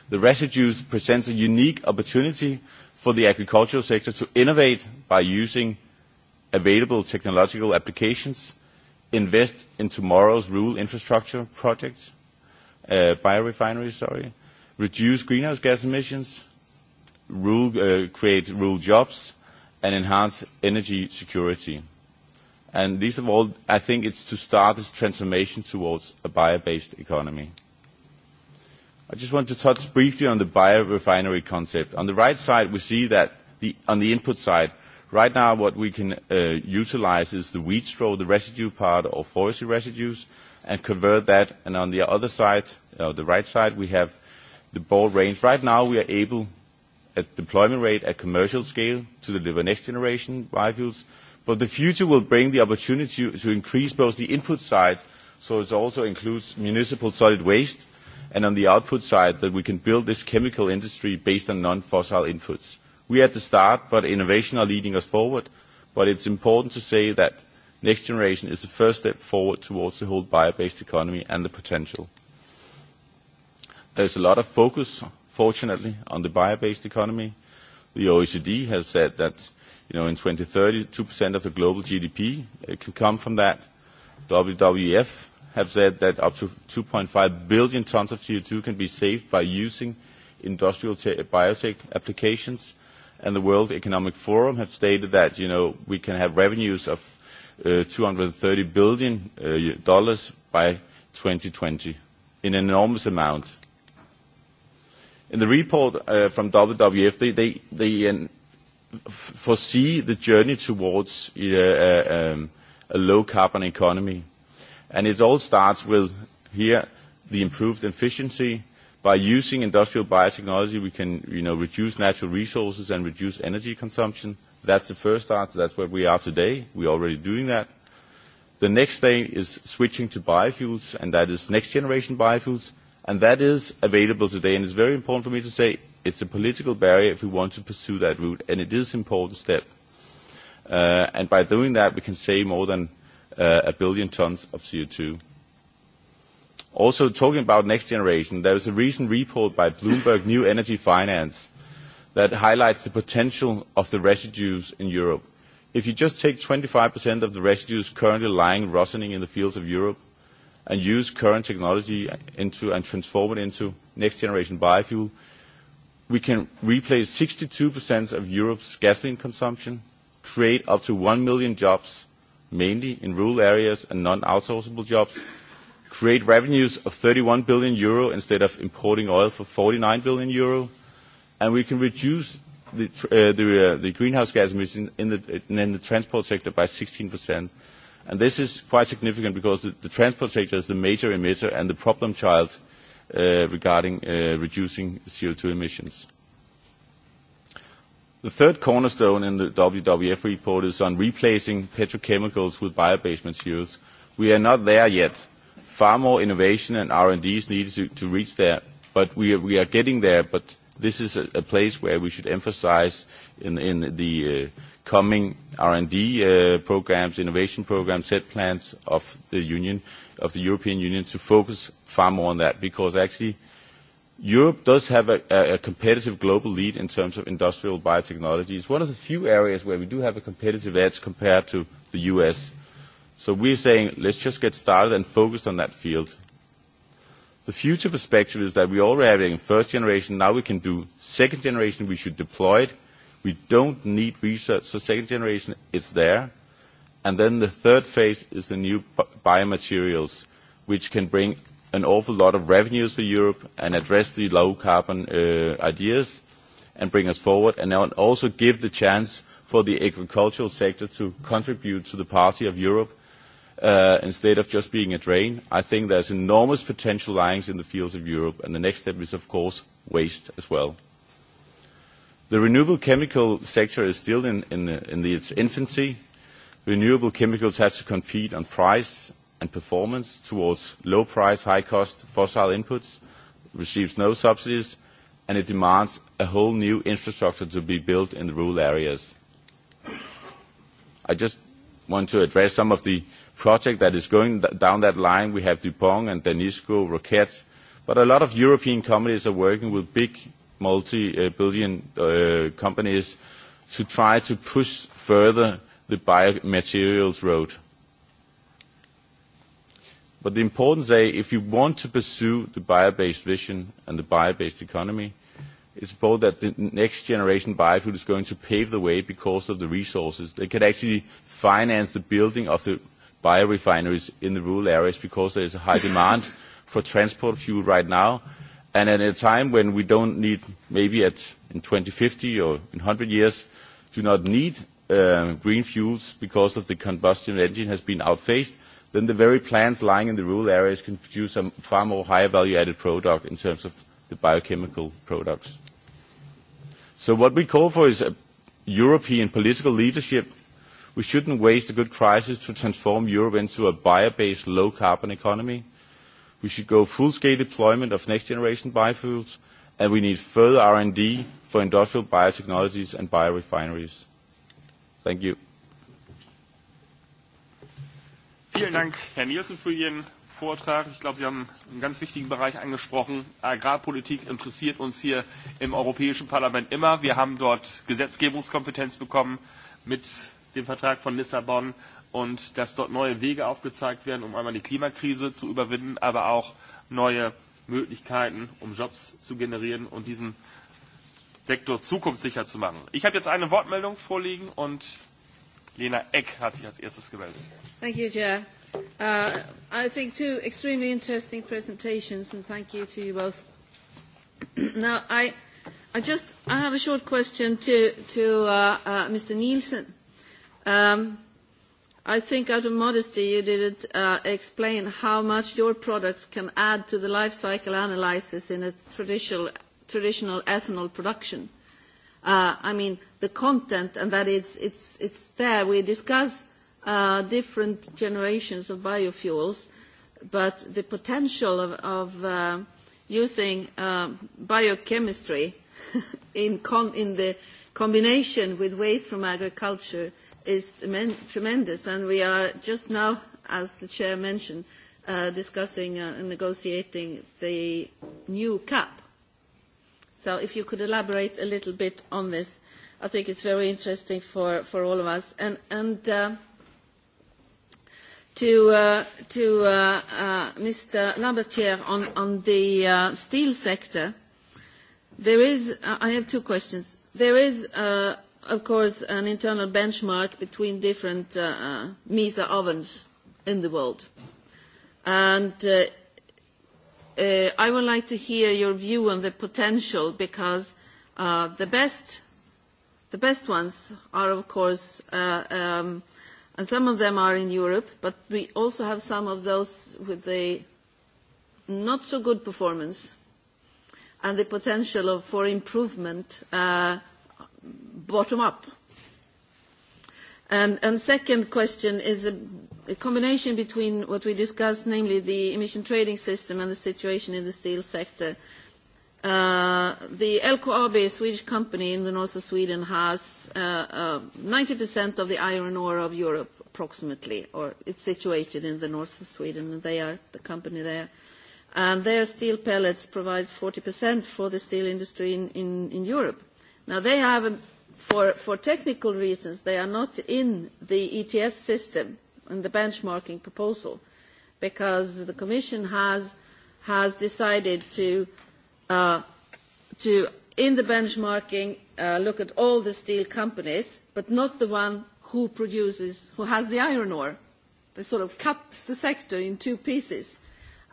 Speaker 6: The residues presents a unique opportunity for the agricultural sector to innovate by using available technological applications, invest in tomorrow's rural infrastructure projects, uh, biorefineries, sorry, reduce greenhouse gas emissions, rural, uh, create rural jobs, and enhance energy security. And least of all, I think it's to start this transformation towards a bio-based economy. I just want to touch briefly on the biorefinery concept. On the right side, we see that the, on the input side, right now what we can uh, utilize is the wheat straw, the residue part or forestry residues, and convert that. And on the other side, uh, the right side, we have the broad range. Right now, we are able a deployment rate at commercial scale to deliver next generation biofuels, but the future will bring the opportunity to increase both the input side, so it also includes municipal solid waste, and on the output side, that we can build this chemical industry based on non-fossil inputs. We are at the start, but innovation are leading us forward, but it's important to say that next generation is the first step forward towards the whole bio-based economy and the potential. There's a lot of focus fortunately, on the bio-based economy. The OECD has said that you know, in 2030, 2% of the global GDP uh, can come from that. WWF e have said that up to 2.5 billion tons of CO2 can be saved by using industrial biotech applications. And the World Economic Forum have stated that, you know, we can have revenues of uh, 230 billion uh, dollars by 2020, an enormous amount. In the report uh, from WWF, they, they, they um, foresee the journey towards uh, uh, um, a low-carbon economy. And it all starts with, here, the improved efficiency. By using industrial biotechnology, we can you know, reduce natural resources and reduce energy consumption. That's the first start. That's where we are today. We're already doing that. The next thing is switching to biofuels, and that is next generation biofuels. And that is available today, and it's very important for me to say it's a political barrier if we want to pursue that route, and it is an important step. Uh, and by doing that, we can save more than uh, a billion tons of CO2. Also, talking about next generation, there was a recent report by Bloomberg New Energy Finance that highlights the potential of the residues in Europe. If you just take 25% of the residues currently lying rustling in the fields of Europe, and use current technology into and transform it into next generation biofuel, we can replace 62% of Europe's gasoline consumption, create up to 1 million jobs, mainly in rural areas and non-outsourceable jobs, create revenues of 31 billion euro instead of importing oil for 49 billion euro, and we can reduce the, uh, the, uh, the greenhouse gas emissions in the, in the transport sector by 16%. And this is quite significant because the, the transport sector is the major emitter and the problem child uh, regarding uh, reducing CO2 emissions. The third cornerstone in the WWF report is on replacing petrochemicals with bio-based materials. We are not there yet. Far more innovation and R&D is needed to, to reach there, but we are, we are getting there, but this is a, a place where we should emphasize in, in the uh, coming R&D uh, programs, innovation programs, set plans of the Union, of the European Union to focus far more on that because actually Europe does have a, a competitive global lead in terms of industrial biotechnology. It's one of the few areas where we do have a competitive edge compared to the US. So we're saying let's just get started and focus on that field. The future perspective is that we already have in first generation, now we can do second generation, we should deploy it, We don't need research for second generation. It's there. And then the third phase is the new biomaterials, which can bring an awful lot of revenues for Europe and address the low carbon uh, ideas and bring us forward and also give the chance for the agricultural sector to contribute to the party of Europe uh, instead of just being a drain. I think there's enormous potential lying in the fields of Europe and the next step is of course waste as well. The renewable chemical sector is still in, in, in the, its infancy. Renewable chemicals have to compete on price and performance towards low price, high cost fossil inputs, receives no subsidies, and it demands a whole new infrastructure to be built in the rural areas. I just want to address some of the project that is going th down that line. We have Dupont and Danisco, Roquette, but a lot of European companies are working with big multi-billion uh, companies to try to push further the biomaterials road. But the important thing, if you want to pursue the bio-based vision and the bio-based economy, it's both that the next generation biofuel is going to pave the way because of the resources. They can actually finance the building of the biorefineries in the rural areas because there is a high demand for transport fuel right now and at a time when we don't need, maybe at, in 2050 or in 100 years, do not need uh, green fuels because of the combustion engine has been outphased, then the very plants lying in the rural areas can produce a far more higher value added product in terms of the biochemical products. So what we call for is a European political leadership. We shouldn't waste a good crisis to transform Europe into a bio-based low-carbon economy. We should go full-scale deployment of next-generation biofuels, and we need further R&D for industrial biotechnologies and biorefineries. Thank you.
Speaker 2: Vielen Dank, Herr Nielsen, für Ihren Vortrag. Ich glaube, Sie haben einen ganz wichtigen Bereich angesprochen. Agrarpolitik interessiert uns hier im Europäischen Parlament immer. Wir haben dort Gesetzgebungskompetenz bekommen mit dem Vertrag von Lissabon und dass dort neue Wege aufgezeigt werden, um einmal die Klimakrise zu überwinden, aber auch neue Möglichkeiten, um Jobs zu generieren und diesen Sektor zukunftssicher zu machen. Ich habe jetzt eine Wortmeldung vorliegen und Lena Eck hat sich als erstes gemeldet.
Speaker 5: Thank you, Chair. Uh, I think two extremely interesting presentations and thank you to you both. Now, I, I just I have a short question to, to uh, uh, Mr. Nielsen. Um, I think out of modesty you didn't uh, explain how much your products can add to the life cycle analysis in a traditional, traditional ethanol production. Uh, I mean, the content, and that is, it's, it's there. We discuss uh, different generations of biofuels, but the potential of, of uh, using uh, biochemistry in, con in the combination with waste from agriculture – is tremendous, and we are just now, as the chair mentioned, uh, discussing uh, and negotiating the new cap. So if you could elaborate a little bit on this, I think it's very interesting for, for all of us. And, and uh, to, uh, to uh, uh, Mr. Labertier on, on the uh, steel sector, there is, uh, I have two questions. There is uh, of course, an internal benchmark between different uh, uh, MISA ovens in the world. And uh, uh, I would like to hear your view on the potential because uh, the best the best ones are, of course, uh, um, and some of them are in Europe, but we also have some of those with the not so good performance and the potential of, for improvement uh, bottom up. And, and second question is a, a combination between what we discussed, namely the emission trading system and the situation in the steel sector. Uh, the Elko AB, a Swedish company in the north of Sweden, has uh, uh, 90% of the iron ore of Europe, approximately, or it's situated in the north of Sweden, and they are the company there. And their steel pellets provide 40% for the steel industry in, in, in Europe. Now they have, a, um, for, for technical reasons, they are not in the ETS system and the benchmarking proposal because the Commission has, has decided to, uh, to, in the benchmarking, uh, look at all the steel companies, but not the one who produces, who has the iron ore. They sort of cut the sector in two pieces.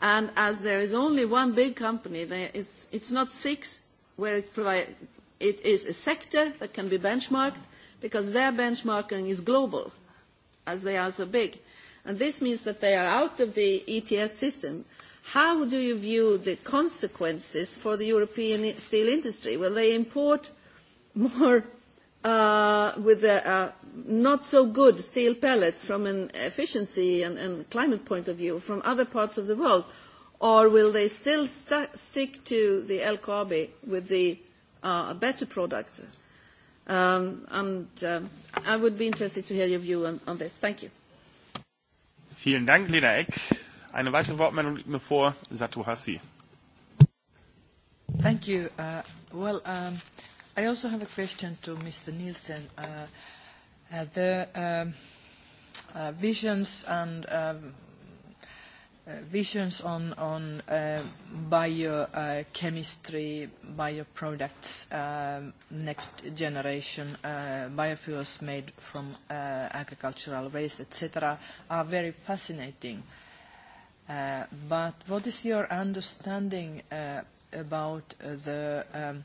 Speaker 5: And as there is only one big company, they, it's, it's not six where it provide, it is a sector that can be benchmarked because their benchmarking is global as they are so big. And this means that they are out of the ETS system. How do you view the consequences for the European steel industry? Will they import more uh, with the, uh, not so good steel pellets from an efficiency and, and climate point of view from other parts of the world? Or will they still st stick to the El Kabi with the are a better product. Um, and uh, I would be interested to hear your view on, on this. Thank you.
Speaker 2: Vielen Dank, Lena Eck. Eine weitere Wortmeldung liegt mir vor, Satu Hassi.
Speaker 14: Thank you. Uh, well, um, I also have a question to Mr. Nielsen. Uh, uh, the um, uh, visions and um, Uh, visions on, on uh, biochemistry, uh, bioproducts, uh, next generation uh, biofuels made from uh, agricultural waste, etc., are very fascinating. Uh, but what is your understanding uh, about uh, the um,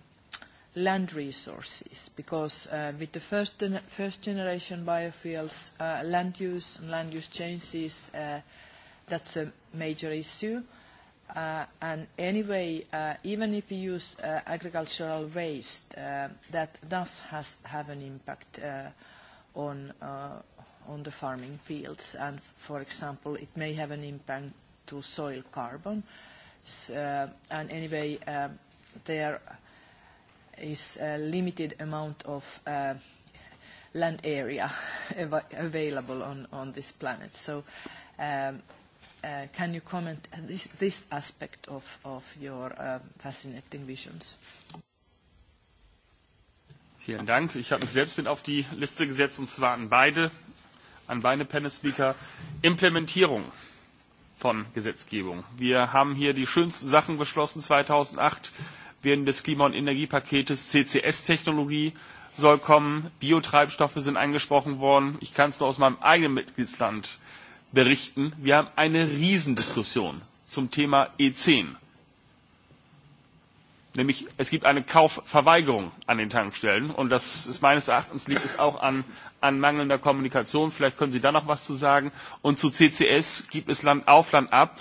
Speaker 14: land resources? Because uh, with the first, gen first generation biofuels, uh, land use and land use changes, uh, that's a major issue. Uh, and anyway, uh, even if we use uh, agricultural waste, uh, that does has, have an impact uh, on, uh, on the farming fields. And for example, it may have an impact to soil carbon. Uh, and anyway, uh, there is a limited amount of uh, land area available on, on this planet. So um, uh, can you comment on this, this aspect of, of your uh, fascinating visions?
Speaker 2: Vielen Dank. Ich habe mich selbst mit auf die Liste gesetzt, und zwar an beide, an beide Panel-Speaker. Implementierung von Gesetzgebung. Wir haben hier die schönsten Sachen beschlossen 2008 während des Klima- und Energiepaketes. CCS-Technologie soll kommen. Biotreibstoffe sind angesprochen worden. Ich kann es nur aus meinem eigenen Mitgliedsland berichten, wir haben eine Riesendiskussion zum Thema E10. Nämlich, es gibt eine Kaufverweigerung an den Tankstellen und das ist meines Erachtens liegt es auch an, an mangelnder Kommunikation. Vielleicht können Sie da noch was zu sagen. Und zu CCS gibt es Land auf, Land ab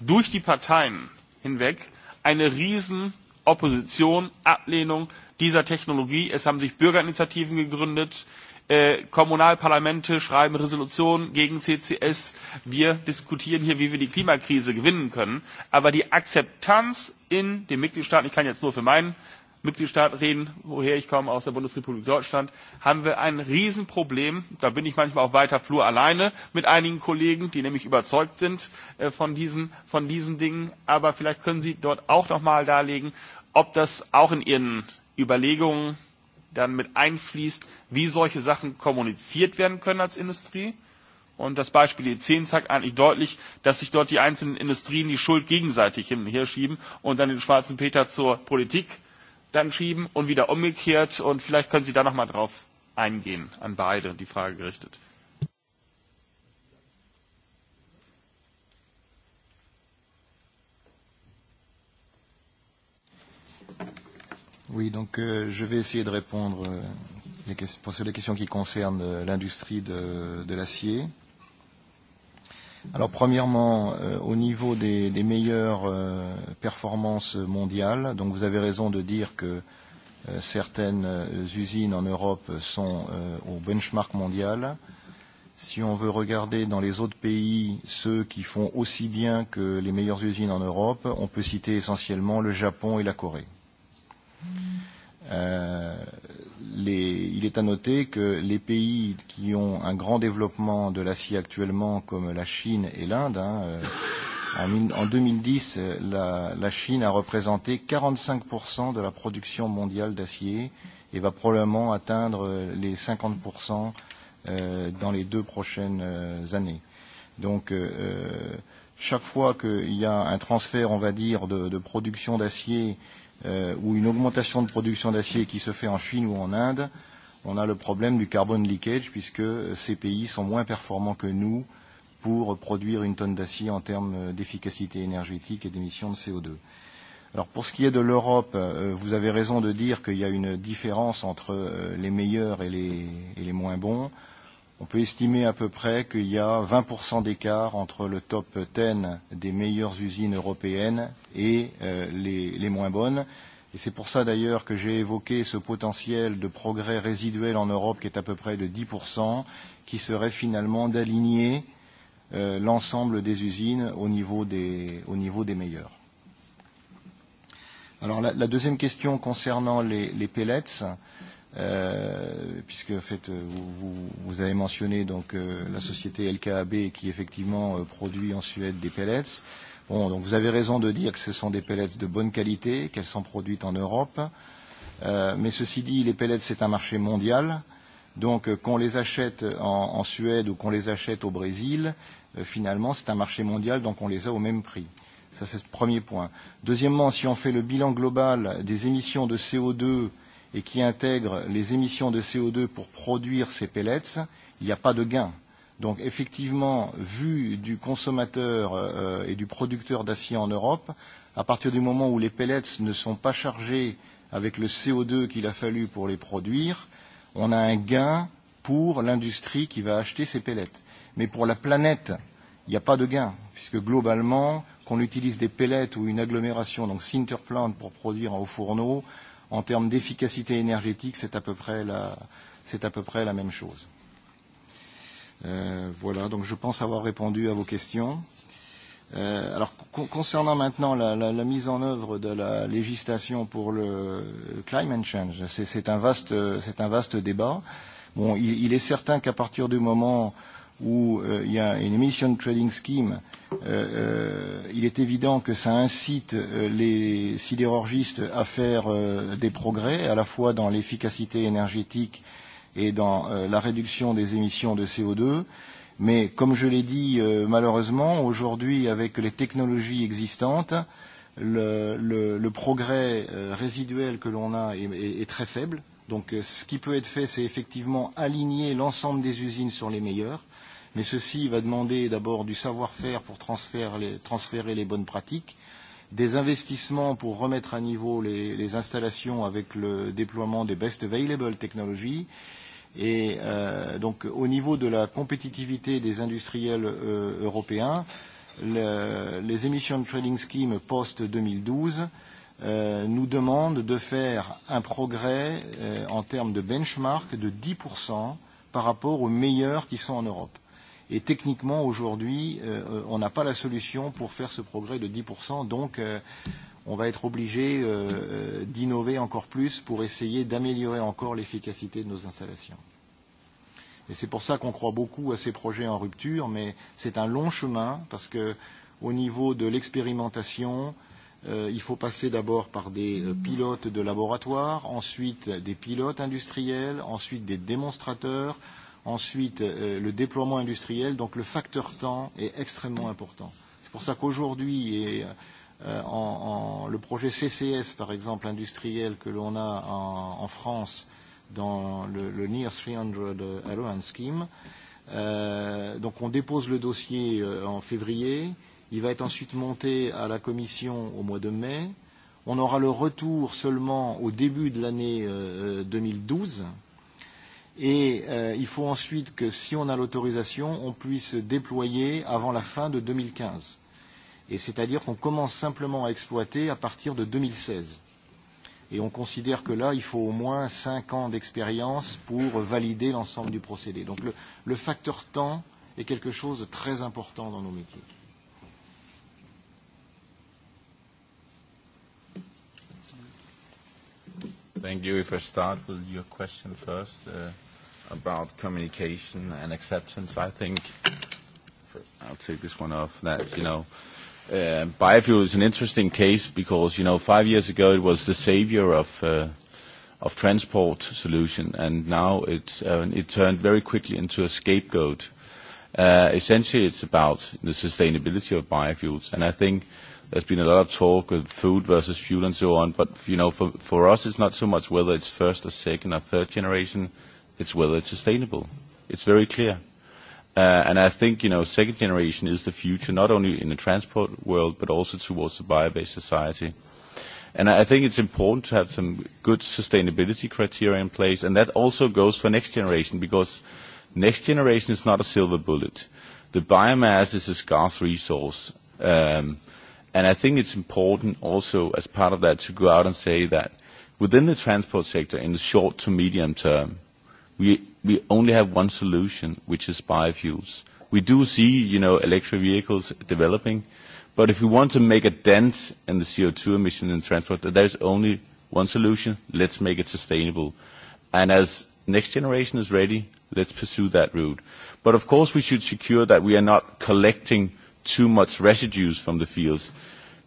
Speaker 2: durch die Parteien hinweg eine riesen Opposition, Ablehnung dieser Technologie. Es haben sich Bürgerinitiativen gegründet, Äh, Kommunalparlamente schreiben Resolutionen gegen CCS. Wir diskutieren hier, wie wir die Klimakrise gewinnen können. Aber die Akzeptanz in den Mitgliedstaaten, ich kann jetzt nur für meinen Mitgliedstaat reden, woher ich komme, aus der Bundesrepublik Deutschland, haben wir ein Riesenproblem. Da bin ich manchmal auf weiter Flur alleine mit einigen Kollegen, die nämlich überzeugt sind äh, von diesen, von diesen Dingen. Aber vielleicht können Sie dort auch nochmal darlegen, ob das auch in Ihren Überlegungen dann mit einfließt, wie solche Sachen kommuniziert werden können als Industrie. Und das Beispiel E10 zeigt eigentlich deutlich, dass sich dort die einzelnen Industrien die Schuld gegenseitig hin und her schieben und dann den schwarzen Peter zur Politik dann schieben und wieder umgekehrt. Und vielleicht können Sie da nochmal drauf eingehen, an beide die Frage gerichtet.
Speaker 15: Oui, donc euh, je vais essayer de répondre euh, les questions, sur les questions qui concernent euh, l'industrie de, de l'acier. Alors premièrement, euh, au niveau des, des meilleures euh, performances mondiales, donc vous avez raison de dire que euh, certaines euh, usines en Europe sont euh, au benchmark mondial. Si on veut regarder dans les autres pays ceux qui font aussi bien que les meilleures usines en Europe, on peut citer essentiellement le Japon et la Corée. Euh, les, il est à noter que les pays qui ont un grand développement de l'acier actuellement, comme la Chine et l'Inde, hein, euh, en, en 2010, euh, la, la Chine a représenté 45% de la production mondiale d'acier et va probablement atteindre euh, les 50% euh, dans les deux prochaines euh, années. Donc, euh, euh, chaque fois qu'il y a un transfert, on va dire, de, de production d'acier euh, euh, ou une augmentation de production d'acier qui se fait en Chine ou en Inde, on a le problème du carbon leakage puisque ces pays sont moins performants que nous pour produire une tonne d'acier en termes euh, d'efficacité énergétique et d'émissions de CO2. Alors pour ce qui est de l'Europe, euh, vous avez raison de dire qu'il y a une différence entre euh, les meilleurs et les, et les moins bons. Euh, On peut estimer à peu près qu'il y a 20% d'écart entre le top 10 des meilleures usines européennes et euh, les, les moins bonnes. Et c'est pour ça d'ailleurs que j'ai évoqué ce potentiel de progrès résiduel en Europe qui est à peu près de 10%, qui serait finalement d'aligner euh, l'ensemble des usines au niveau des, au niveau des meilleures. Alors la, la deuxième question concernant les, les pellets. Euh, euh, puisque en fait euh, vous, vous avez mentionné donc euh, la société LKAB qui effectivement euh, produit en Suède des pellets. Bon, donc vous avez raison de dire que ce sont des pellets de bonne qualité, qu'elles sont produites en Europe. Euh, mais ceci dit, les pellets c'est un marché mondial. Donc euh, qu'on les achète en, en Suède ou qu'on les achète au Brésil, euh, finalement c'est un marché mondial, donc on les a au même prix. Ça c'est le premier point. Deuxièmement, si on fait le bilan global des émissions de CO2 et qui intègre les émissions de CO2 pour produire ces pellets, il n'y a pas de gain. Donc effectivement, vu du consommateur euh, et du producteur d'acier en Europe, à partir du moment où les pellets ne sont pas chargés avec le CO2 qu'il a fallu pour les produire, on a un gain pour l'industrie qui va acheter ces pellets. Mais pour la planète, il n'y a pas de gain, puisque globalement, qu'on utilise des pellets ou une agglomération, donc Sinterplant pour produire en haut fourneau, en termes d'efficacité énergétique, c'est à, peu près la, à peu près la même chose. Euh, voilà, donc je pense avoir répondu à vos questions. Euh, alors, co concernant maintenant la, la, la mise en œuvre de la législation pour le climate change, c'est un, vaste, un vaste débat. Bon, il, il est certain qu'à partir du moment euh, où euh, il y a une emission trading scheme, euh, euh, il est évident que ça incite euh, les sidérurgistes à faire euh, des progrès, à la fois dans l'efficacité énergétique et dans euh, la réduction des émissions de CO2. Mais comme je l'ai dit, euh, malheureusement, aujourd'hui, avec les technologies existantes, le, le, le progrès euh, résiduel que l'on a est, est, est très faible. Donc euh, ce qui peut être fait, c'est effectivement aligner l'ensemble des usines sur les meilleures Mais ceci va demander d'abord du savoir-faire pour transférer les, transférer les bonnes pratiques, des investissements pour remettre à niveau les, les installations avec le déploiement des best available technologies. Et euh, donc au niveau de la compétitivité des industriels euh, européens, le, les émissions de trading scheme post-2012 euh, nous demandent de faire un progrès euh, en termes de benchmark de 10% par rapport aux meilleurs qui sont en Europe. Et techniquement, aujourd'hui, euh, on n'a pas la solution pour faire ce progrès de 10%. Donc, euh, on va être obligé euh, euh, d'innover encore plus pour essayer d'améliorer encore l'efficacité de nos installations. Et c'est pour ça qu'on croit beaucoup à ces projets en rupture, mais c'est un long chemin parce que au niveau de l'expérimentation, euh, il faut passer d'abord par des euh, pilotes de laboratoire, ensuite des pilotes industriels, ensuite des démonstrateurs, Ensuite, euh, le déploiement industriel, donc le facteur temps est extrêmement important. C'est pour ça qu'aujourd'hui, euh, en, en, le projet CCS, par exemple, industriel que l'on a en, en France dans le, le Near 300 euh, Allowance Scheme, euh, donc on dépose le dossier euh, en février, il va être ensuite monté à la commission au mois de mai, on aura le retour seulement au début de l'année euh, 2012, euh, Et euh, il faut ensuite que, si on a l'autorisation, on puisse déployer avant la fin de 2015. Et c'est-à-dire qu'on commence simplement à exploiter à partir de 2016. Et on considère que là, il faut au moins 5 ans d'expérience pour valider l'ensemble du procédé. Donc le, le facteur temps est quelque chose de très important dans nos métiers.
Speaker 6: Thank you. If I start with your question first. Uh, about communication and acceptance, I think for, I'll take this one off. That you know, uh, um, biofuel is an interesting case because you know five years ago it was the savior of uh, of transport solution, and now it's uh, it turned very quickly into a scapegoat. Uh, essentially, it's about the sustainability of biofuels, and I think there's been a lot of talk of food versus fuel and so on. But you know, for for us, it's not so much whether it's first or second or third generation It's whether it's sustainable. It's very clear. Uh, and I think, you know, second generation is the future, not only in the transport world, but also towards the bio-based society. And I think it's important to have some good sustainability criteria in place, and that also goes for next generation, because next generation is not a silver bullet. The biomass is a scarce resource. Um, and I think it's important also, as part of that, to go out and say that within the transport sector, in the short to medium term, we, we only have one solution, which is biofuels. We do see, you know, electric vehicles developing, but if we want to make a dent in the CO2 emission in transport, there's only one solution. Let's make it sustainable. And as next generation is ready, let's pursue that route. But of course, we should secure that we are not collecting too much residues from the fields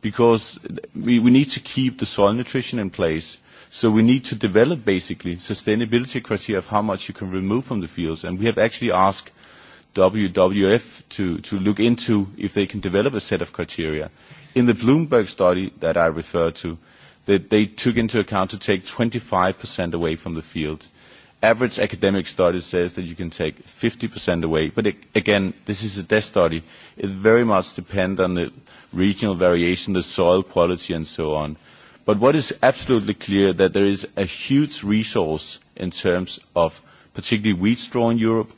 Speaker 6: because we, we need to keep the soil nutrition in place So we need to develop basically sustainability criteria of how much you can remove from the fields. And we have actually asked WWF to, to look into if they can develop a set of criteria. In the Bloomberg study that I refer to, that they took into account to take 25% away from the field. Average academic study says that you can take 50% away, but it, again, this is a death study. It very much depends on the regional variation, the soil quality, and so on. But what is absolutely clear that there is a huge resource in terms of particularly wheat straw in Europe.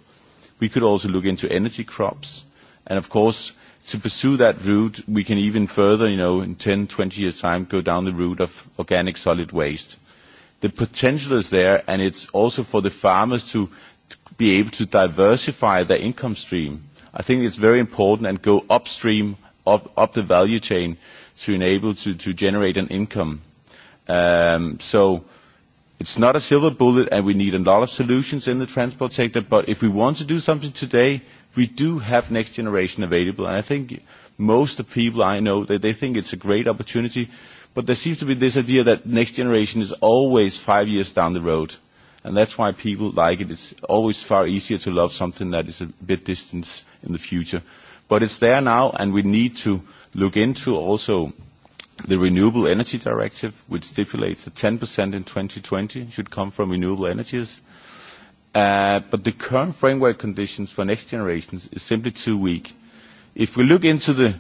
Speaker 6: We could also look into energy crops. And of course, to pursue that route, we can even further, you know, in 10, 20 years' time, go down the route of organic solid waste. The potential is there, and it's also for the farmers to be able to diversify their income stream. I think it's very important and go upstream, up, up the value chain, to enable to, to generate an income. Um, so it's not a silver bullet and we need a lot of solutions in the transport sector, but if we want to do something today, we do have next generation available. And I think most of the people I know, they, they think it's a great opportunity, but there seems to be this idea that next generation is always five years down the road. And that's why people like it. It's always far easier to love something that is a bit distant in the future. But it's there now, and we need to look into also the Renewable Energy Directive, which stipulates that 10% in 2020 should come from renewable energies. Uh, but the current framework conditions for next generations is simply too weak. If we look into the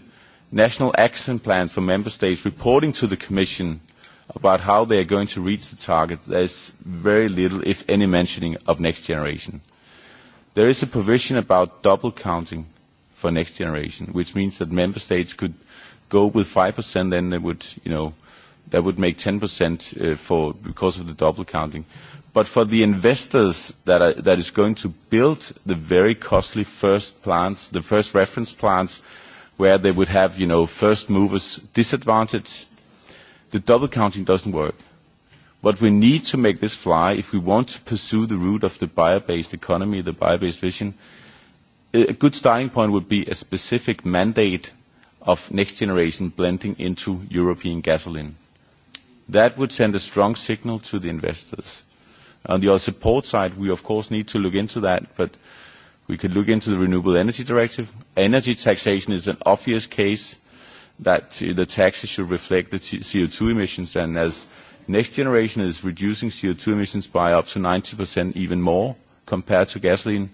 Speaker 6: national action plans for member states reporting to the Commission about how they are going to reach the target, there is very little, if any, mentioning of next generation. There is a provision about double counting for next generation, which means that member states could go with 5% then they would, you know, that would make 10% uh, for, because of the double counting. But for the investors that, are, that is going to build the very costly first plants, the first reference plants, where they would have, you know, first movers disadvantage, the double counting doesn't work. What we need to make this fly, if we want to pursue the route of the bio-based economy, the bio-based vision, a good starting point would be a specific mandate of next generation blending into European gasoline. That would send a strong signal to the investors. On the support side, we of course need to look into that, but we could look into the Renewable Energy Directive. Energy taxation is an obvious case that uh, the taxes should reflect the CO2 emissions, and as next generation is reducing CO2 emissions by up to 90% even more compared to gasoline,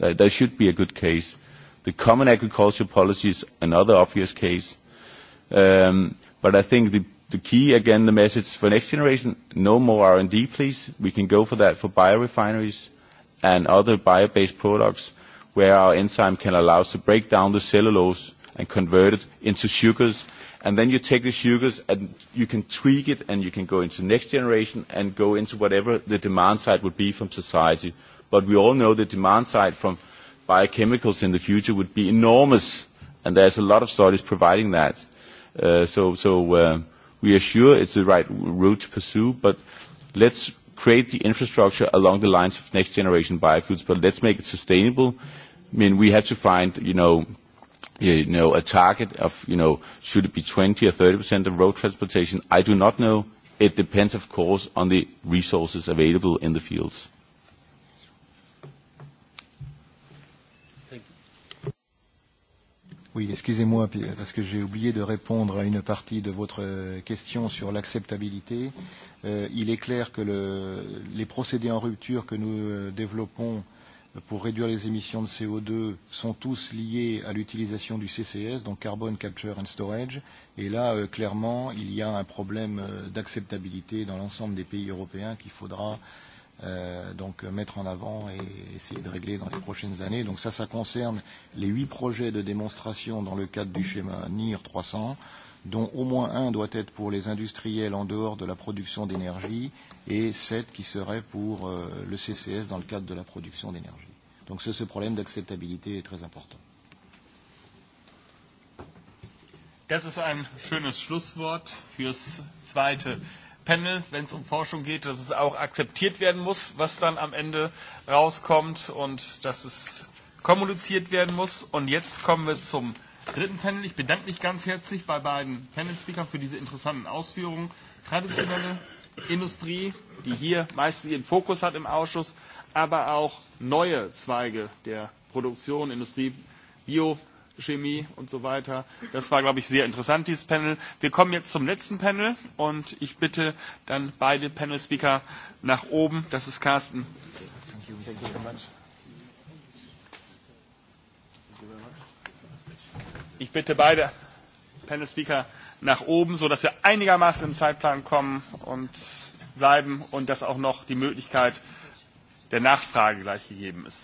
Speaker 6: uh, there should be a good case. The common agricultural policy is another obvious case. Um, but I think the, the key, again, the message for next generation, no more R&D, please. We can go for that for biorefineries and other bio-based products where our enzyme can allow us to break down the cellulose and convert it into sugars. And then you take the sugars and you can tweak it and you can go into next generation and go into whatever the demand side would be from society but we all know the demand side from biochemicals in the future would be enormous, and there's a lot of studies providing that. Uh, so so uh, we are sure it's the right route to pursue, but let's create the infrastructure along the lines of next generation biofuels, but let's make it sustainable. I mean, we have to find, you know, you know, a target of, you know, should it be 20 or 30% of road transportation? I do not know. It depends, of course, on the resources available in the fields.
Speaker 15: Oui, excusez-moi, parce que j'ai oublié de répondre à une partie de votre euh, question sur l'acceptabilité. Euh, il est clair que le, les procédés en rupture que nous euh, développons euh, pour réduire les émissions de CO2 sont tous liés à l'utilisation du CCS, donc Carbon Capture and Storage. Et là, euh, clairement, il y a un problème d'acceptabilité dans l'ensemble des pays européens qu'il faudra euh, euh, donc euh, mettre en avant et essayer de régler dans les prochaines années. Donc ça, ça concerne les huit projets de démonstration dans le cadre du schéma NIR 300, dont au moins un doit être pour les industriels en dehors de la production d'énergie et sept qui seraient pour euh, le CCS dans le cadre de la production d'énergie. Donc ce, ce problème d'acceptabilité est très important.
Speaker 2: Das ist ein schönes Schlusswort fürs zweite Panel, wenn es um Forschung geht, dass es auch akzeptiert werden muss, was dann am Ende rauskommt und dass es kommuniziert werden muss. Und jetzt kommen wir zum dritten Panel. Ich bedanke mich ganz herzlich bei beiden Panel-Speakern für diese interessanten Ausführungen. Traditionelle Industrie, die hier meistens ihren Fokus hat im Ausschuss, aber auch neue Zweige der Produktion, Industrie, Bio, Chemie und so weiter. Das war, glaube ich, sehr interessant, dieses Panel. Wir kommen jetzt zum letzten Panel und ich bitte dann beide Panel-Speaker nach oben. Das ist Carsten. Ich bitte beide Panel-Speaker nach oben, sodass wir einigermaßen im Zeitplan kommen und bleiben und dass auch noch die Möglichkeit der Nachfrage gleich gegeben ist.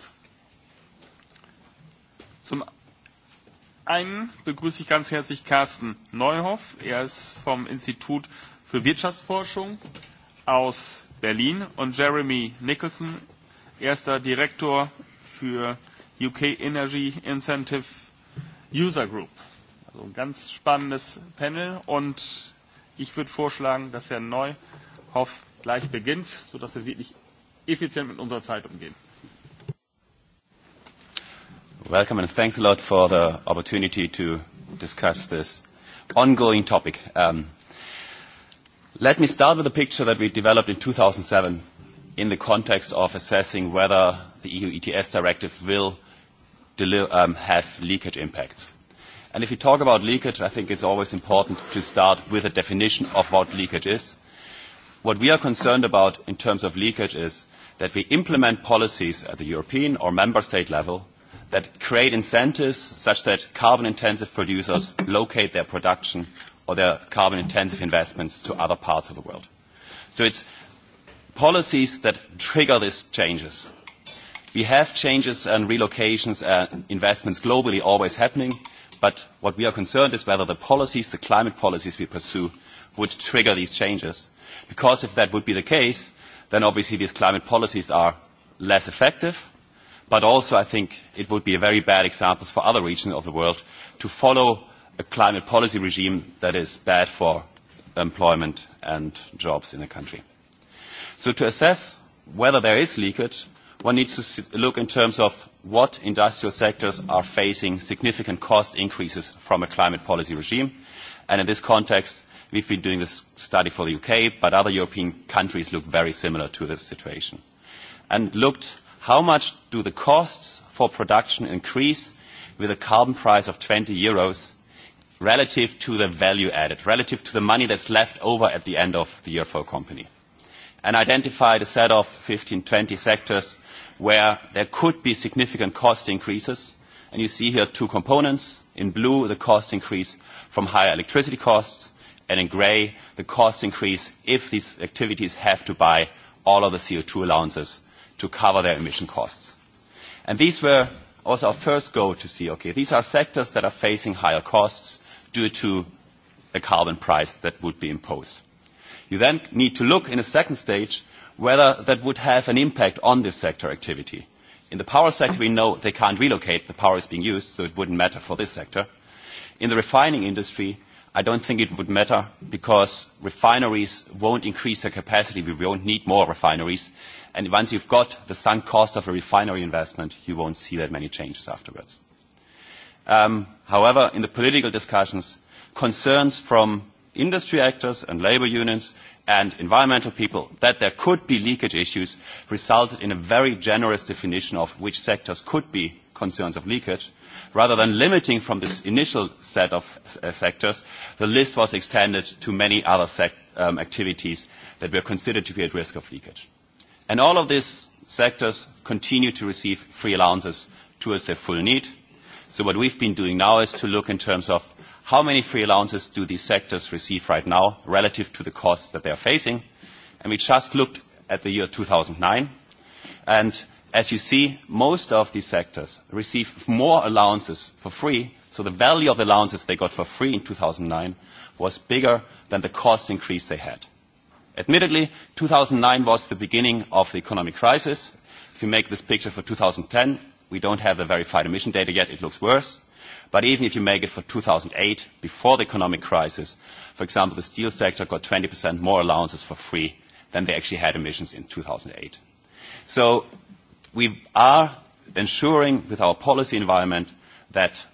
Speaker 2: Zum einen begrüße ich ganz herzlich Carsten Neuhoff. Er ist vom Institut für Wirtschaftsforschung aus Berlin und Jeremy Nicholson, erster Direktor für UK Energy Incentive User Group. Also ein ganz spannendes Panel und ich würde vorschlagen, dass Herr Neuhoff gleich beginnt, sodass wir wirklich effizient mit unserer Zeit umgehen.
Speaker 16: Welcome and thanks a lot for the opportunity to discuss this ongoing topic. Um, let me start with a picture that we developed in 2007 in the context of assessing whether the EU ETS directive will um, have leakage impacts. And if you talk about leakage, I think it's always important to start with a definition of what leakage is. What we are concerned about in terms of leakage is that we implement policies at the European or member state level that create incentives such that carbon-intensive producers locate their production or their carbon-intensive investments to other parts of the world. So it's policies that trigger these changes. We have changes and relocations and investments globally always happening, but what we are concerned is whether the policies, the climate policies we pursue, would trigger these changes. Because if that would be the case, then obviously these climate policies are less effective, But also, I think it would be a very bad example for other regions of the world to follow a climate policy regime that is bad for employment and jobs in a country. So to assess whether there is leakage, one needs to look in terms of what industrial sectors are facing significant cost increases from a climate policy regime. And in this context, we've been doing this study for the UK, but other European countries look very similar to this situation. And looked How much do the costs for production increase with a carbon price of 20 euros relative to the value added, relative to the money that's left over at the end of the year for a company? And identified a set of 15, 20 sectors where there could be significant cost increases. And you see here two components. In blue, the cost increase from higher electricity costs, and in gray, the cost increase if these activities have to buy all of the CO2 allowances to cover their emission costs. And these were also our first goal to see, okay, these are sectors that are facing higher costs due to a carbon price that would be imposed. You then need to look in a second stage whether that would have an impact on this sector activity. In the power sector, we know they can't relocate. The power is being used, so it wouldn't matter for this sector. In the refining industry, I don't think it would matter because refineries won't increase their capacity. We won't need more refineries. And once you've got the sunk cost of a refinery investment, you won't see that many changes afterwards. Um, however, in the political discussions, concerns from industry actors and labor unions and environmental people that there could be leakage issues resulted in a very generous definition of which sectors could be concerns of leakage. Rather than limiting from this initial set of uh, sectors, the list was extended to many other sec um, activities that were considered to be at risk of leakage. And all of these sectors continue to receive free allowances towards their full need. So what we've been doing now is to look in terms of how many free allowances do these sectors receive right now relative to the costs that they are facing. And we just looked at the year 2009. And as you see, most of these sectors receive more allowances for free. So the value of the allowances they got for free in 2009 was bigger than the cost increase they had. Admittedly, 2009 was the beginning of the economic crisis. If you make this picture for 2010, we don't have the verified emission data yet, it looks worse. But even if you make it for 2008, before the economic crisis, for example, the steel sector got 20% more allowances for free than they actually had emissions in 2008. So we are ensuring with our policy environment that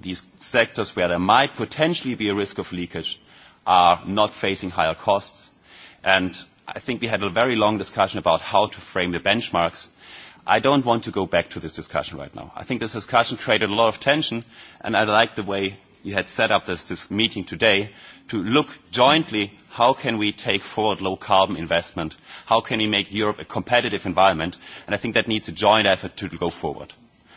Speaker 16: these sectors where there might potentially be a risk of leakage are not facing higher costs And I think we had a very long discussion about how to frame the benchmarks. I don't want to go back to this discussion right now. I think this discussion created a lot of tension, and I like the way you had set up this, this meeting today to look jointly how can we take forward low carbon investment, how can we make Europe a competitive environment, and I think that needs a joint effort to go forward.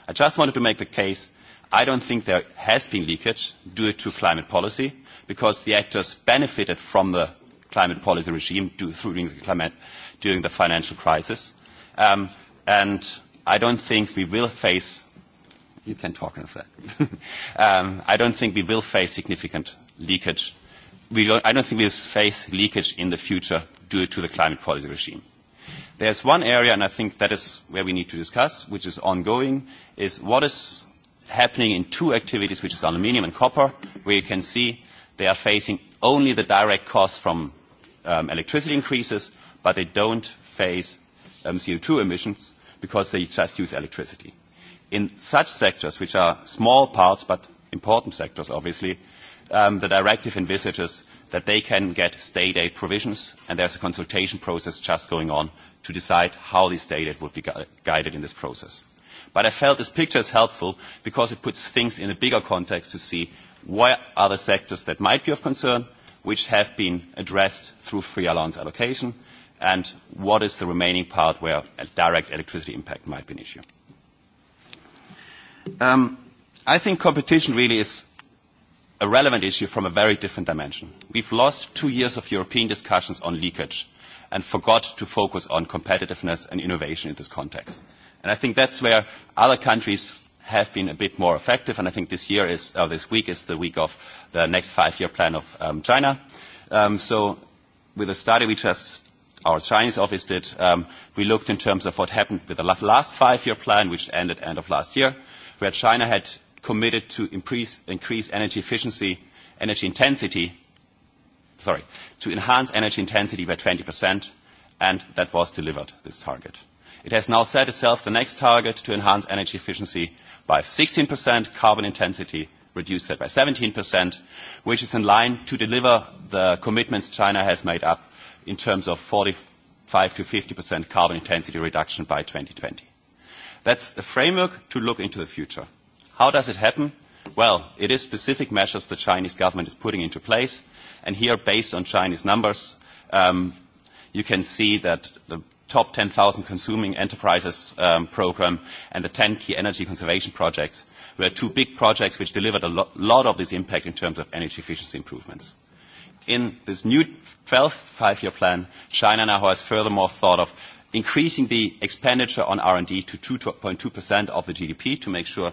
Speaker 16: I just wanted to make the case I don't think there has been leakage due to climate policy because the actors benefited from the climate policy regime do, during, the climate, during the financial crisis. Um, and I don't think we will face, you can talk on that, um, I don't think we will face significant leakage. We don't, I don't think we'll face leakage in the future due to the climate policy regime. There's one area, and I think that is where we need to discuss, which is ongoing, is what is happening in two activities, which is aluminium and copper, where you can see they are facing only the direct costs from um, electricity increases, but they don't face um, CO2 emissions because they just use electricity. In such sectors, which are small parts but important sectors, obviously, um, the directive envisages that they can get state aid provisions, and there's a consultation process just going on to decide how the state aid would be gu guided in this process. But I felt this picture is helpful because it puts things in a bigger context to see what are the sectors that might be of concern which have been addressed through free allowance allocation, and what is the remaining part where a direct electricity impact might be an issue. Um, I think competition really is a relevant issue from a very different dimension. We've lost two years of European discussions on leakage and forgot to focus on competitiveness and innovation in this context. And I think that's where other countries have been a bit more effective, and I think this year is, uh, this week is the week of the next five-year plan of um, China. Um, so with a study we just, our Chinese office did, um, we looked in terms of what happened with the last five-year plan, which ended end of last year, where China had committed to increase, increase energy efficiency, energy intensity, sorry, to enhance energy intensity by 20%, and that was delivered, this target it has now set itself the next target to enhance energy efficiency by 16%, carbon intensity reduced that by 17%, which is in line to deliver the commitments China has made up in terms of 45 to 50% carbon intensity reduction by 2020. That's a framework to look into the future. How does it happen? Well, it is specific measures the Chinese government is putting into place, and here, based on Chinese numbers, um, you can see that the top 10,000 consuming enterprises um, program and the 10 key energy conservation projects were two big projects which delivered a lo lot of this impact in terms of energy efficiency improvements. In this new 12th five-year plan, China now has furthermore thought of increasing the expenditure on R&D to 2.2% of the GDP to make sure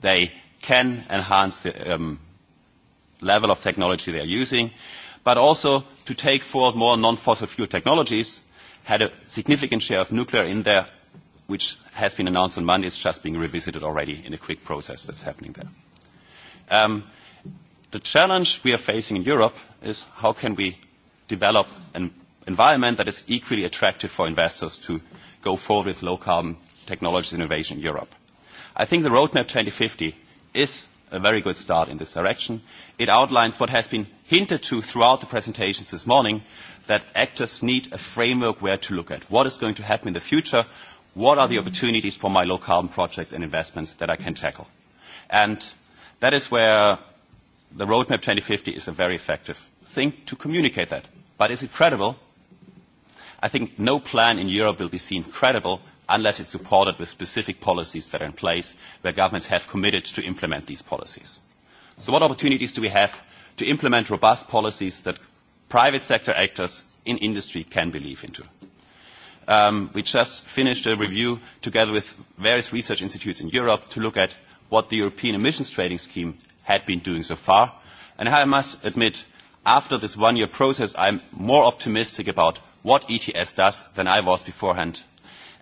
Speaker 16: they can enhance the um, level of technology they are using, but also to take forward more non-fossil fuel technologies had a significant share of nuclear in there, which has been announced on Monday. It's just being revisited already in a quick process that's happening there. Um, the challenge we are facing in Europe is how can we develop an environment that is equally attractive for investors to go forward with low-carbon technologies innovation in Europe. I think the roadmap 2050 is a very good start in this direction. It outlines what has been hinted to throughout the presentations this morning, that actors need a framework where to look at. What is going to happen in the future? What are the opportunities for my low-carbon projects and investments that I can tackle? And that is where the Roadmap 2050 is a very effective thing to communicate that. But is it credible? I think no plan in Europe will be seen credible unless it's supported with specific policies that are in place where governments have committed to implement these policies. So what opportunities do we have to implement robust policies that private sector actors in industry can believe into? Um, we just finished a review together with various research institutes in Europe to look at what the European emissions trading scheme had been doing so far. And I must admit, after this one-year process, I'm more optimistic about what ETS does than I was beforehand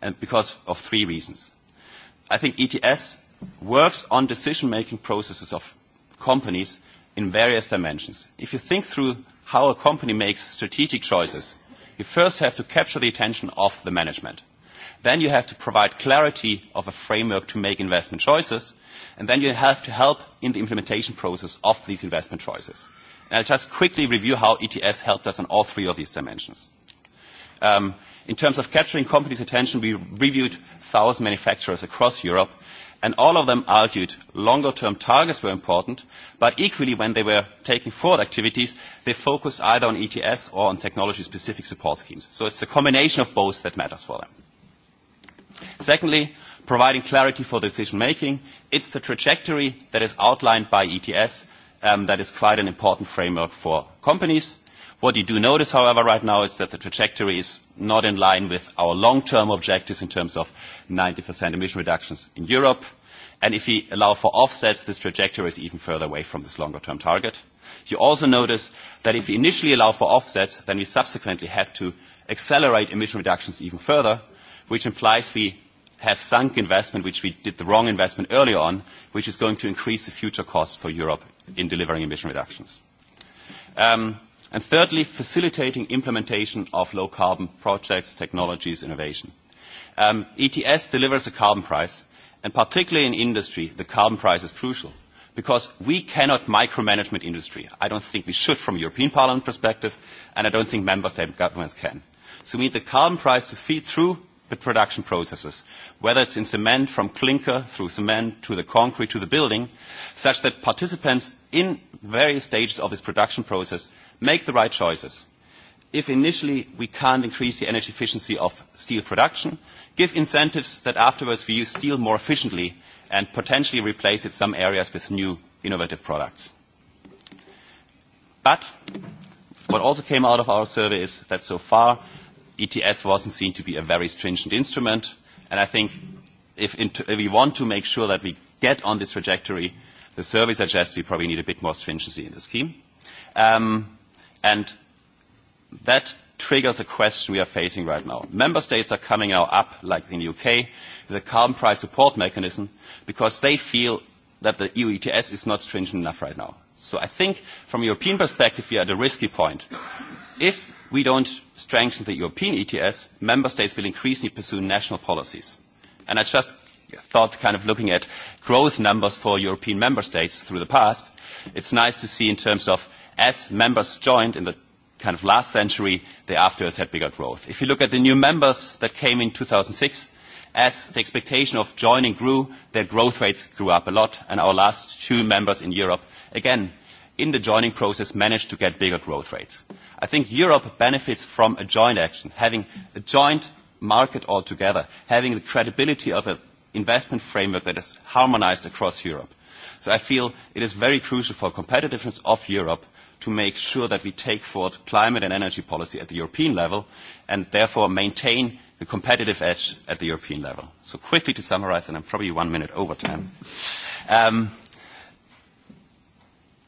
Speaker 16: and because of three reasons. I think ETS works on decision-making processes of companies in various dimensions. If you think through how a company makes strategic choices, you first have to capture the attention of the management. Then you have to provide clarity of a framework to make investment choices, and then you have to help in the implementation process of these investment choices. And I'll just quickly review how ETS helped us on all three of these dimensions. Um, in terms of capturing companies' attention, we reviewed 1,000 manufacturers across Europe, and all of them argued longer-term targets were important, but equally when they were taking forward activities, they focused either on ETS or on technology-specific support schemes. So it's the combination of both that matters for them. Secondly, providing clarity for decision-making. It's the trajectory that is outlined by ETS um, that is quite an important framework for companies. What you do notice, however, right now is that the trajectory is not in line with our long-term objectives in terms of 90% emission reductions in Europe. And if we allow for offsets, this trajectory is even further away from this longer-term target. You also notice that if we initially allow for offsets, then we subsequently have to accelerate emission reductions even further, which implies we have sunk investment, which we did the wrong investment earlier on, which is going to increase the future cost for Europe in delivering emission reductions. Um, And thirdly, facilitating implementation of low-carbon projects, technologies, innovation. Um, ETS delivers a carbon price, and particularly in industry, the carbon price is crucial because we cannot micromanagement industry. I don't think we should from a European Parliament perspective, and I don't think member state governments can. So we need the carbon price to feed through the production processes, whether it's in cement from clinker through cement to the concrete to the building, such that participants in various stages of this production process Make the right choices. If initially we can't increase the energy efficiency of steel production, give incentives that afterwards we use steel more efficiently and potentially replace it some areas with new innovative products. But what also came out of our survey is that so far ETS wasn't seen to be a very stringent instrument, and I think if, if we want to make sure that we get on this trajectory, the survey suggests we probably need a bit more stringency in the scheme. Um, And that triggers a question we are facing right now. Member states are coming now up, like in the UK, with a carbon price support mechanism because they feel that the EU ETS is not stringent enough right now. So I think from a European perspective, we are at a risky point. If we don't strengthen the European ETS, member states will increasingly pursue national policies. And I just thought, kind of looking at growth numbers for European member states through the past, it's nice to see in terms of as members joined in the kind of last century, they afterwards had bigger growth. If you look at the new members that came in 2006, as the expectation of joining grew, their growth rates grew up a lot, and our last two members in Europe, again, in the joining process, managed to get bigger growth rates. I think Europe benefits from a joint action, having a joint market altogether, having the credibility of an investment framework that is harmonized across Europe. So I feel it is very crucial for competitiveness of Europe to make sure that we take forward climate and energy policy at the European level and therefore maintain the competitive edge at the European level. So quickly to summarize, and I'm probably one minute over time. Um,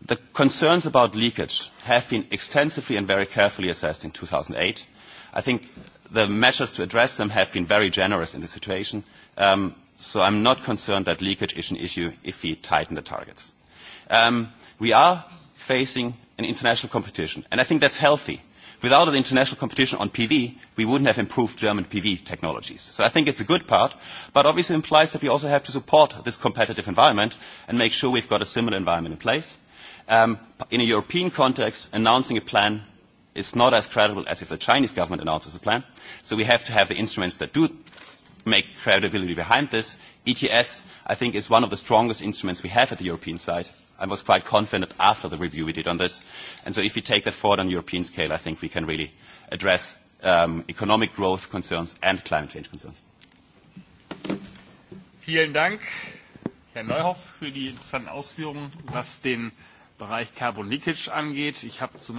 Speaker 16: the concerns about leakage have been extensively and very carefully assessed in 2008. I think the measures to address them have been very generous in the situation, um, so I'm not concerned that leakage is an issue if we tighten the targets. Um, we are facing an international competition. And I think that's healthy. Without an international competition on PV, we wouldn't have improved German PV technologies. So I think it's a good part, but obviously implies that we also have to support this competitive environment and make sure we've got a similar environment in place. Um, in a European context, announcing a plan is not as credible as if the Chinese government announces a plan. So we have to have the instruments that do make credibility behind this. ETS, I think, is one of the strongest instruments we have at the European side I was quite confident after the review we did on this. And so if we take that forward on a European scale, I think we can really address um, economic growth concerns and climate change concerns.
Speaker 2: Vielen Dank, Herr Neuhoff, für die interessanten Ausführungen, was den Bereich Carbon Leakage angeht. Ich habe so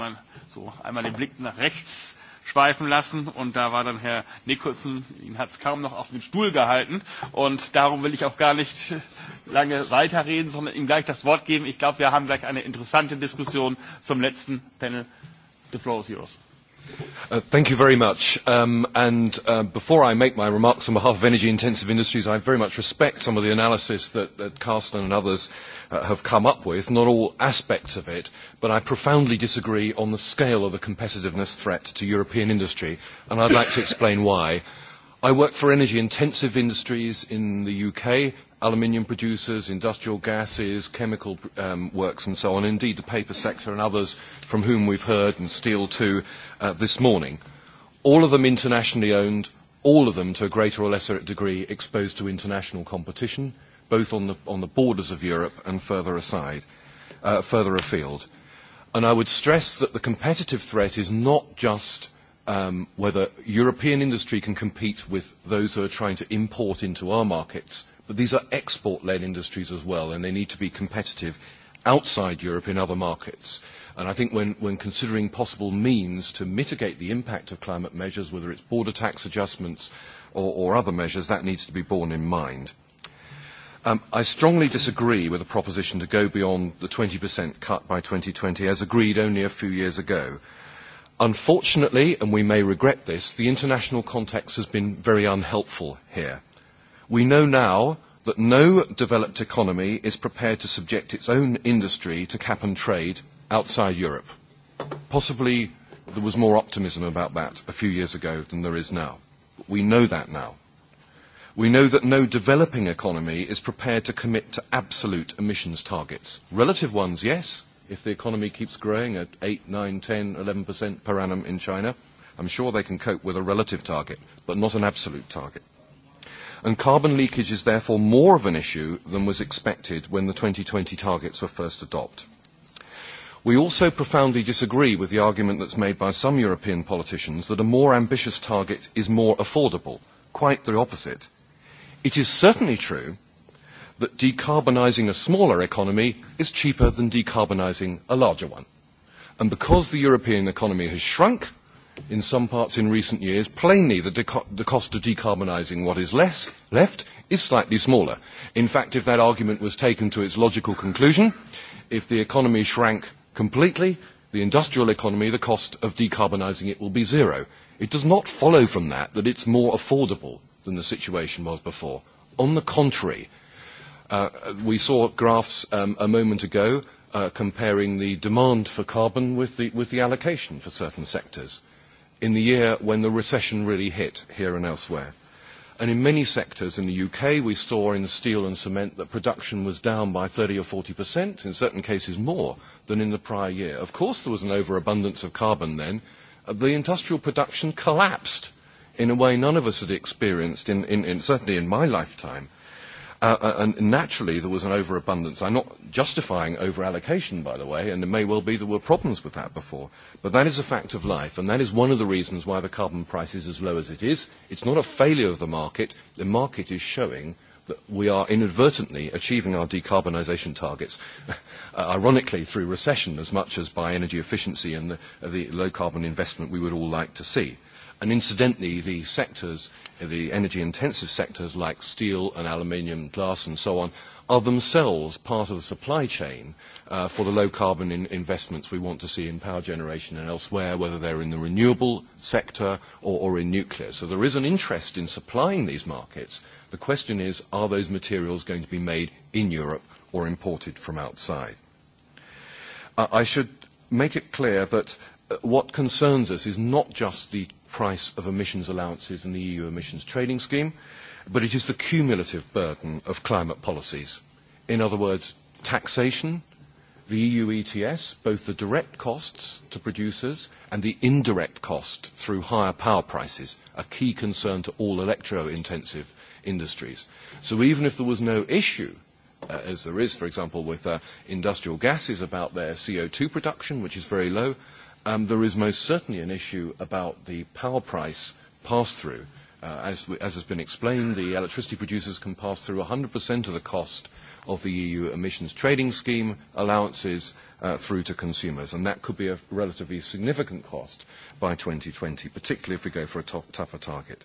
Speaker 2: einmal den Blick nach rechts schweifen lassen. Und da war dann Herr Nicholson, ihn hat es kaum noch auf den Stuhl gehalten. Und darum will ich auch gar nicht lange weiterreden, sondern ihm gleich das Wort geben. Ich glaube, wir haben gleich eine interessante Diskussion zum letzten Panel. The floor is yours.
Speaker 17: Uh, thank you very much. Um, and uh, before I make my remarks on behalf of energy-intensive industries, I very much respect some of the analysis that, that Carsten and others uh, have come up with, not all aspects of it, but I profoundly disagree on the scale of the competitiveness threat to European industry, and I'd like to explain why. I work for energy-intensive industries in the UK, aluminium producers, industrial gases, chemical um, works and so on, indeed the paper sector and others from whom we've heard, and steel too, uh, this morning. All of them internationally owned, all of them to a greater or lesser degree exposed to international competition, both on the, on the borders of Europe and further aside, uh, further afield. And I would stress that the competitive threat is not just um, whether European industry can compete with those who are trying to import into our markets, But these are export-led industries as well, and they need to be competitive outside Europe in other markets. And I think when, when considering possible means to mitigate the impact of climate measures, whether it's border tax adjustments or, or other measures, that needs to be borne in mind. Um, I strongly disagree with the proposition to go beyond the 20% cut by 2020, as agreed only a few years ago. Unfortunately, and we may regret this, the international context has been very unhelpful here. We know now that no developed economy is prepared to subject its own industry to cap and trade outside Europe. Possibly there was more optimism about that a few years ago than there is now. We know that now. We know that no developing economy is prepared to commit to absolute emissions targets. Relative ones, yes, if the economy keeps growing at 8, 9, 10, 11% per annum in China. I'm sure they can cope with a relative target, but not an absolute target and carbon leakage is therefore more of an issue than was expected when the 2020 targets were first adopted. We also profoundly disagree with the argument that's made by some European politicians that a more ambitious target is more affordable. Quite the opposite. It is certainly true that decarbonising a smaller economy is cheaper than decarbonising a larger one. And because the European economy has shrunk, in some parts in recent years, plainly the, the cost of decarbonising what is less left is slightly smaller. In fact, if that argument was taken to its logical conclusion, if the economy shrank completely, the industrial economy, the cost of decarbonising it will be zero. It does not follow from that that it's more affordable than the situation was before. On the contrary, uh, we saw graphs um, a moment ago uh, comparing the demand for carbon with the, with the allocation for certain sectors in the year when the recession really hit here and elsewhere. And in many sectors in the UK, we saw in steel and cement that production was down by 30 or 40 percent, in certain cases more than in the prior year. Of course, there was an overabundance of carbon then. Uh, the industrial production collapsed in a way none of us had experienced, in, in, in, certainly in my lifetime. Uh, uh, and naturally, there was an overabundance. I'm not justifying overallocation, by the way, and it may well be there were problems with that before. But that is a fact of life, and that is one of the reasons why the carbon price is as low as it is. It's not a failure of the market. The market is showing that we are inadvertently achieving our decarbonisation targets, uh, ironically through recession as much as by energy efficiency and the, uh, the low carbon investment we would all like to see. And incidentally, the sectors, the energy-intensive sectors like steel and aluminium, glass and so on, are themselves part of the supply chain uh, for the low-carbon in investments we want to see in power generation and elsewhere, whether they're in the renewable sector or, or in nuclear. So there is an interest in supplying these markets. The question is, are those materials going to be made in Europe or imported from outside? Uh, I should make it clear that uh, what concerns us is not just the price of emissions allowances in the EU emissions trading scheme, but it is the cumulative burden of climate policies. In other words, taxation, the EU ETS, both the direct costs to producers and the indirect cost through higher power prices, a key concern to all electro-intensive industries. So even if there was no issue uh, as there is, for example, with uh, industrial gases about their CO2 production, which is very low, Um, there is most certainly an issue about the power price pass-through. Uh, as, we, as has been explained, the electricity producers can pass through 100% of the cost of the EU emissions trading scheme allowances uh, through to consumers, and that could be a relatively significant cost by 2020, particularly if we go for a tough, tougher target.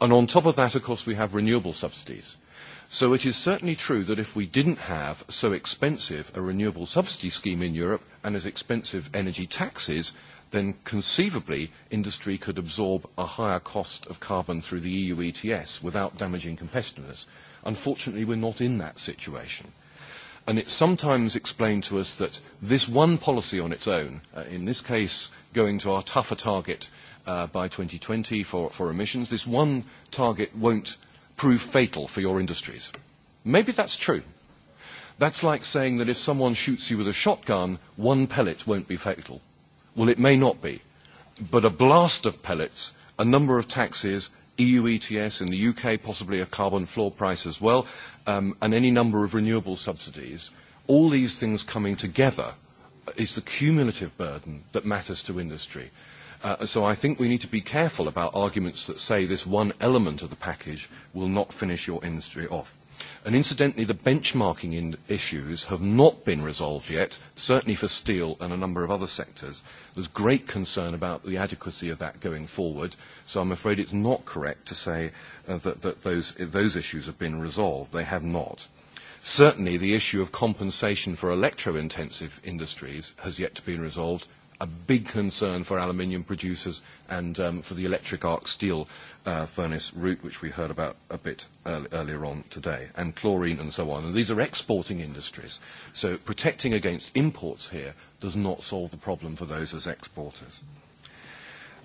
Speaker 17: And on top of that, of course, we have renewable subsidies. Uh, So it is certainly true that if we didn't have so expensive a renewable subsidy scheme in Europe and as expensive energy taxes, then conceivably industry could absorb a higher cost of carbon through the EU ETS without damaging competitiveness. Unfortunately, we're not in that situation. And it's sometimes explained to us that this one policy on its own, uh, in this case going to our tougher target uh, by 2020 for, for emissions, this one target won't prove fatal for your industries. Maybe that's true. That's like saying that if someone shoots you with a shotgun, one pellet won't be fatal. Well, it may not be. But a blast of pellets, a number of taxes, EU ETS in the UK, possibly a carbon floor price as well, um, and any number of renewable subsidies, all these things coming together is the cumulative burden that matters to industry. Uh, so I think we need to be careful about arguments that say this one element of the package will not finish your industry off. And incidentally, the benchmarking in issues have not been resolved yet, certainly for steel and a number of other sectors. There's great concern about the adequacy of that going forward, so I'm afraid it's not correct to say uh, that, that those, those issues have been resolved. They have not. Certainly, the issue of compensation for electro-intensive industries has yet to be resolved, a big concern for aluminium producers and um, for the electric arc steel uh, furnace route, which we heard about a bit early, earlier on today, and chlorine and so on. And these are exporting industries. So protecting against imports here does not solve the problem for those as exporters.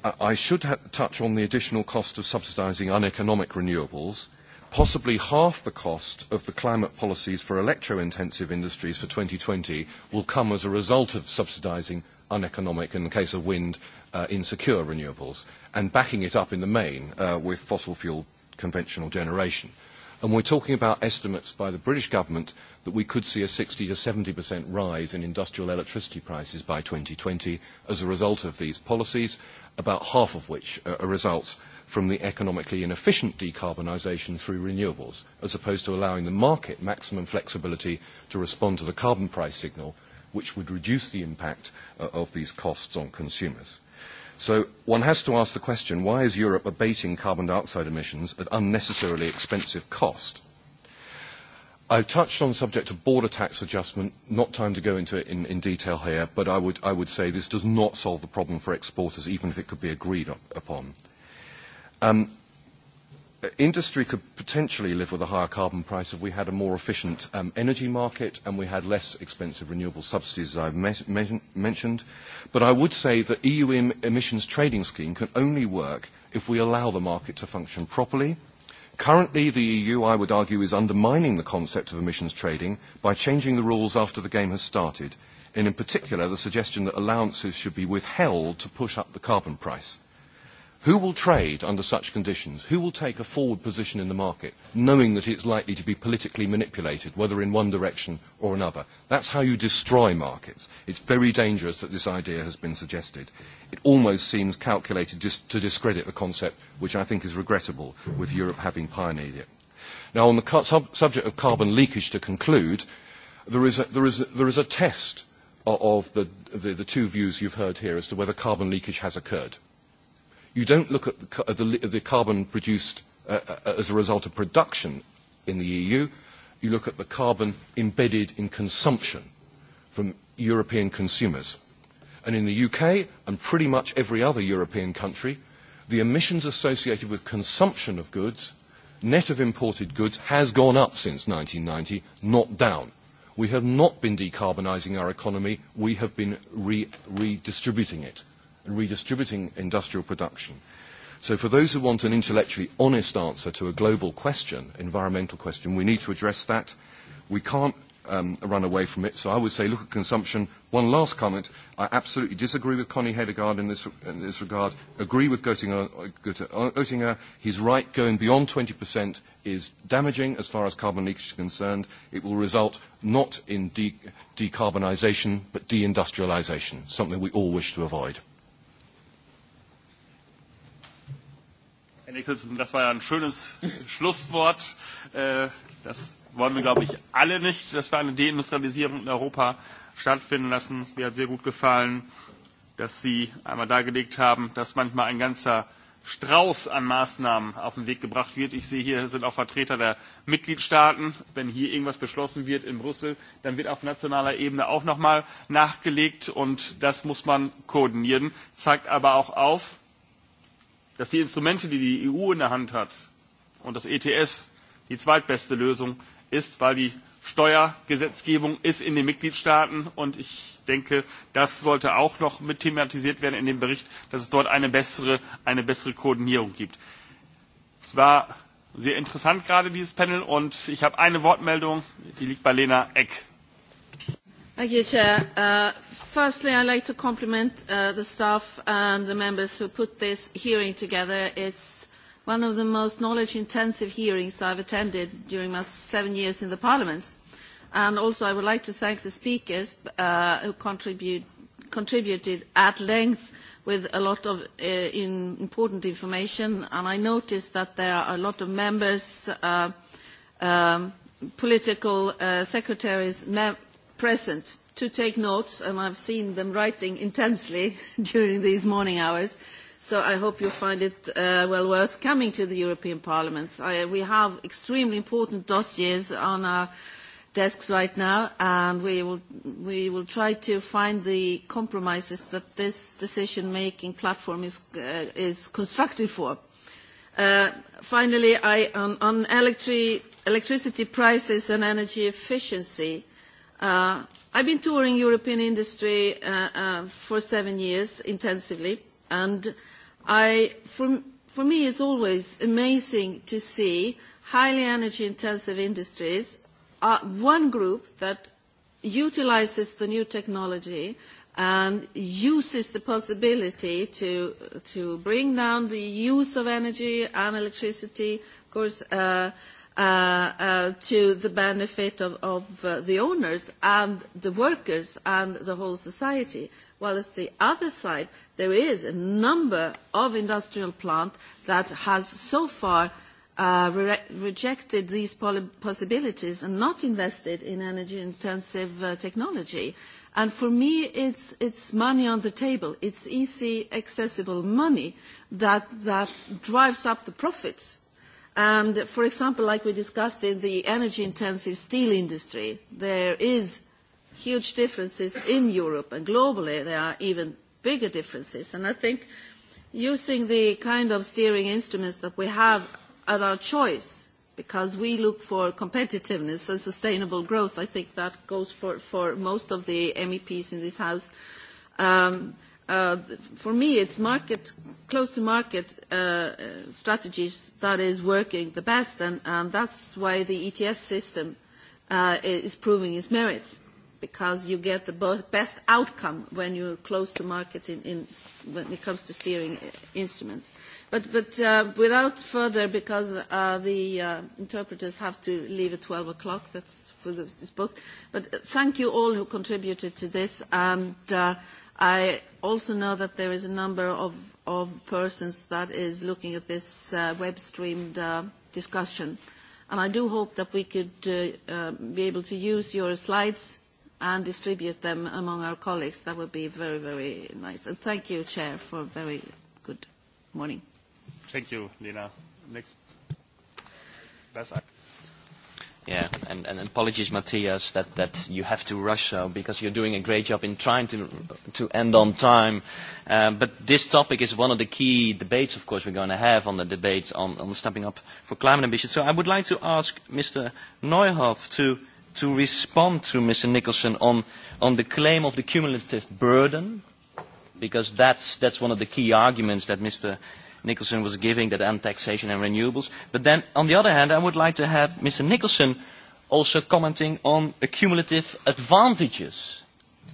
Speaker 17: Uh, I should ha- touch on the additional cost of subsidising uneconomic renewables possibly half the cost of the climate policies for electro-intensive industries for 2020 will come as a result of subsidising uneconomic, in the case of wind, uh, insecure renewables, and backing it up in the main uh, with fossil fuel conventional generation. And we're talking about estimates by the British government that we could see a 60 to 70% rise in industrial electricity prices by 2020 as a result of these policies, about half of which uh, are results from the economically inefficient decarbonisation through renewables, as opposed to allowing the market maximum flexibility to respond to the carbon price signal which would reduce the impact uh, of these costs on consumers. So one has to ask the question, why is Europe abating carbon dioxide emissions at unnecessarily expensive cost? I've touched on the subject of border tax adjustment, not time to go into it in, in detail here, but I would, I would say this does not solve the problem for exporters, even if it could be agreed upon. Um, industry could potentially live with a higher carbon price if we had a more efficient um, energy market and we had less expensive renewable subsidies, as I've me mentioned. But I would say the EU em emissions trading scheme can only work if we allow the market to function properly. Currently, the EU, I would argue, is undermining the concept of emissions trading by changing the rules after the game has started, and in particular the suggestion that allowances should be withheld to push up the carbon price. Who will trade under such conditions? Who will take a forward position in the market, knowing that it's likely to be politically manipulated, whether in one direction or another? That's how you destroy markets. It's very dangerous that this idea has been suggested. It almost seems calculated just to discredit the concept, which I think is regrettable, with Europe having pioneered it. Now, on the sub subject of carbon leakage, to conclude, there is a, there is a, there is a test of the, the, the two views you've heard here as to whether carbon leakage has occurred. You don't look at the, at the, the carbon produced uh, uh, as a result of production in the EU. You look at the carbon embedded in consumption from European consumers. And in the UK and pretty much every other European country, the emissions associated with consumption of goods, net of imported goods, has gone up since 1990, not down. We have not been decarbonising our economy, we have been re redistributing it and redistributing industrial production. So for those who want an intellectually honest answer to a global question, environmental question, we need to address that. We can't um, run away from it. So I would say look at consumption. One last comment. I absolutely disagree with Connie Hedegaard in this, in this regard. Agree with Göttinger, uh, Oettinger. He's right. Going beyond 20% is damaging as far as carbon leakage is concerned. It will result not in de decarbonisation but deindustrialisation, something we all wish to avoid.
Speaker 2: Herr Nicholson, das war ja ein schönes Schlusswort. Äh, das wollen wir, glaube ich, alle nicht, dass wir eine Deindustrialisierung in Europa stattfinden lassen. Mir hat sehr gut gefallen, dass Sie einmal dargelegt haben, dass manchmal ein ganzer Strauß an Maßnahmen auf den Weg gebracht wird. Ich sehe hier sind auch Vertreter der Mitgliedstaaten. Wenn hier irgendwas beschlossen wird in Brüssel, dann wird auf nationaler Ebene auch nochmal nachgelegt und das muss man koordinieren. Zeigt aber auch auf, dass die Instrumente, die die EU in der Hand hat und das ETS die zweitbeste Lösung ist, weil die Steuergesetzgebung ist in den Mitgliedstaaten und ich denke, das sollte auch noch mit thematisiert werden in dem Bericht, dass es dort eine bessere, eine bessere Koordinierung gibt. Es war sehr interessant gerade dieses Panel und ich habe eine Wortmeldung, die liegt bei Lena
Speaker 7: Eck.
Speaker 5: Thank you, Chair. Uh, firstly, I'd like to compliment uh, the staff and the members who put this hearing together. It's one of the most knowledge-intensive hearings I've attended during my seven years in the Parliament. And also I would like to thank the speakers uh, who contribute, contributed at length with a lot of uh, in important information. And I noticed that there are a lot of members, uh, um, political uh, secretaries, present to take notes, and I've seen them writing intensely during these morning hours. So I hope you find it uh, well worth coming to the European Parliament. I, we have extremely important dossiers on our desks right now, and we will, we will try to find the compromises that this decision-making platform is, uh, is constructed for. Uh, finally, I, on, on electricity prices and energy efficiency, Uh, I've been touring European industry uh, uh, for seven years intensively, and I, for, for me it's always amazing to see highly energy intensive industries are uh, one group that utilizes the new technology and uses the possibility to, to bring down the use of energy and electricity, of course, uh, uh, uh, to the benefit of, of uh, the owners and the workers and the whole society. While it's the other side, there is a number of industrial plants that has so far uh, re rejected these possibilities and not invested in energy-intensive uh, technology. And for me, it's, it's money on the table. It's easy, accessible money that, that drives up the profits And for example, like we discussed in the energy-intensive steel industry, there is huge differences in Europe and globally there are even bigger differences. And I think using the kind of steering instruments that we have at our choice, because we look for competitiveness and sustainable growth, I think that goes for, for most of the MEPs in this House, um, uh, for me, it's market, close to market uh, uh, strategies that is working the best, and, and that's why the ETS system uh, is proving its merits, because you get the best outcome when you're close to market in, in, when it comes to steering uh, instruments. But, but uh, without further, because uh, the uh, interpreters have to leave at 12 o'clock, that's for this book. But uh, thank you all who contributed to this, and. Uh, I also know that there is a number of, of persons that is looking at this uh, web-streamed uh, discussion. And I do hope that we could uh, uh, be able to use your slides and distribute them among our colleagues. That would be very, very nice. And thank you, Chair, for a very good morning.
Speaker 2: Thank you, Nina. Next. That's
Speaker 3: Yeah, and, and apologies, Matthias, that, that you have to rush so because you're doing a great job in trying to, to end on time. Um, but this topic is one of the key debates, of course, we're going to have on the debates on, on stepping up for climate ambition. So I would like to ask Mr. Neuhoff to, to respond to Mr. Nicholson on, on the claim of the cumulative burden, because that's, that's one of the key arguments that Mr Nicholson was giving, that on taxation and renewables. But then, on the other hand, I would like to have Mr. Nicholson also commenting on the cumulative advantages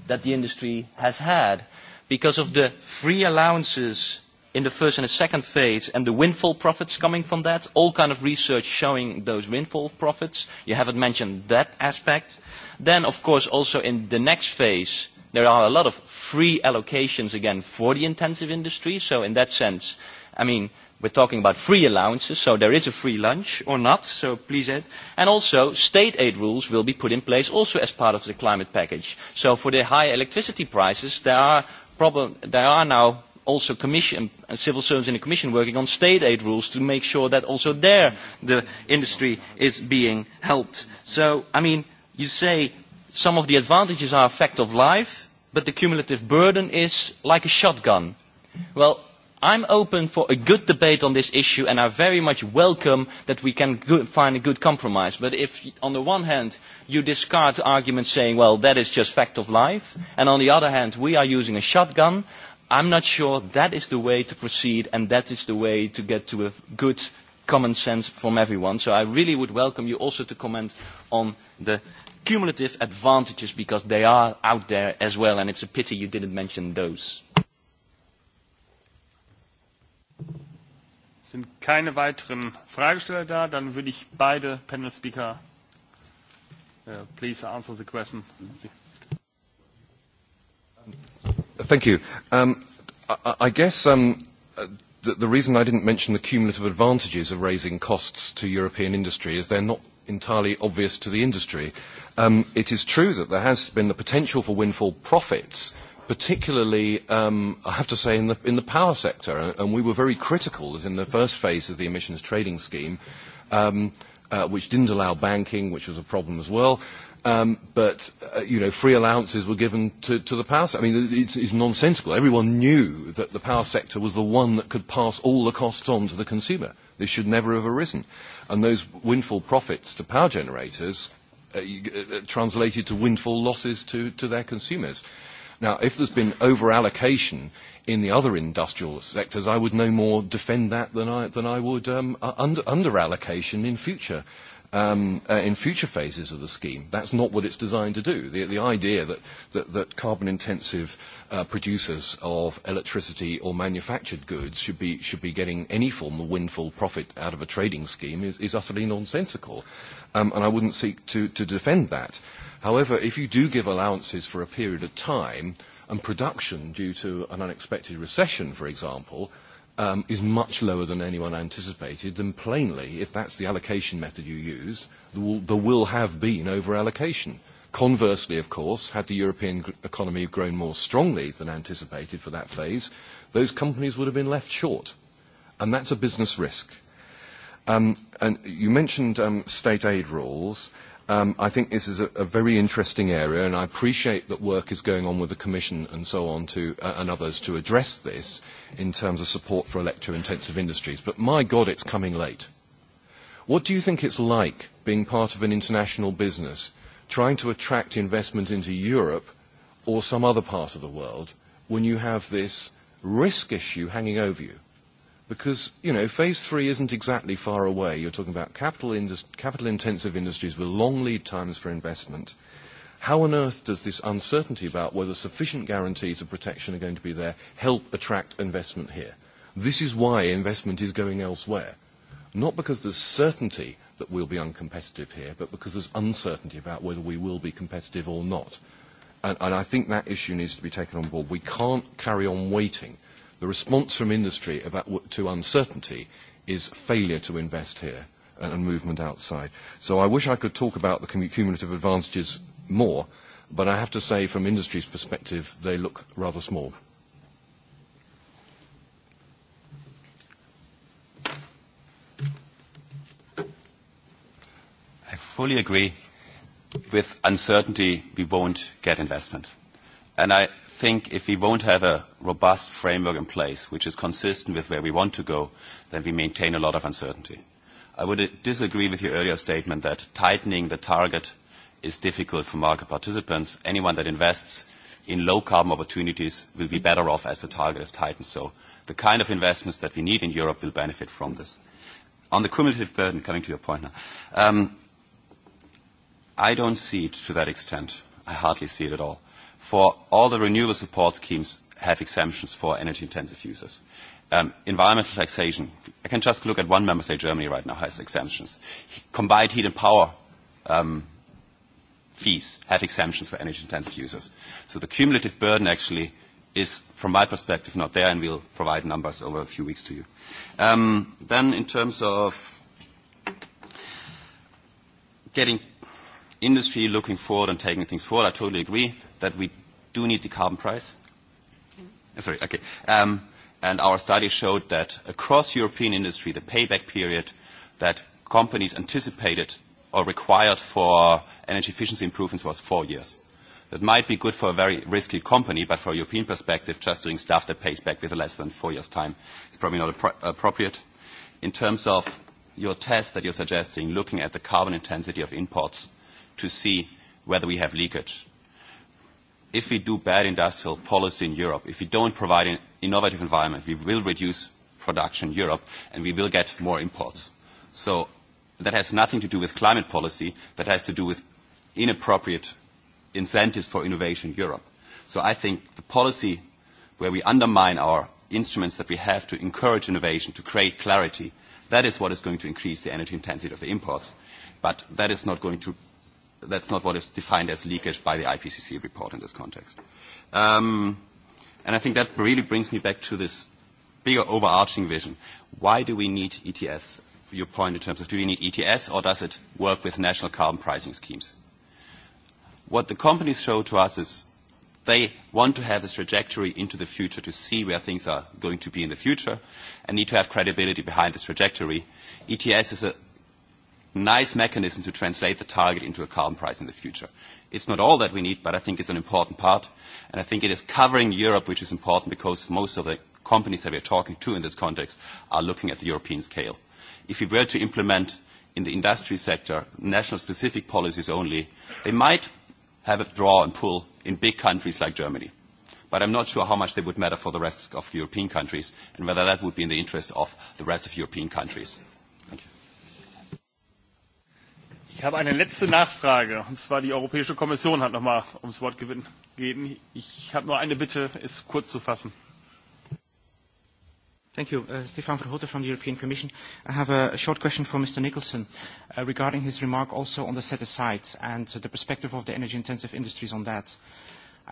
Speaker 3: that the industry has had because of the free allowances in the first and the second phase and the windfall profits coming from that, all kind of research showing those windfall profits. You haven't mentioned that aspect. Then, of course, also in the next phase, there are a lot of free allocations again for the intensive industry. So in that sense, I mean, we're talking about free allowances, so there is a free lunch or not, so please add. And also, state aid rules will be put in place also as part of the climate package. So for the high electricity prices, there are, problem, there are now also commission, uh, civil servants in the commission working on state aid rules to make sure that also there the industry is being helped. So, I mean, you say some of the advantages are a fact of life, but the cumulative burden is like a shotgun. Well, I'm open for a good debate on this issue and I very much welcome that we can find a good compromise. But if, on the one hand, you discard arguments saying, well, that is just fact of life, and on the other hand, we are using a shotgun, I'm not sure that is the way to proceed and that is the way to get to a good common sense from everyone. So I really would welcome you also to comment on the cumulative advantages because they are out there as well and it's a pity you didn't mention those.
Speaker 2: sind keine weiteren Fragesteller da, dann würde ich beide Panel Speaker uh, please answer the question.
Speaker 17: Thank you. Um, I, I guess um, the, the reason I didn't mention the cumulative advantages of raising costs to European industry is they're not entirely obvious to the industry. Um, it is true that there has been the potential for windfall profits particularly, um, I have to say, in the, in the power sector. And, and we were very critical that in the first phase of the emissions trading scheme, um, uh, which didn't allow banking, which was a problem as well, um, but uh, you know, free allowances were given to, to the power sector. I mean, it's, it's nonsensical. Everyone knew that the power sector was the one that could pass all the costs on to the consumer. This should never have arisen. And those windfall profits to power generators uh, uh translated to windfall losses to, to their consumers. Uh, Now, if there's been over-allocation in the other industrial sectors, I would no more defend that than I, than I would um, uh, under, under-allocation in future um, uh, in future phases of the scheme. That's not what it's designed to do. The, the idea that, that, that carbon-intensive uh, producers of electricity or manufactured goods should be, should be getting any form of windfall profit out of a trading scheme is, is utterly nonsensical, um, and I wouldn't seek to, to defend that. However, if you do give allowances for a period of time, and production due to an unexpected recession, for example, um, is much lower than anyone anticipated, then plainly, if that's the allocation method you use, there will, there will have been over-allocation. Conversely, of course, had the European economy grown more strongly than anticipated for that phase, those companies would have been left short. And that's a business risk. Um, and you mentioned um, state aid rules. Um, I think this is a, a very interesting area, and I appreciate that work is going on with the Commission and so on to, uh, and others to address this in terms of support for electro-intensive industries. But my God, it's coming late. What do you think it's like being part of an international business, trying to attract investment into Europe or some other part of the world when you have this risk issue hanging over you? Because, you know, phase three isn't exactly far away. You're talking about capital, indus capital intensive industries with long lead times for investment. How on earth does this uncertainty about whether sufficient guarantees of protection are going to be there help attract investment here? This is why investment is going elsewhere. Not because there's certainty that we'll be uncompetitive here, but because there's uncertainty about whether we will be competitive or not. And, and I think that issue needs to be taken on board. We can't carry on waiting The response from industry about, to uncertainty is failure to invest here and movement outside. So I wish I could talk about the cumulative advantages more, but I have to say from industry's perspective, they look rather small.
Speaker 16: I fully agree. With uncertainty, we won't get investment. And I think if we won't have a robust framework in place, which is consistent with where we want to go, then we maintain a lot of uncertainty. I would uh, disagree with your earlier statement that tightening the target is difficult for market participants. Anyone that invests in low-carbon opportunities will be better off as the target is tightened. So the kind of investments that we need in Europe will benefit from this. On the cumulative burden, coming to your point now, um, I don't see it to that extent. I hardly see it at all for all the renewable support schemes have exemptions for energy intensive users. Um, environmental taxation, I can just look at one member state, Germany right now has exemptions. Combined heat and power um, fees have exemptions for energy intensive users. So the cumulative burden actually is, from my perspective, not there, and we'll provide numbers over a few weeks to you. Um, then in terms of getting industry looking forward and taking things forward, I totally agree that we do need the carbon price. Sorry, okay. Um, and our study showed that across European industry, the payback period that companies anticipated or required for energy efficiency improvements was four years. That might be good for a very risky company, but for a European perspective, just doing stuff that pays back with less than four years' time is probably not appropriate. In terms of your test that you're suggesting, looking at the carbon intensity of imports to see whether we have leakage, if we do bad industrial policy in Europe, if we don't provide an innovative environment, we will reduce production in Europe and we will get more imports. So that has nothing to do with climate policy, that has to do with inappropriate incentives for innovation in Europe. So I think the policy where we undermine our instruments that we have to encourage innovation, to create clarity, that is what is going to increase the energy intensity of the imports. But that is not going to that's not what is defined as leakage by the IPCC report in this context. Um, and I think that really brings me back to this bigger overarching vision. Why do we need ETS? Your point in terms of do we need ETS or does it work with national carbon pricing schemes? What the companies show to us is they want to have this trajectory into the future to see where things are going to be in the future and need to have credibility behind this trajectory. ETS is a nice mechanism to translate the target into a carbon price in the future. It's not all that we need, but I think it's an important part. And I think it is covering Europe, which is important because most of the companies that we are talking to in this context are looking at the European scale. If we were to implement in the industry sector national specific policies only, they might have a draw and pull in big countries like Germany. But I'm not sure how much they would matter for the rest of European countries and whether that would be in the interest of the rest of European countries.
Speaker 2: Ich habe eine letzte Nachfrage, und zwar die Europäische Kommission hat nochmal ums Wort gegeben. Ich habe nur eine Bitte, es kurz zu fassen.
Speaker 18: Thank you. Uh, Stefan Verhote from the European Commission. I have a, a short question for Mr. Nicholson uh, regarding his remark also on the set-aside and uh, the perspective of the energy-intensive industries on that.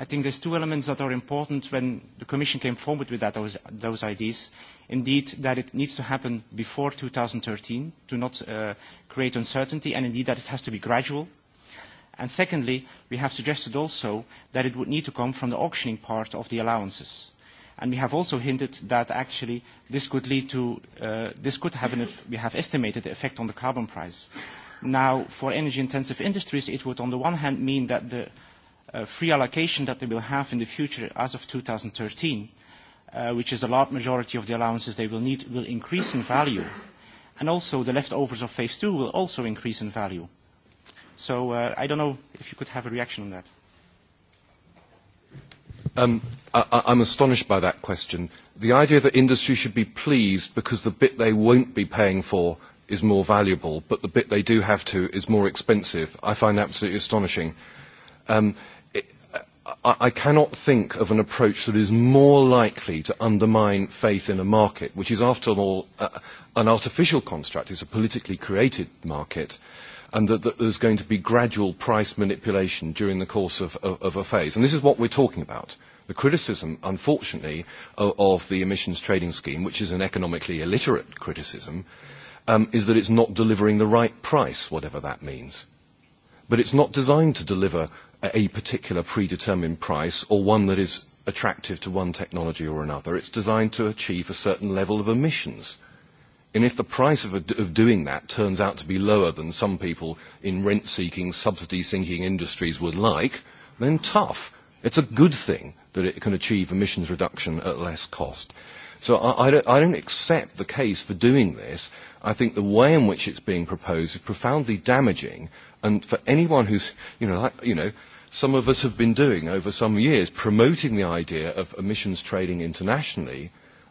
Speaker 18: I think there's two elements that are important when the Commission came forward with that, those, those ideas indeed that it needs to happen before 2013 to not uh, create uncertainty and indeed that it has to be gradual. And secondly, we have suggested also that it would need to come from the auctioning part of the allowances. And we have also hinted that actually this could lead to, uh, this could have an, we have estimated the effect on the carbon price. Now, for energy-intensive industries, it would on the one hand mean that the uh, free allocation that they will have in the future as of 2013 Uh, which is the large majority of the allowances they will need, will increase in value. And also the leftovers of phase two will also increase in value. So uh, I don't know if you could have a reaction on that.
Speaker 17: Um, I, I'm astonished by that question. The idea that industry should be pleased because the bit they won't be paying for is more valuable, but the bit they do have to is more expensive, I find absolutely astonishing. Um, I cannot think of an approach that is more likely to undermine faith in a market, which is, after all, uh, an artificial construct. It's a politically created market, and that, that there's going to be gradual price manipulation during the course of, of, of a phase. And this is what we're talking about. The criticism, unfortunately, of, of the emissions trading scheme, which is an economically illiterate criticism, um, is that it's not delivering the right price, whatever that means. But it's not designed to deliver a particular predetermined price or one that is attractive to one technology or another. It's designed to achieve a certain level of emissions. And if the price of, a, of doing that turns out to be lower than some people in rent-seeking, subsidy-sinking industries would like, then tough. It's a good thing that it can achieve emissions reduction at less cost. So I, I, don't, I don't accept the case for doing this. I think the way in which it's being proposed is profoundly damaging. And for anyone who's, you know, like, you know some of us have been doing over some years, promoting the idea of emissions trading internationally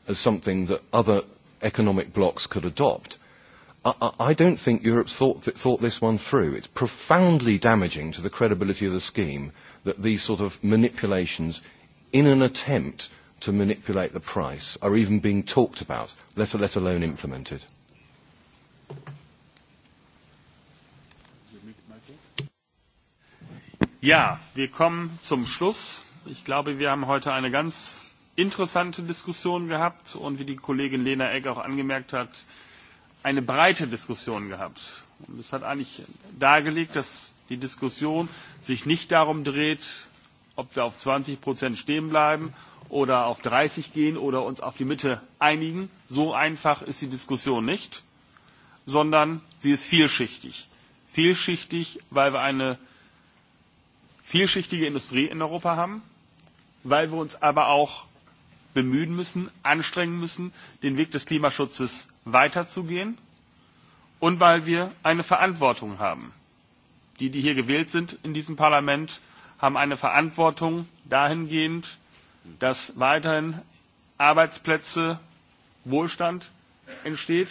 Speaker 17: as something that other economic blocs could adopt. I, I don't think Europe's thought, th thought this one through. It's profoundly damaging to the credibility of the scheme that these sort of manipulations, in an attempt to manipulate the price, are even being talked about, let, let alone implemented. Ja,
Speaker 2: wir kommen zum Schluss. Ich glaube, wir haben heute eine ganz interessante Diskussion gehabt und wie die Kollegin Lena Egg auch angemerkt hat, eine breite Diskussion gehabt. Und es hat eigentlich dargelegt, dass die Diskussion sich nicht darum dreht, ob wir auf 20 Prozent stehen bleiben oder auf 30 gehen oder uns auf die Mitte einigen. So einfach ist die Diskussion nicht, sondern sie ist vielschichtig. Vielschichtig, weil wir eine vielschichtige Industrie in Europa haben, weil wir uns aber auch bemühen müssen, anstrengen müssen, den Weg des Klimaschutzes weiterzugehen und weil wir eine Verantwortung haben. Die, die hier gewählt sind in diesem Parlament, haben eine Verantwortung dahingehend, dass weiterhin Arbeitsplätze, Wohlstand entsteht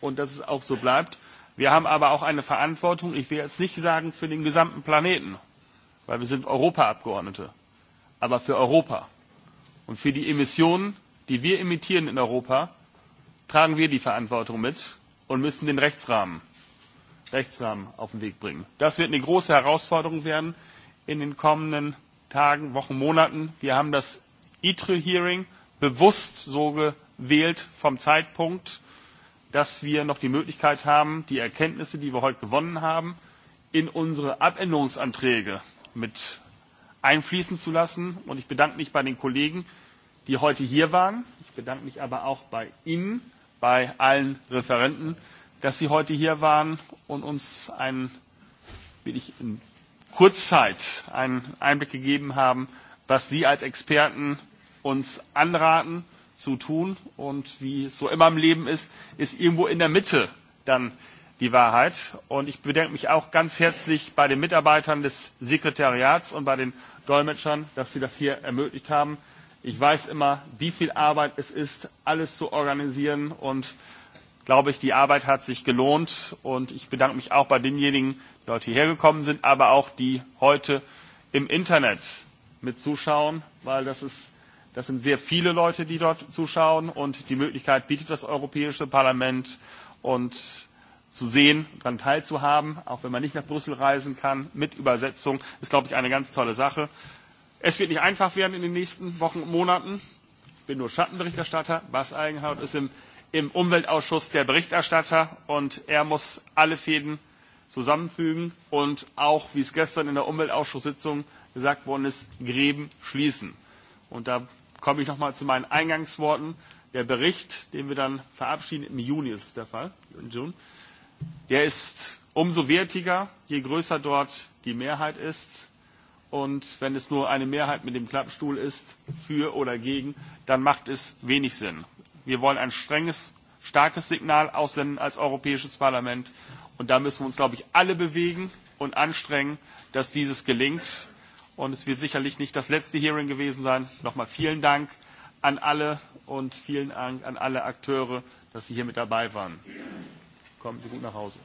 Speaker 2: und dass es auch so bleibt. Wir haben aber auch eine Verantwortung, ich will jetzt nicht sagen für den gesamten Planeten, weil wir sind Europaabgeordnete, aber für Europa. Und für die Emissionen, die wir emittieren in Europa, tragen wir die Verantwortung mit und müssen den Rechtsrahmen, Rechtsrahmen auf den Weg bringen. Das wird eine große Herausforderung werden in den kommenden Tagen, Wochen, Monaten. Wir haben das ITRE-Hearing bewusst so gewählt vom Zeitpunkt, dass wir noch die Möglichkeit haben, die Erkenntnisse, die wir heute gewonnen haben, in unsere Abänderungsanträge mit einfließen zu lassen. Und ich bedanke mich bei den Kollegen, die heute hier waren. Ich bedanke mich aber auch bei Ihnen, bei allen Referenten, dass Sie heute hier waren und uns einen, will ich in Kurzzeit einen Einblick gegeben haben, was Sie als Experten uns anraten zu tun. Und wie es so immer im Leben ist, ist irgendwo in der Mitte dann die Wahrheit. Und ich bedanke mich auch ganz herzlich bei den Mitarbeitern des Sekretariats und bei den Dolmetschern, dass sie das hier ermöglicht haben. Ich weiß immer, wie viel Arbeit es ist, alles zu organisieren und glaube ich, die Arbeit hat sich gelohnt und ich bedanke mich auch bei denjenigen, die dort hierher gekommen sind, aber auch die heute im Internet mit zuschauen, weil das ist Das sind sehr viele Leute, die dort zuschauen und die Möglichkeit bietet das Europäische Parlament und zu sehen, daran teilzuhaben, auch wenn man nicht nach Brüssel reisen kann, mit Übersetzung, ist, glaube ich, eine ganz tolle Sache. Es wird nicht einfach werden in den nächsten Wochen und Monaten. Ich bin nur Schattenberichterstatter. Bas Eigenhaut ist im, im Umweltausschuss der Berichterstatter und er muss alle Fäden zusammenfügen und auch, wie es gestern in der Umweltausschusssitzung gesagt worden ist, Gräben schließen. Und da komme ich nochmal zu meinen Eingangsworten. Der Bericht, den wir dann verabschieden, im Juni ist es der Fall, im Juni, Der ist umso wertiger, je größer dort die Mehrheit ist. Und wenn es nur eine Mehrheit mit dem Klappstuhl ist, für oder gegen, dann macht es wenig Sinn. Wir wollen ein strenges, starkes Signal aussenden als Europäisches Parlament. Und da müssen wir uns, glaube ich, alle bewegen und anstrengen, dass dieses gelingt. Und es wird sicherlich nicht das letzte Hearing gewesen sein. Nochmal vielen Dank an alle und vielen Dank an alle Akteure, dass Sie hier mit dabei waren. Kommen Sie gut nach Hause.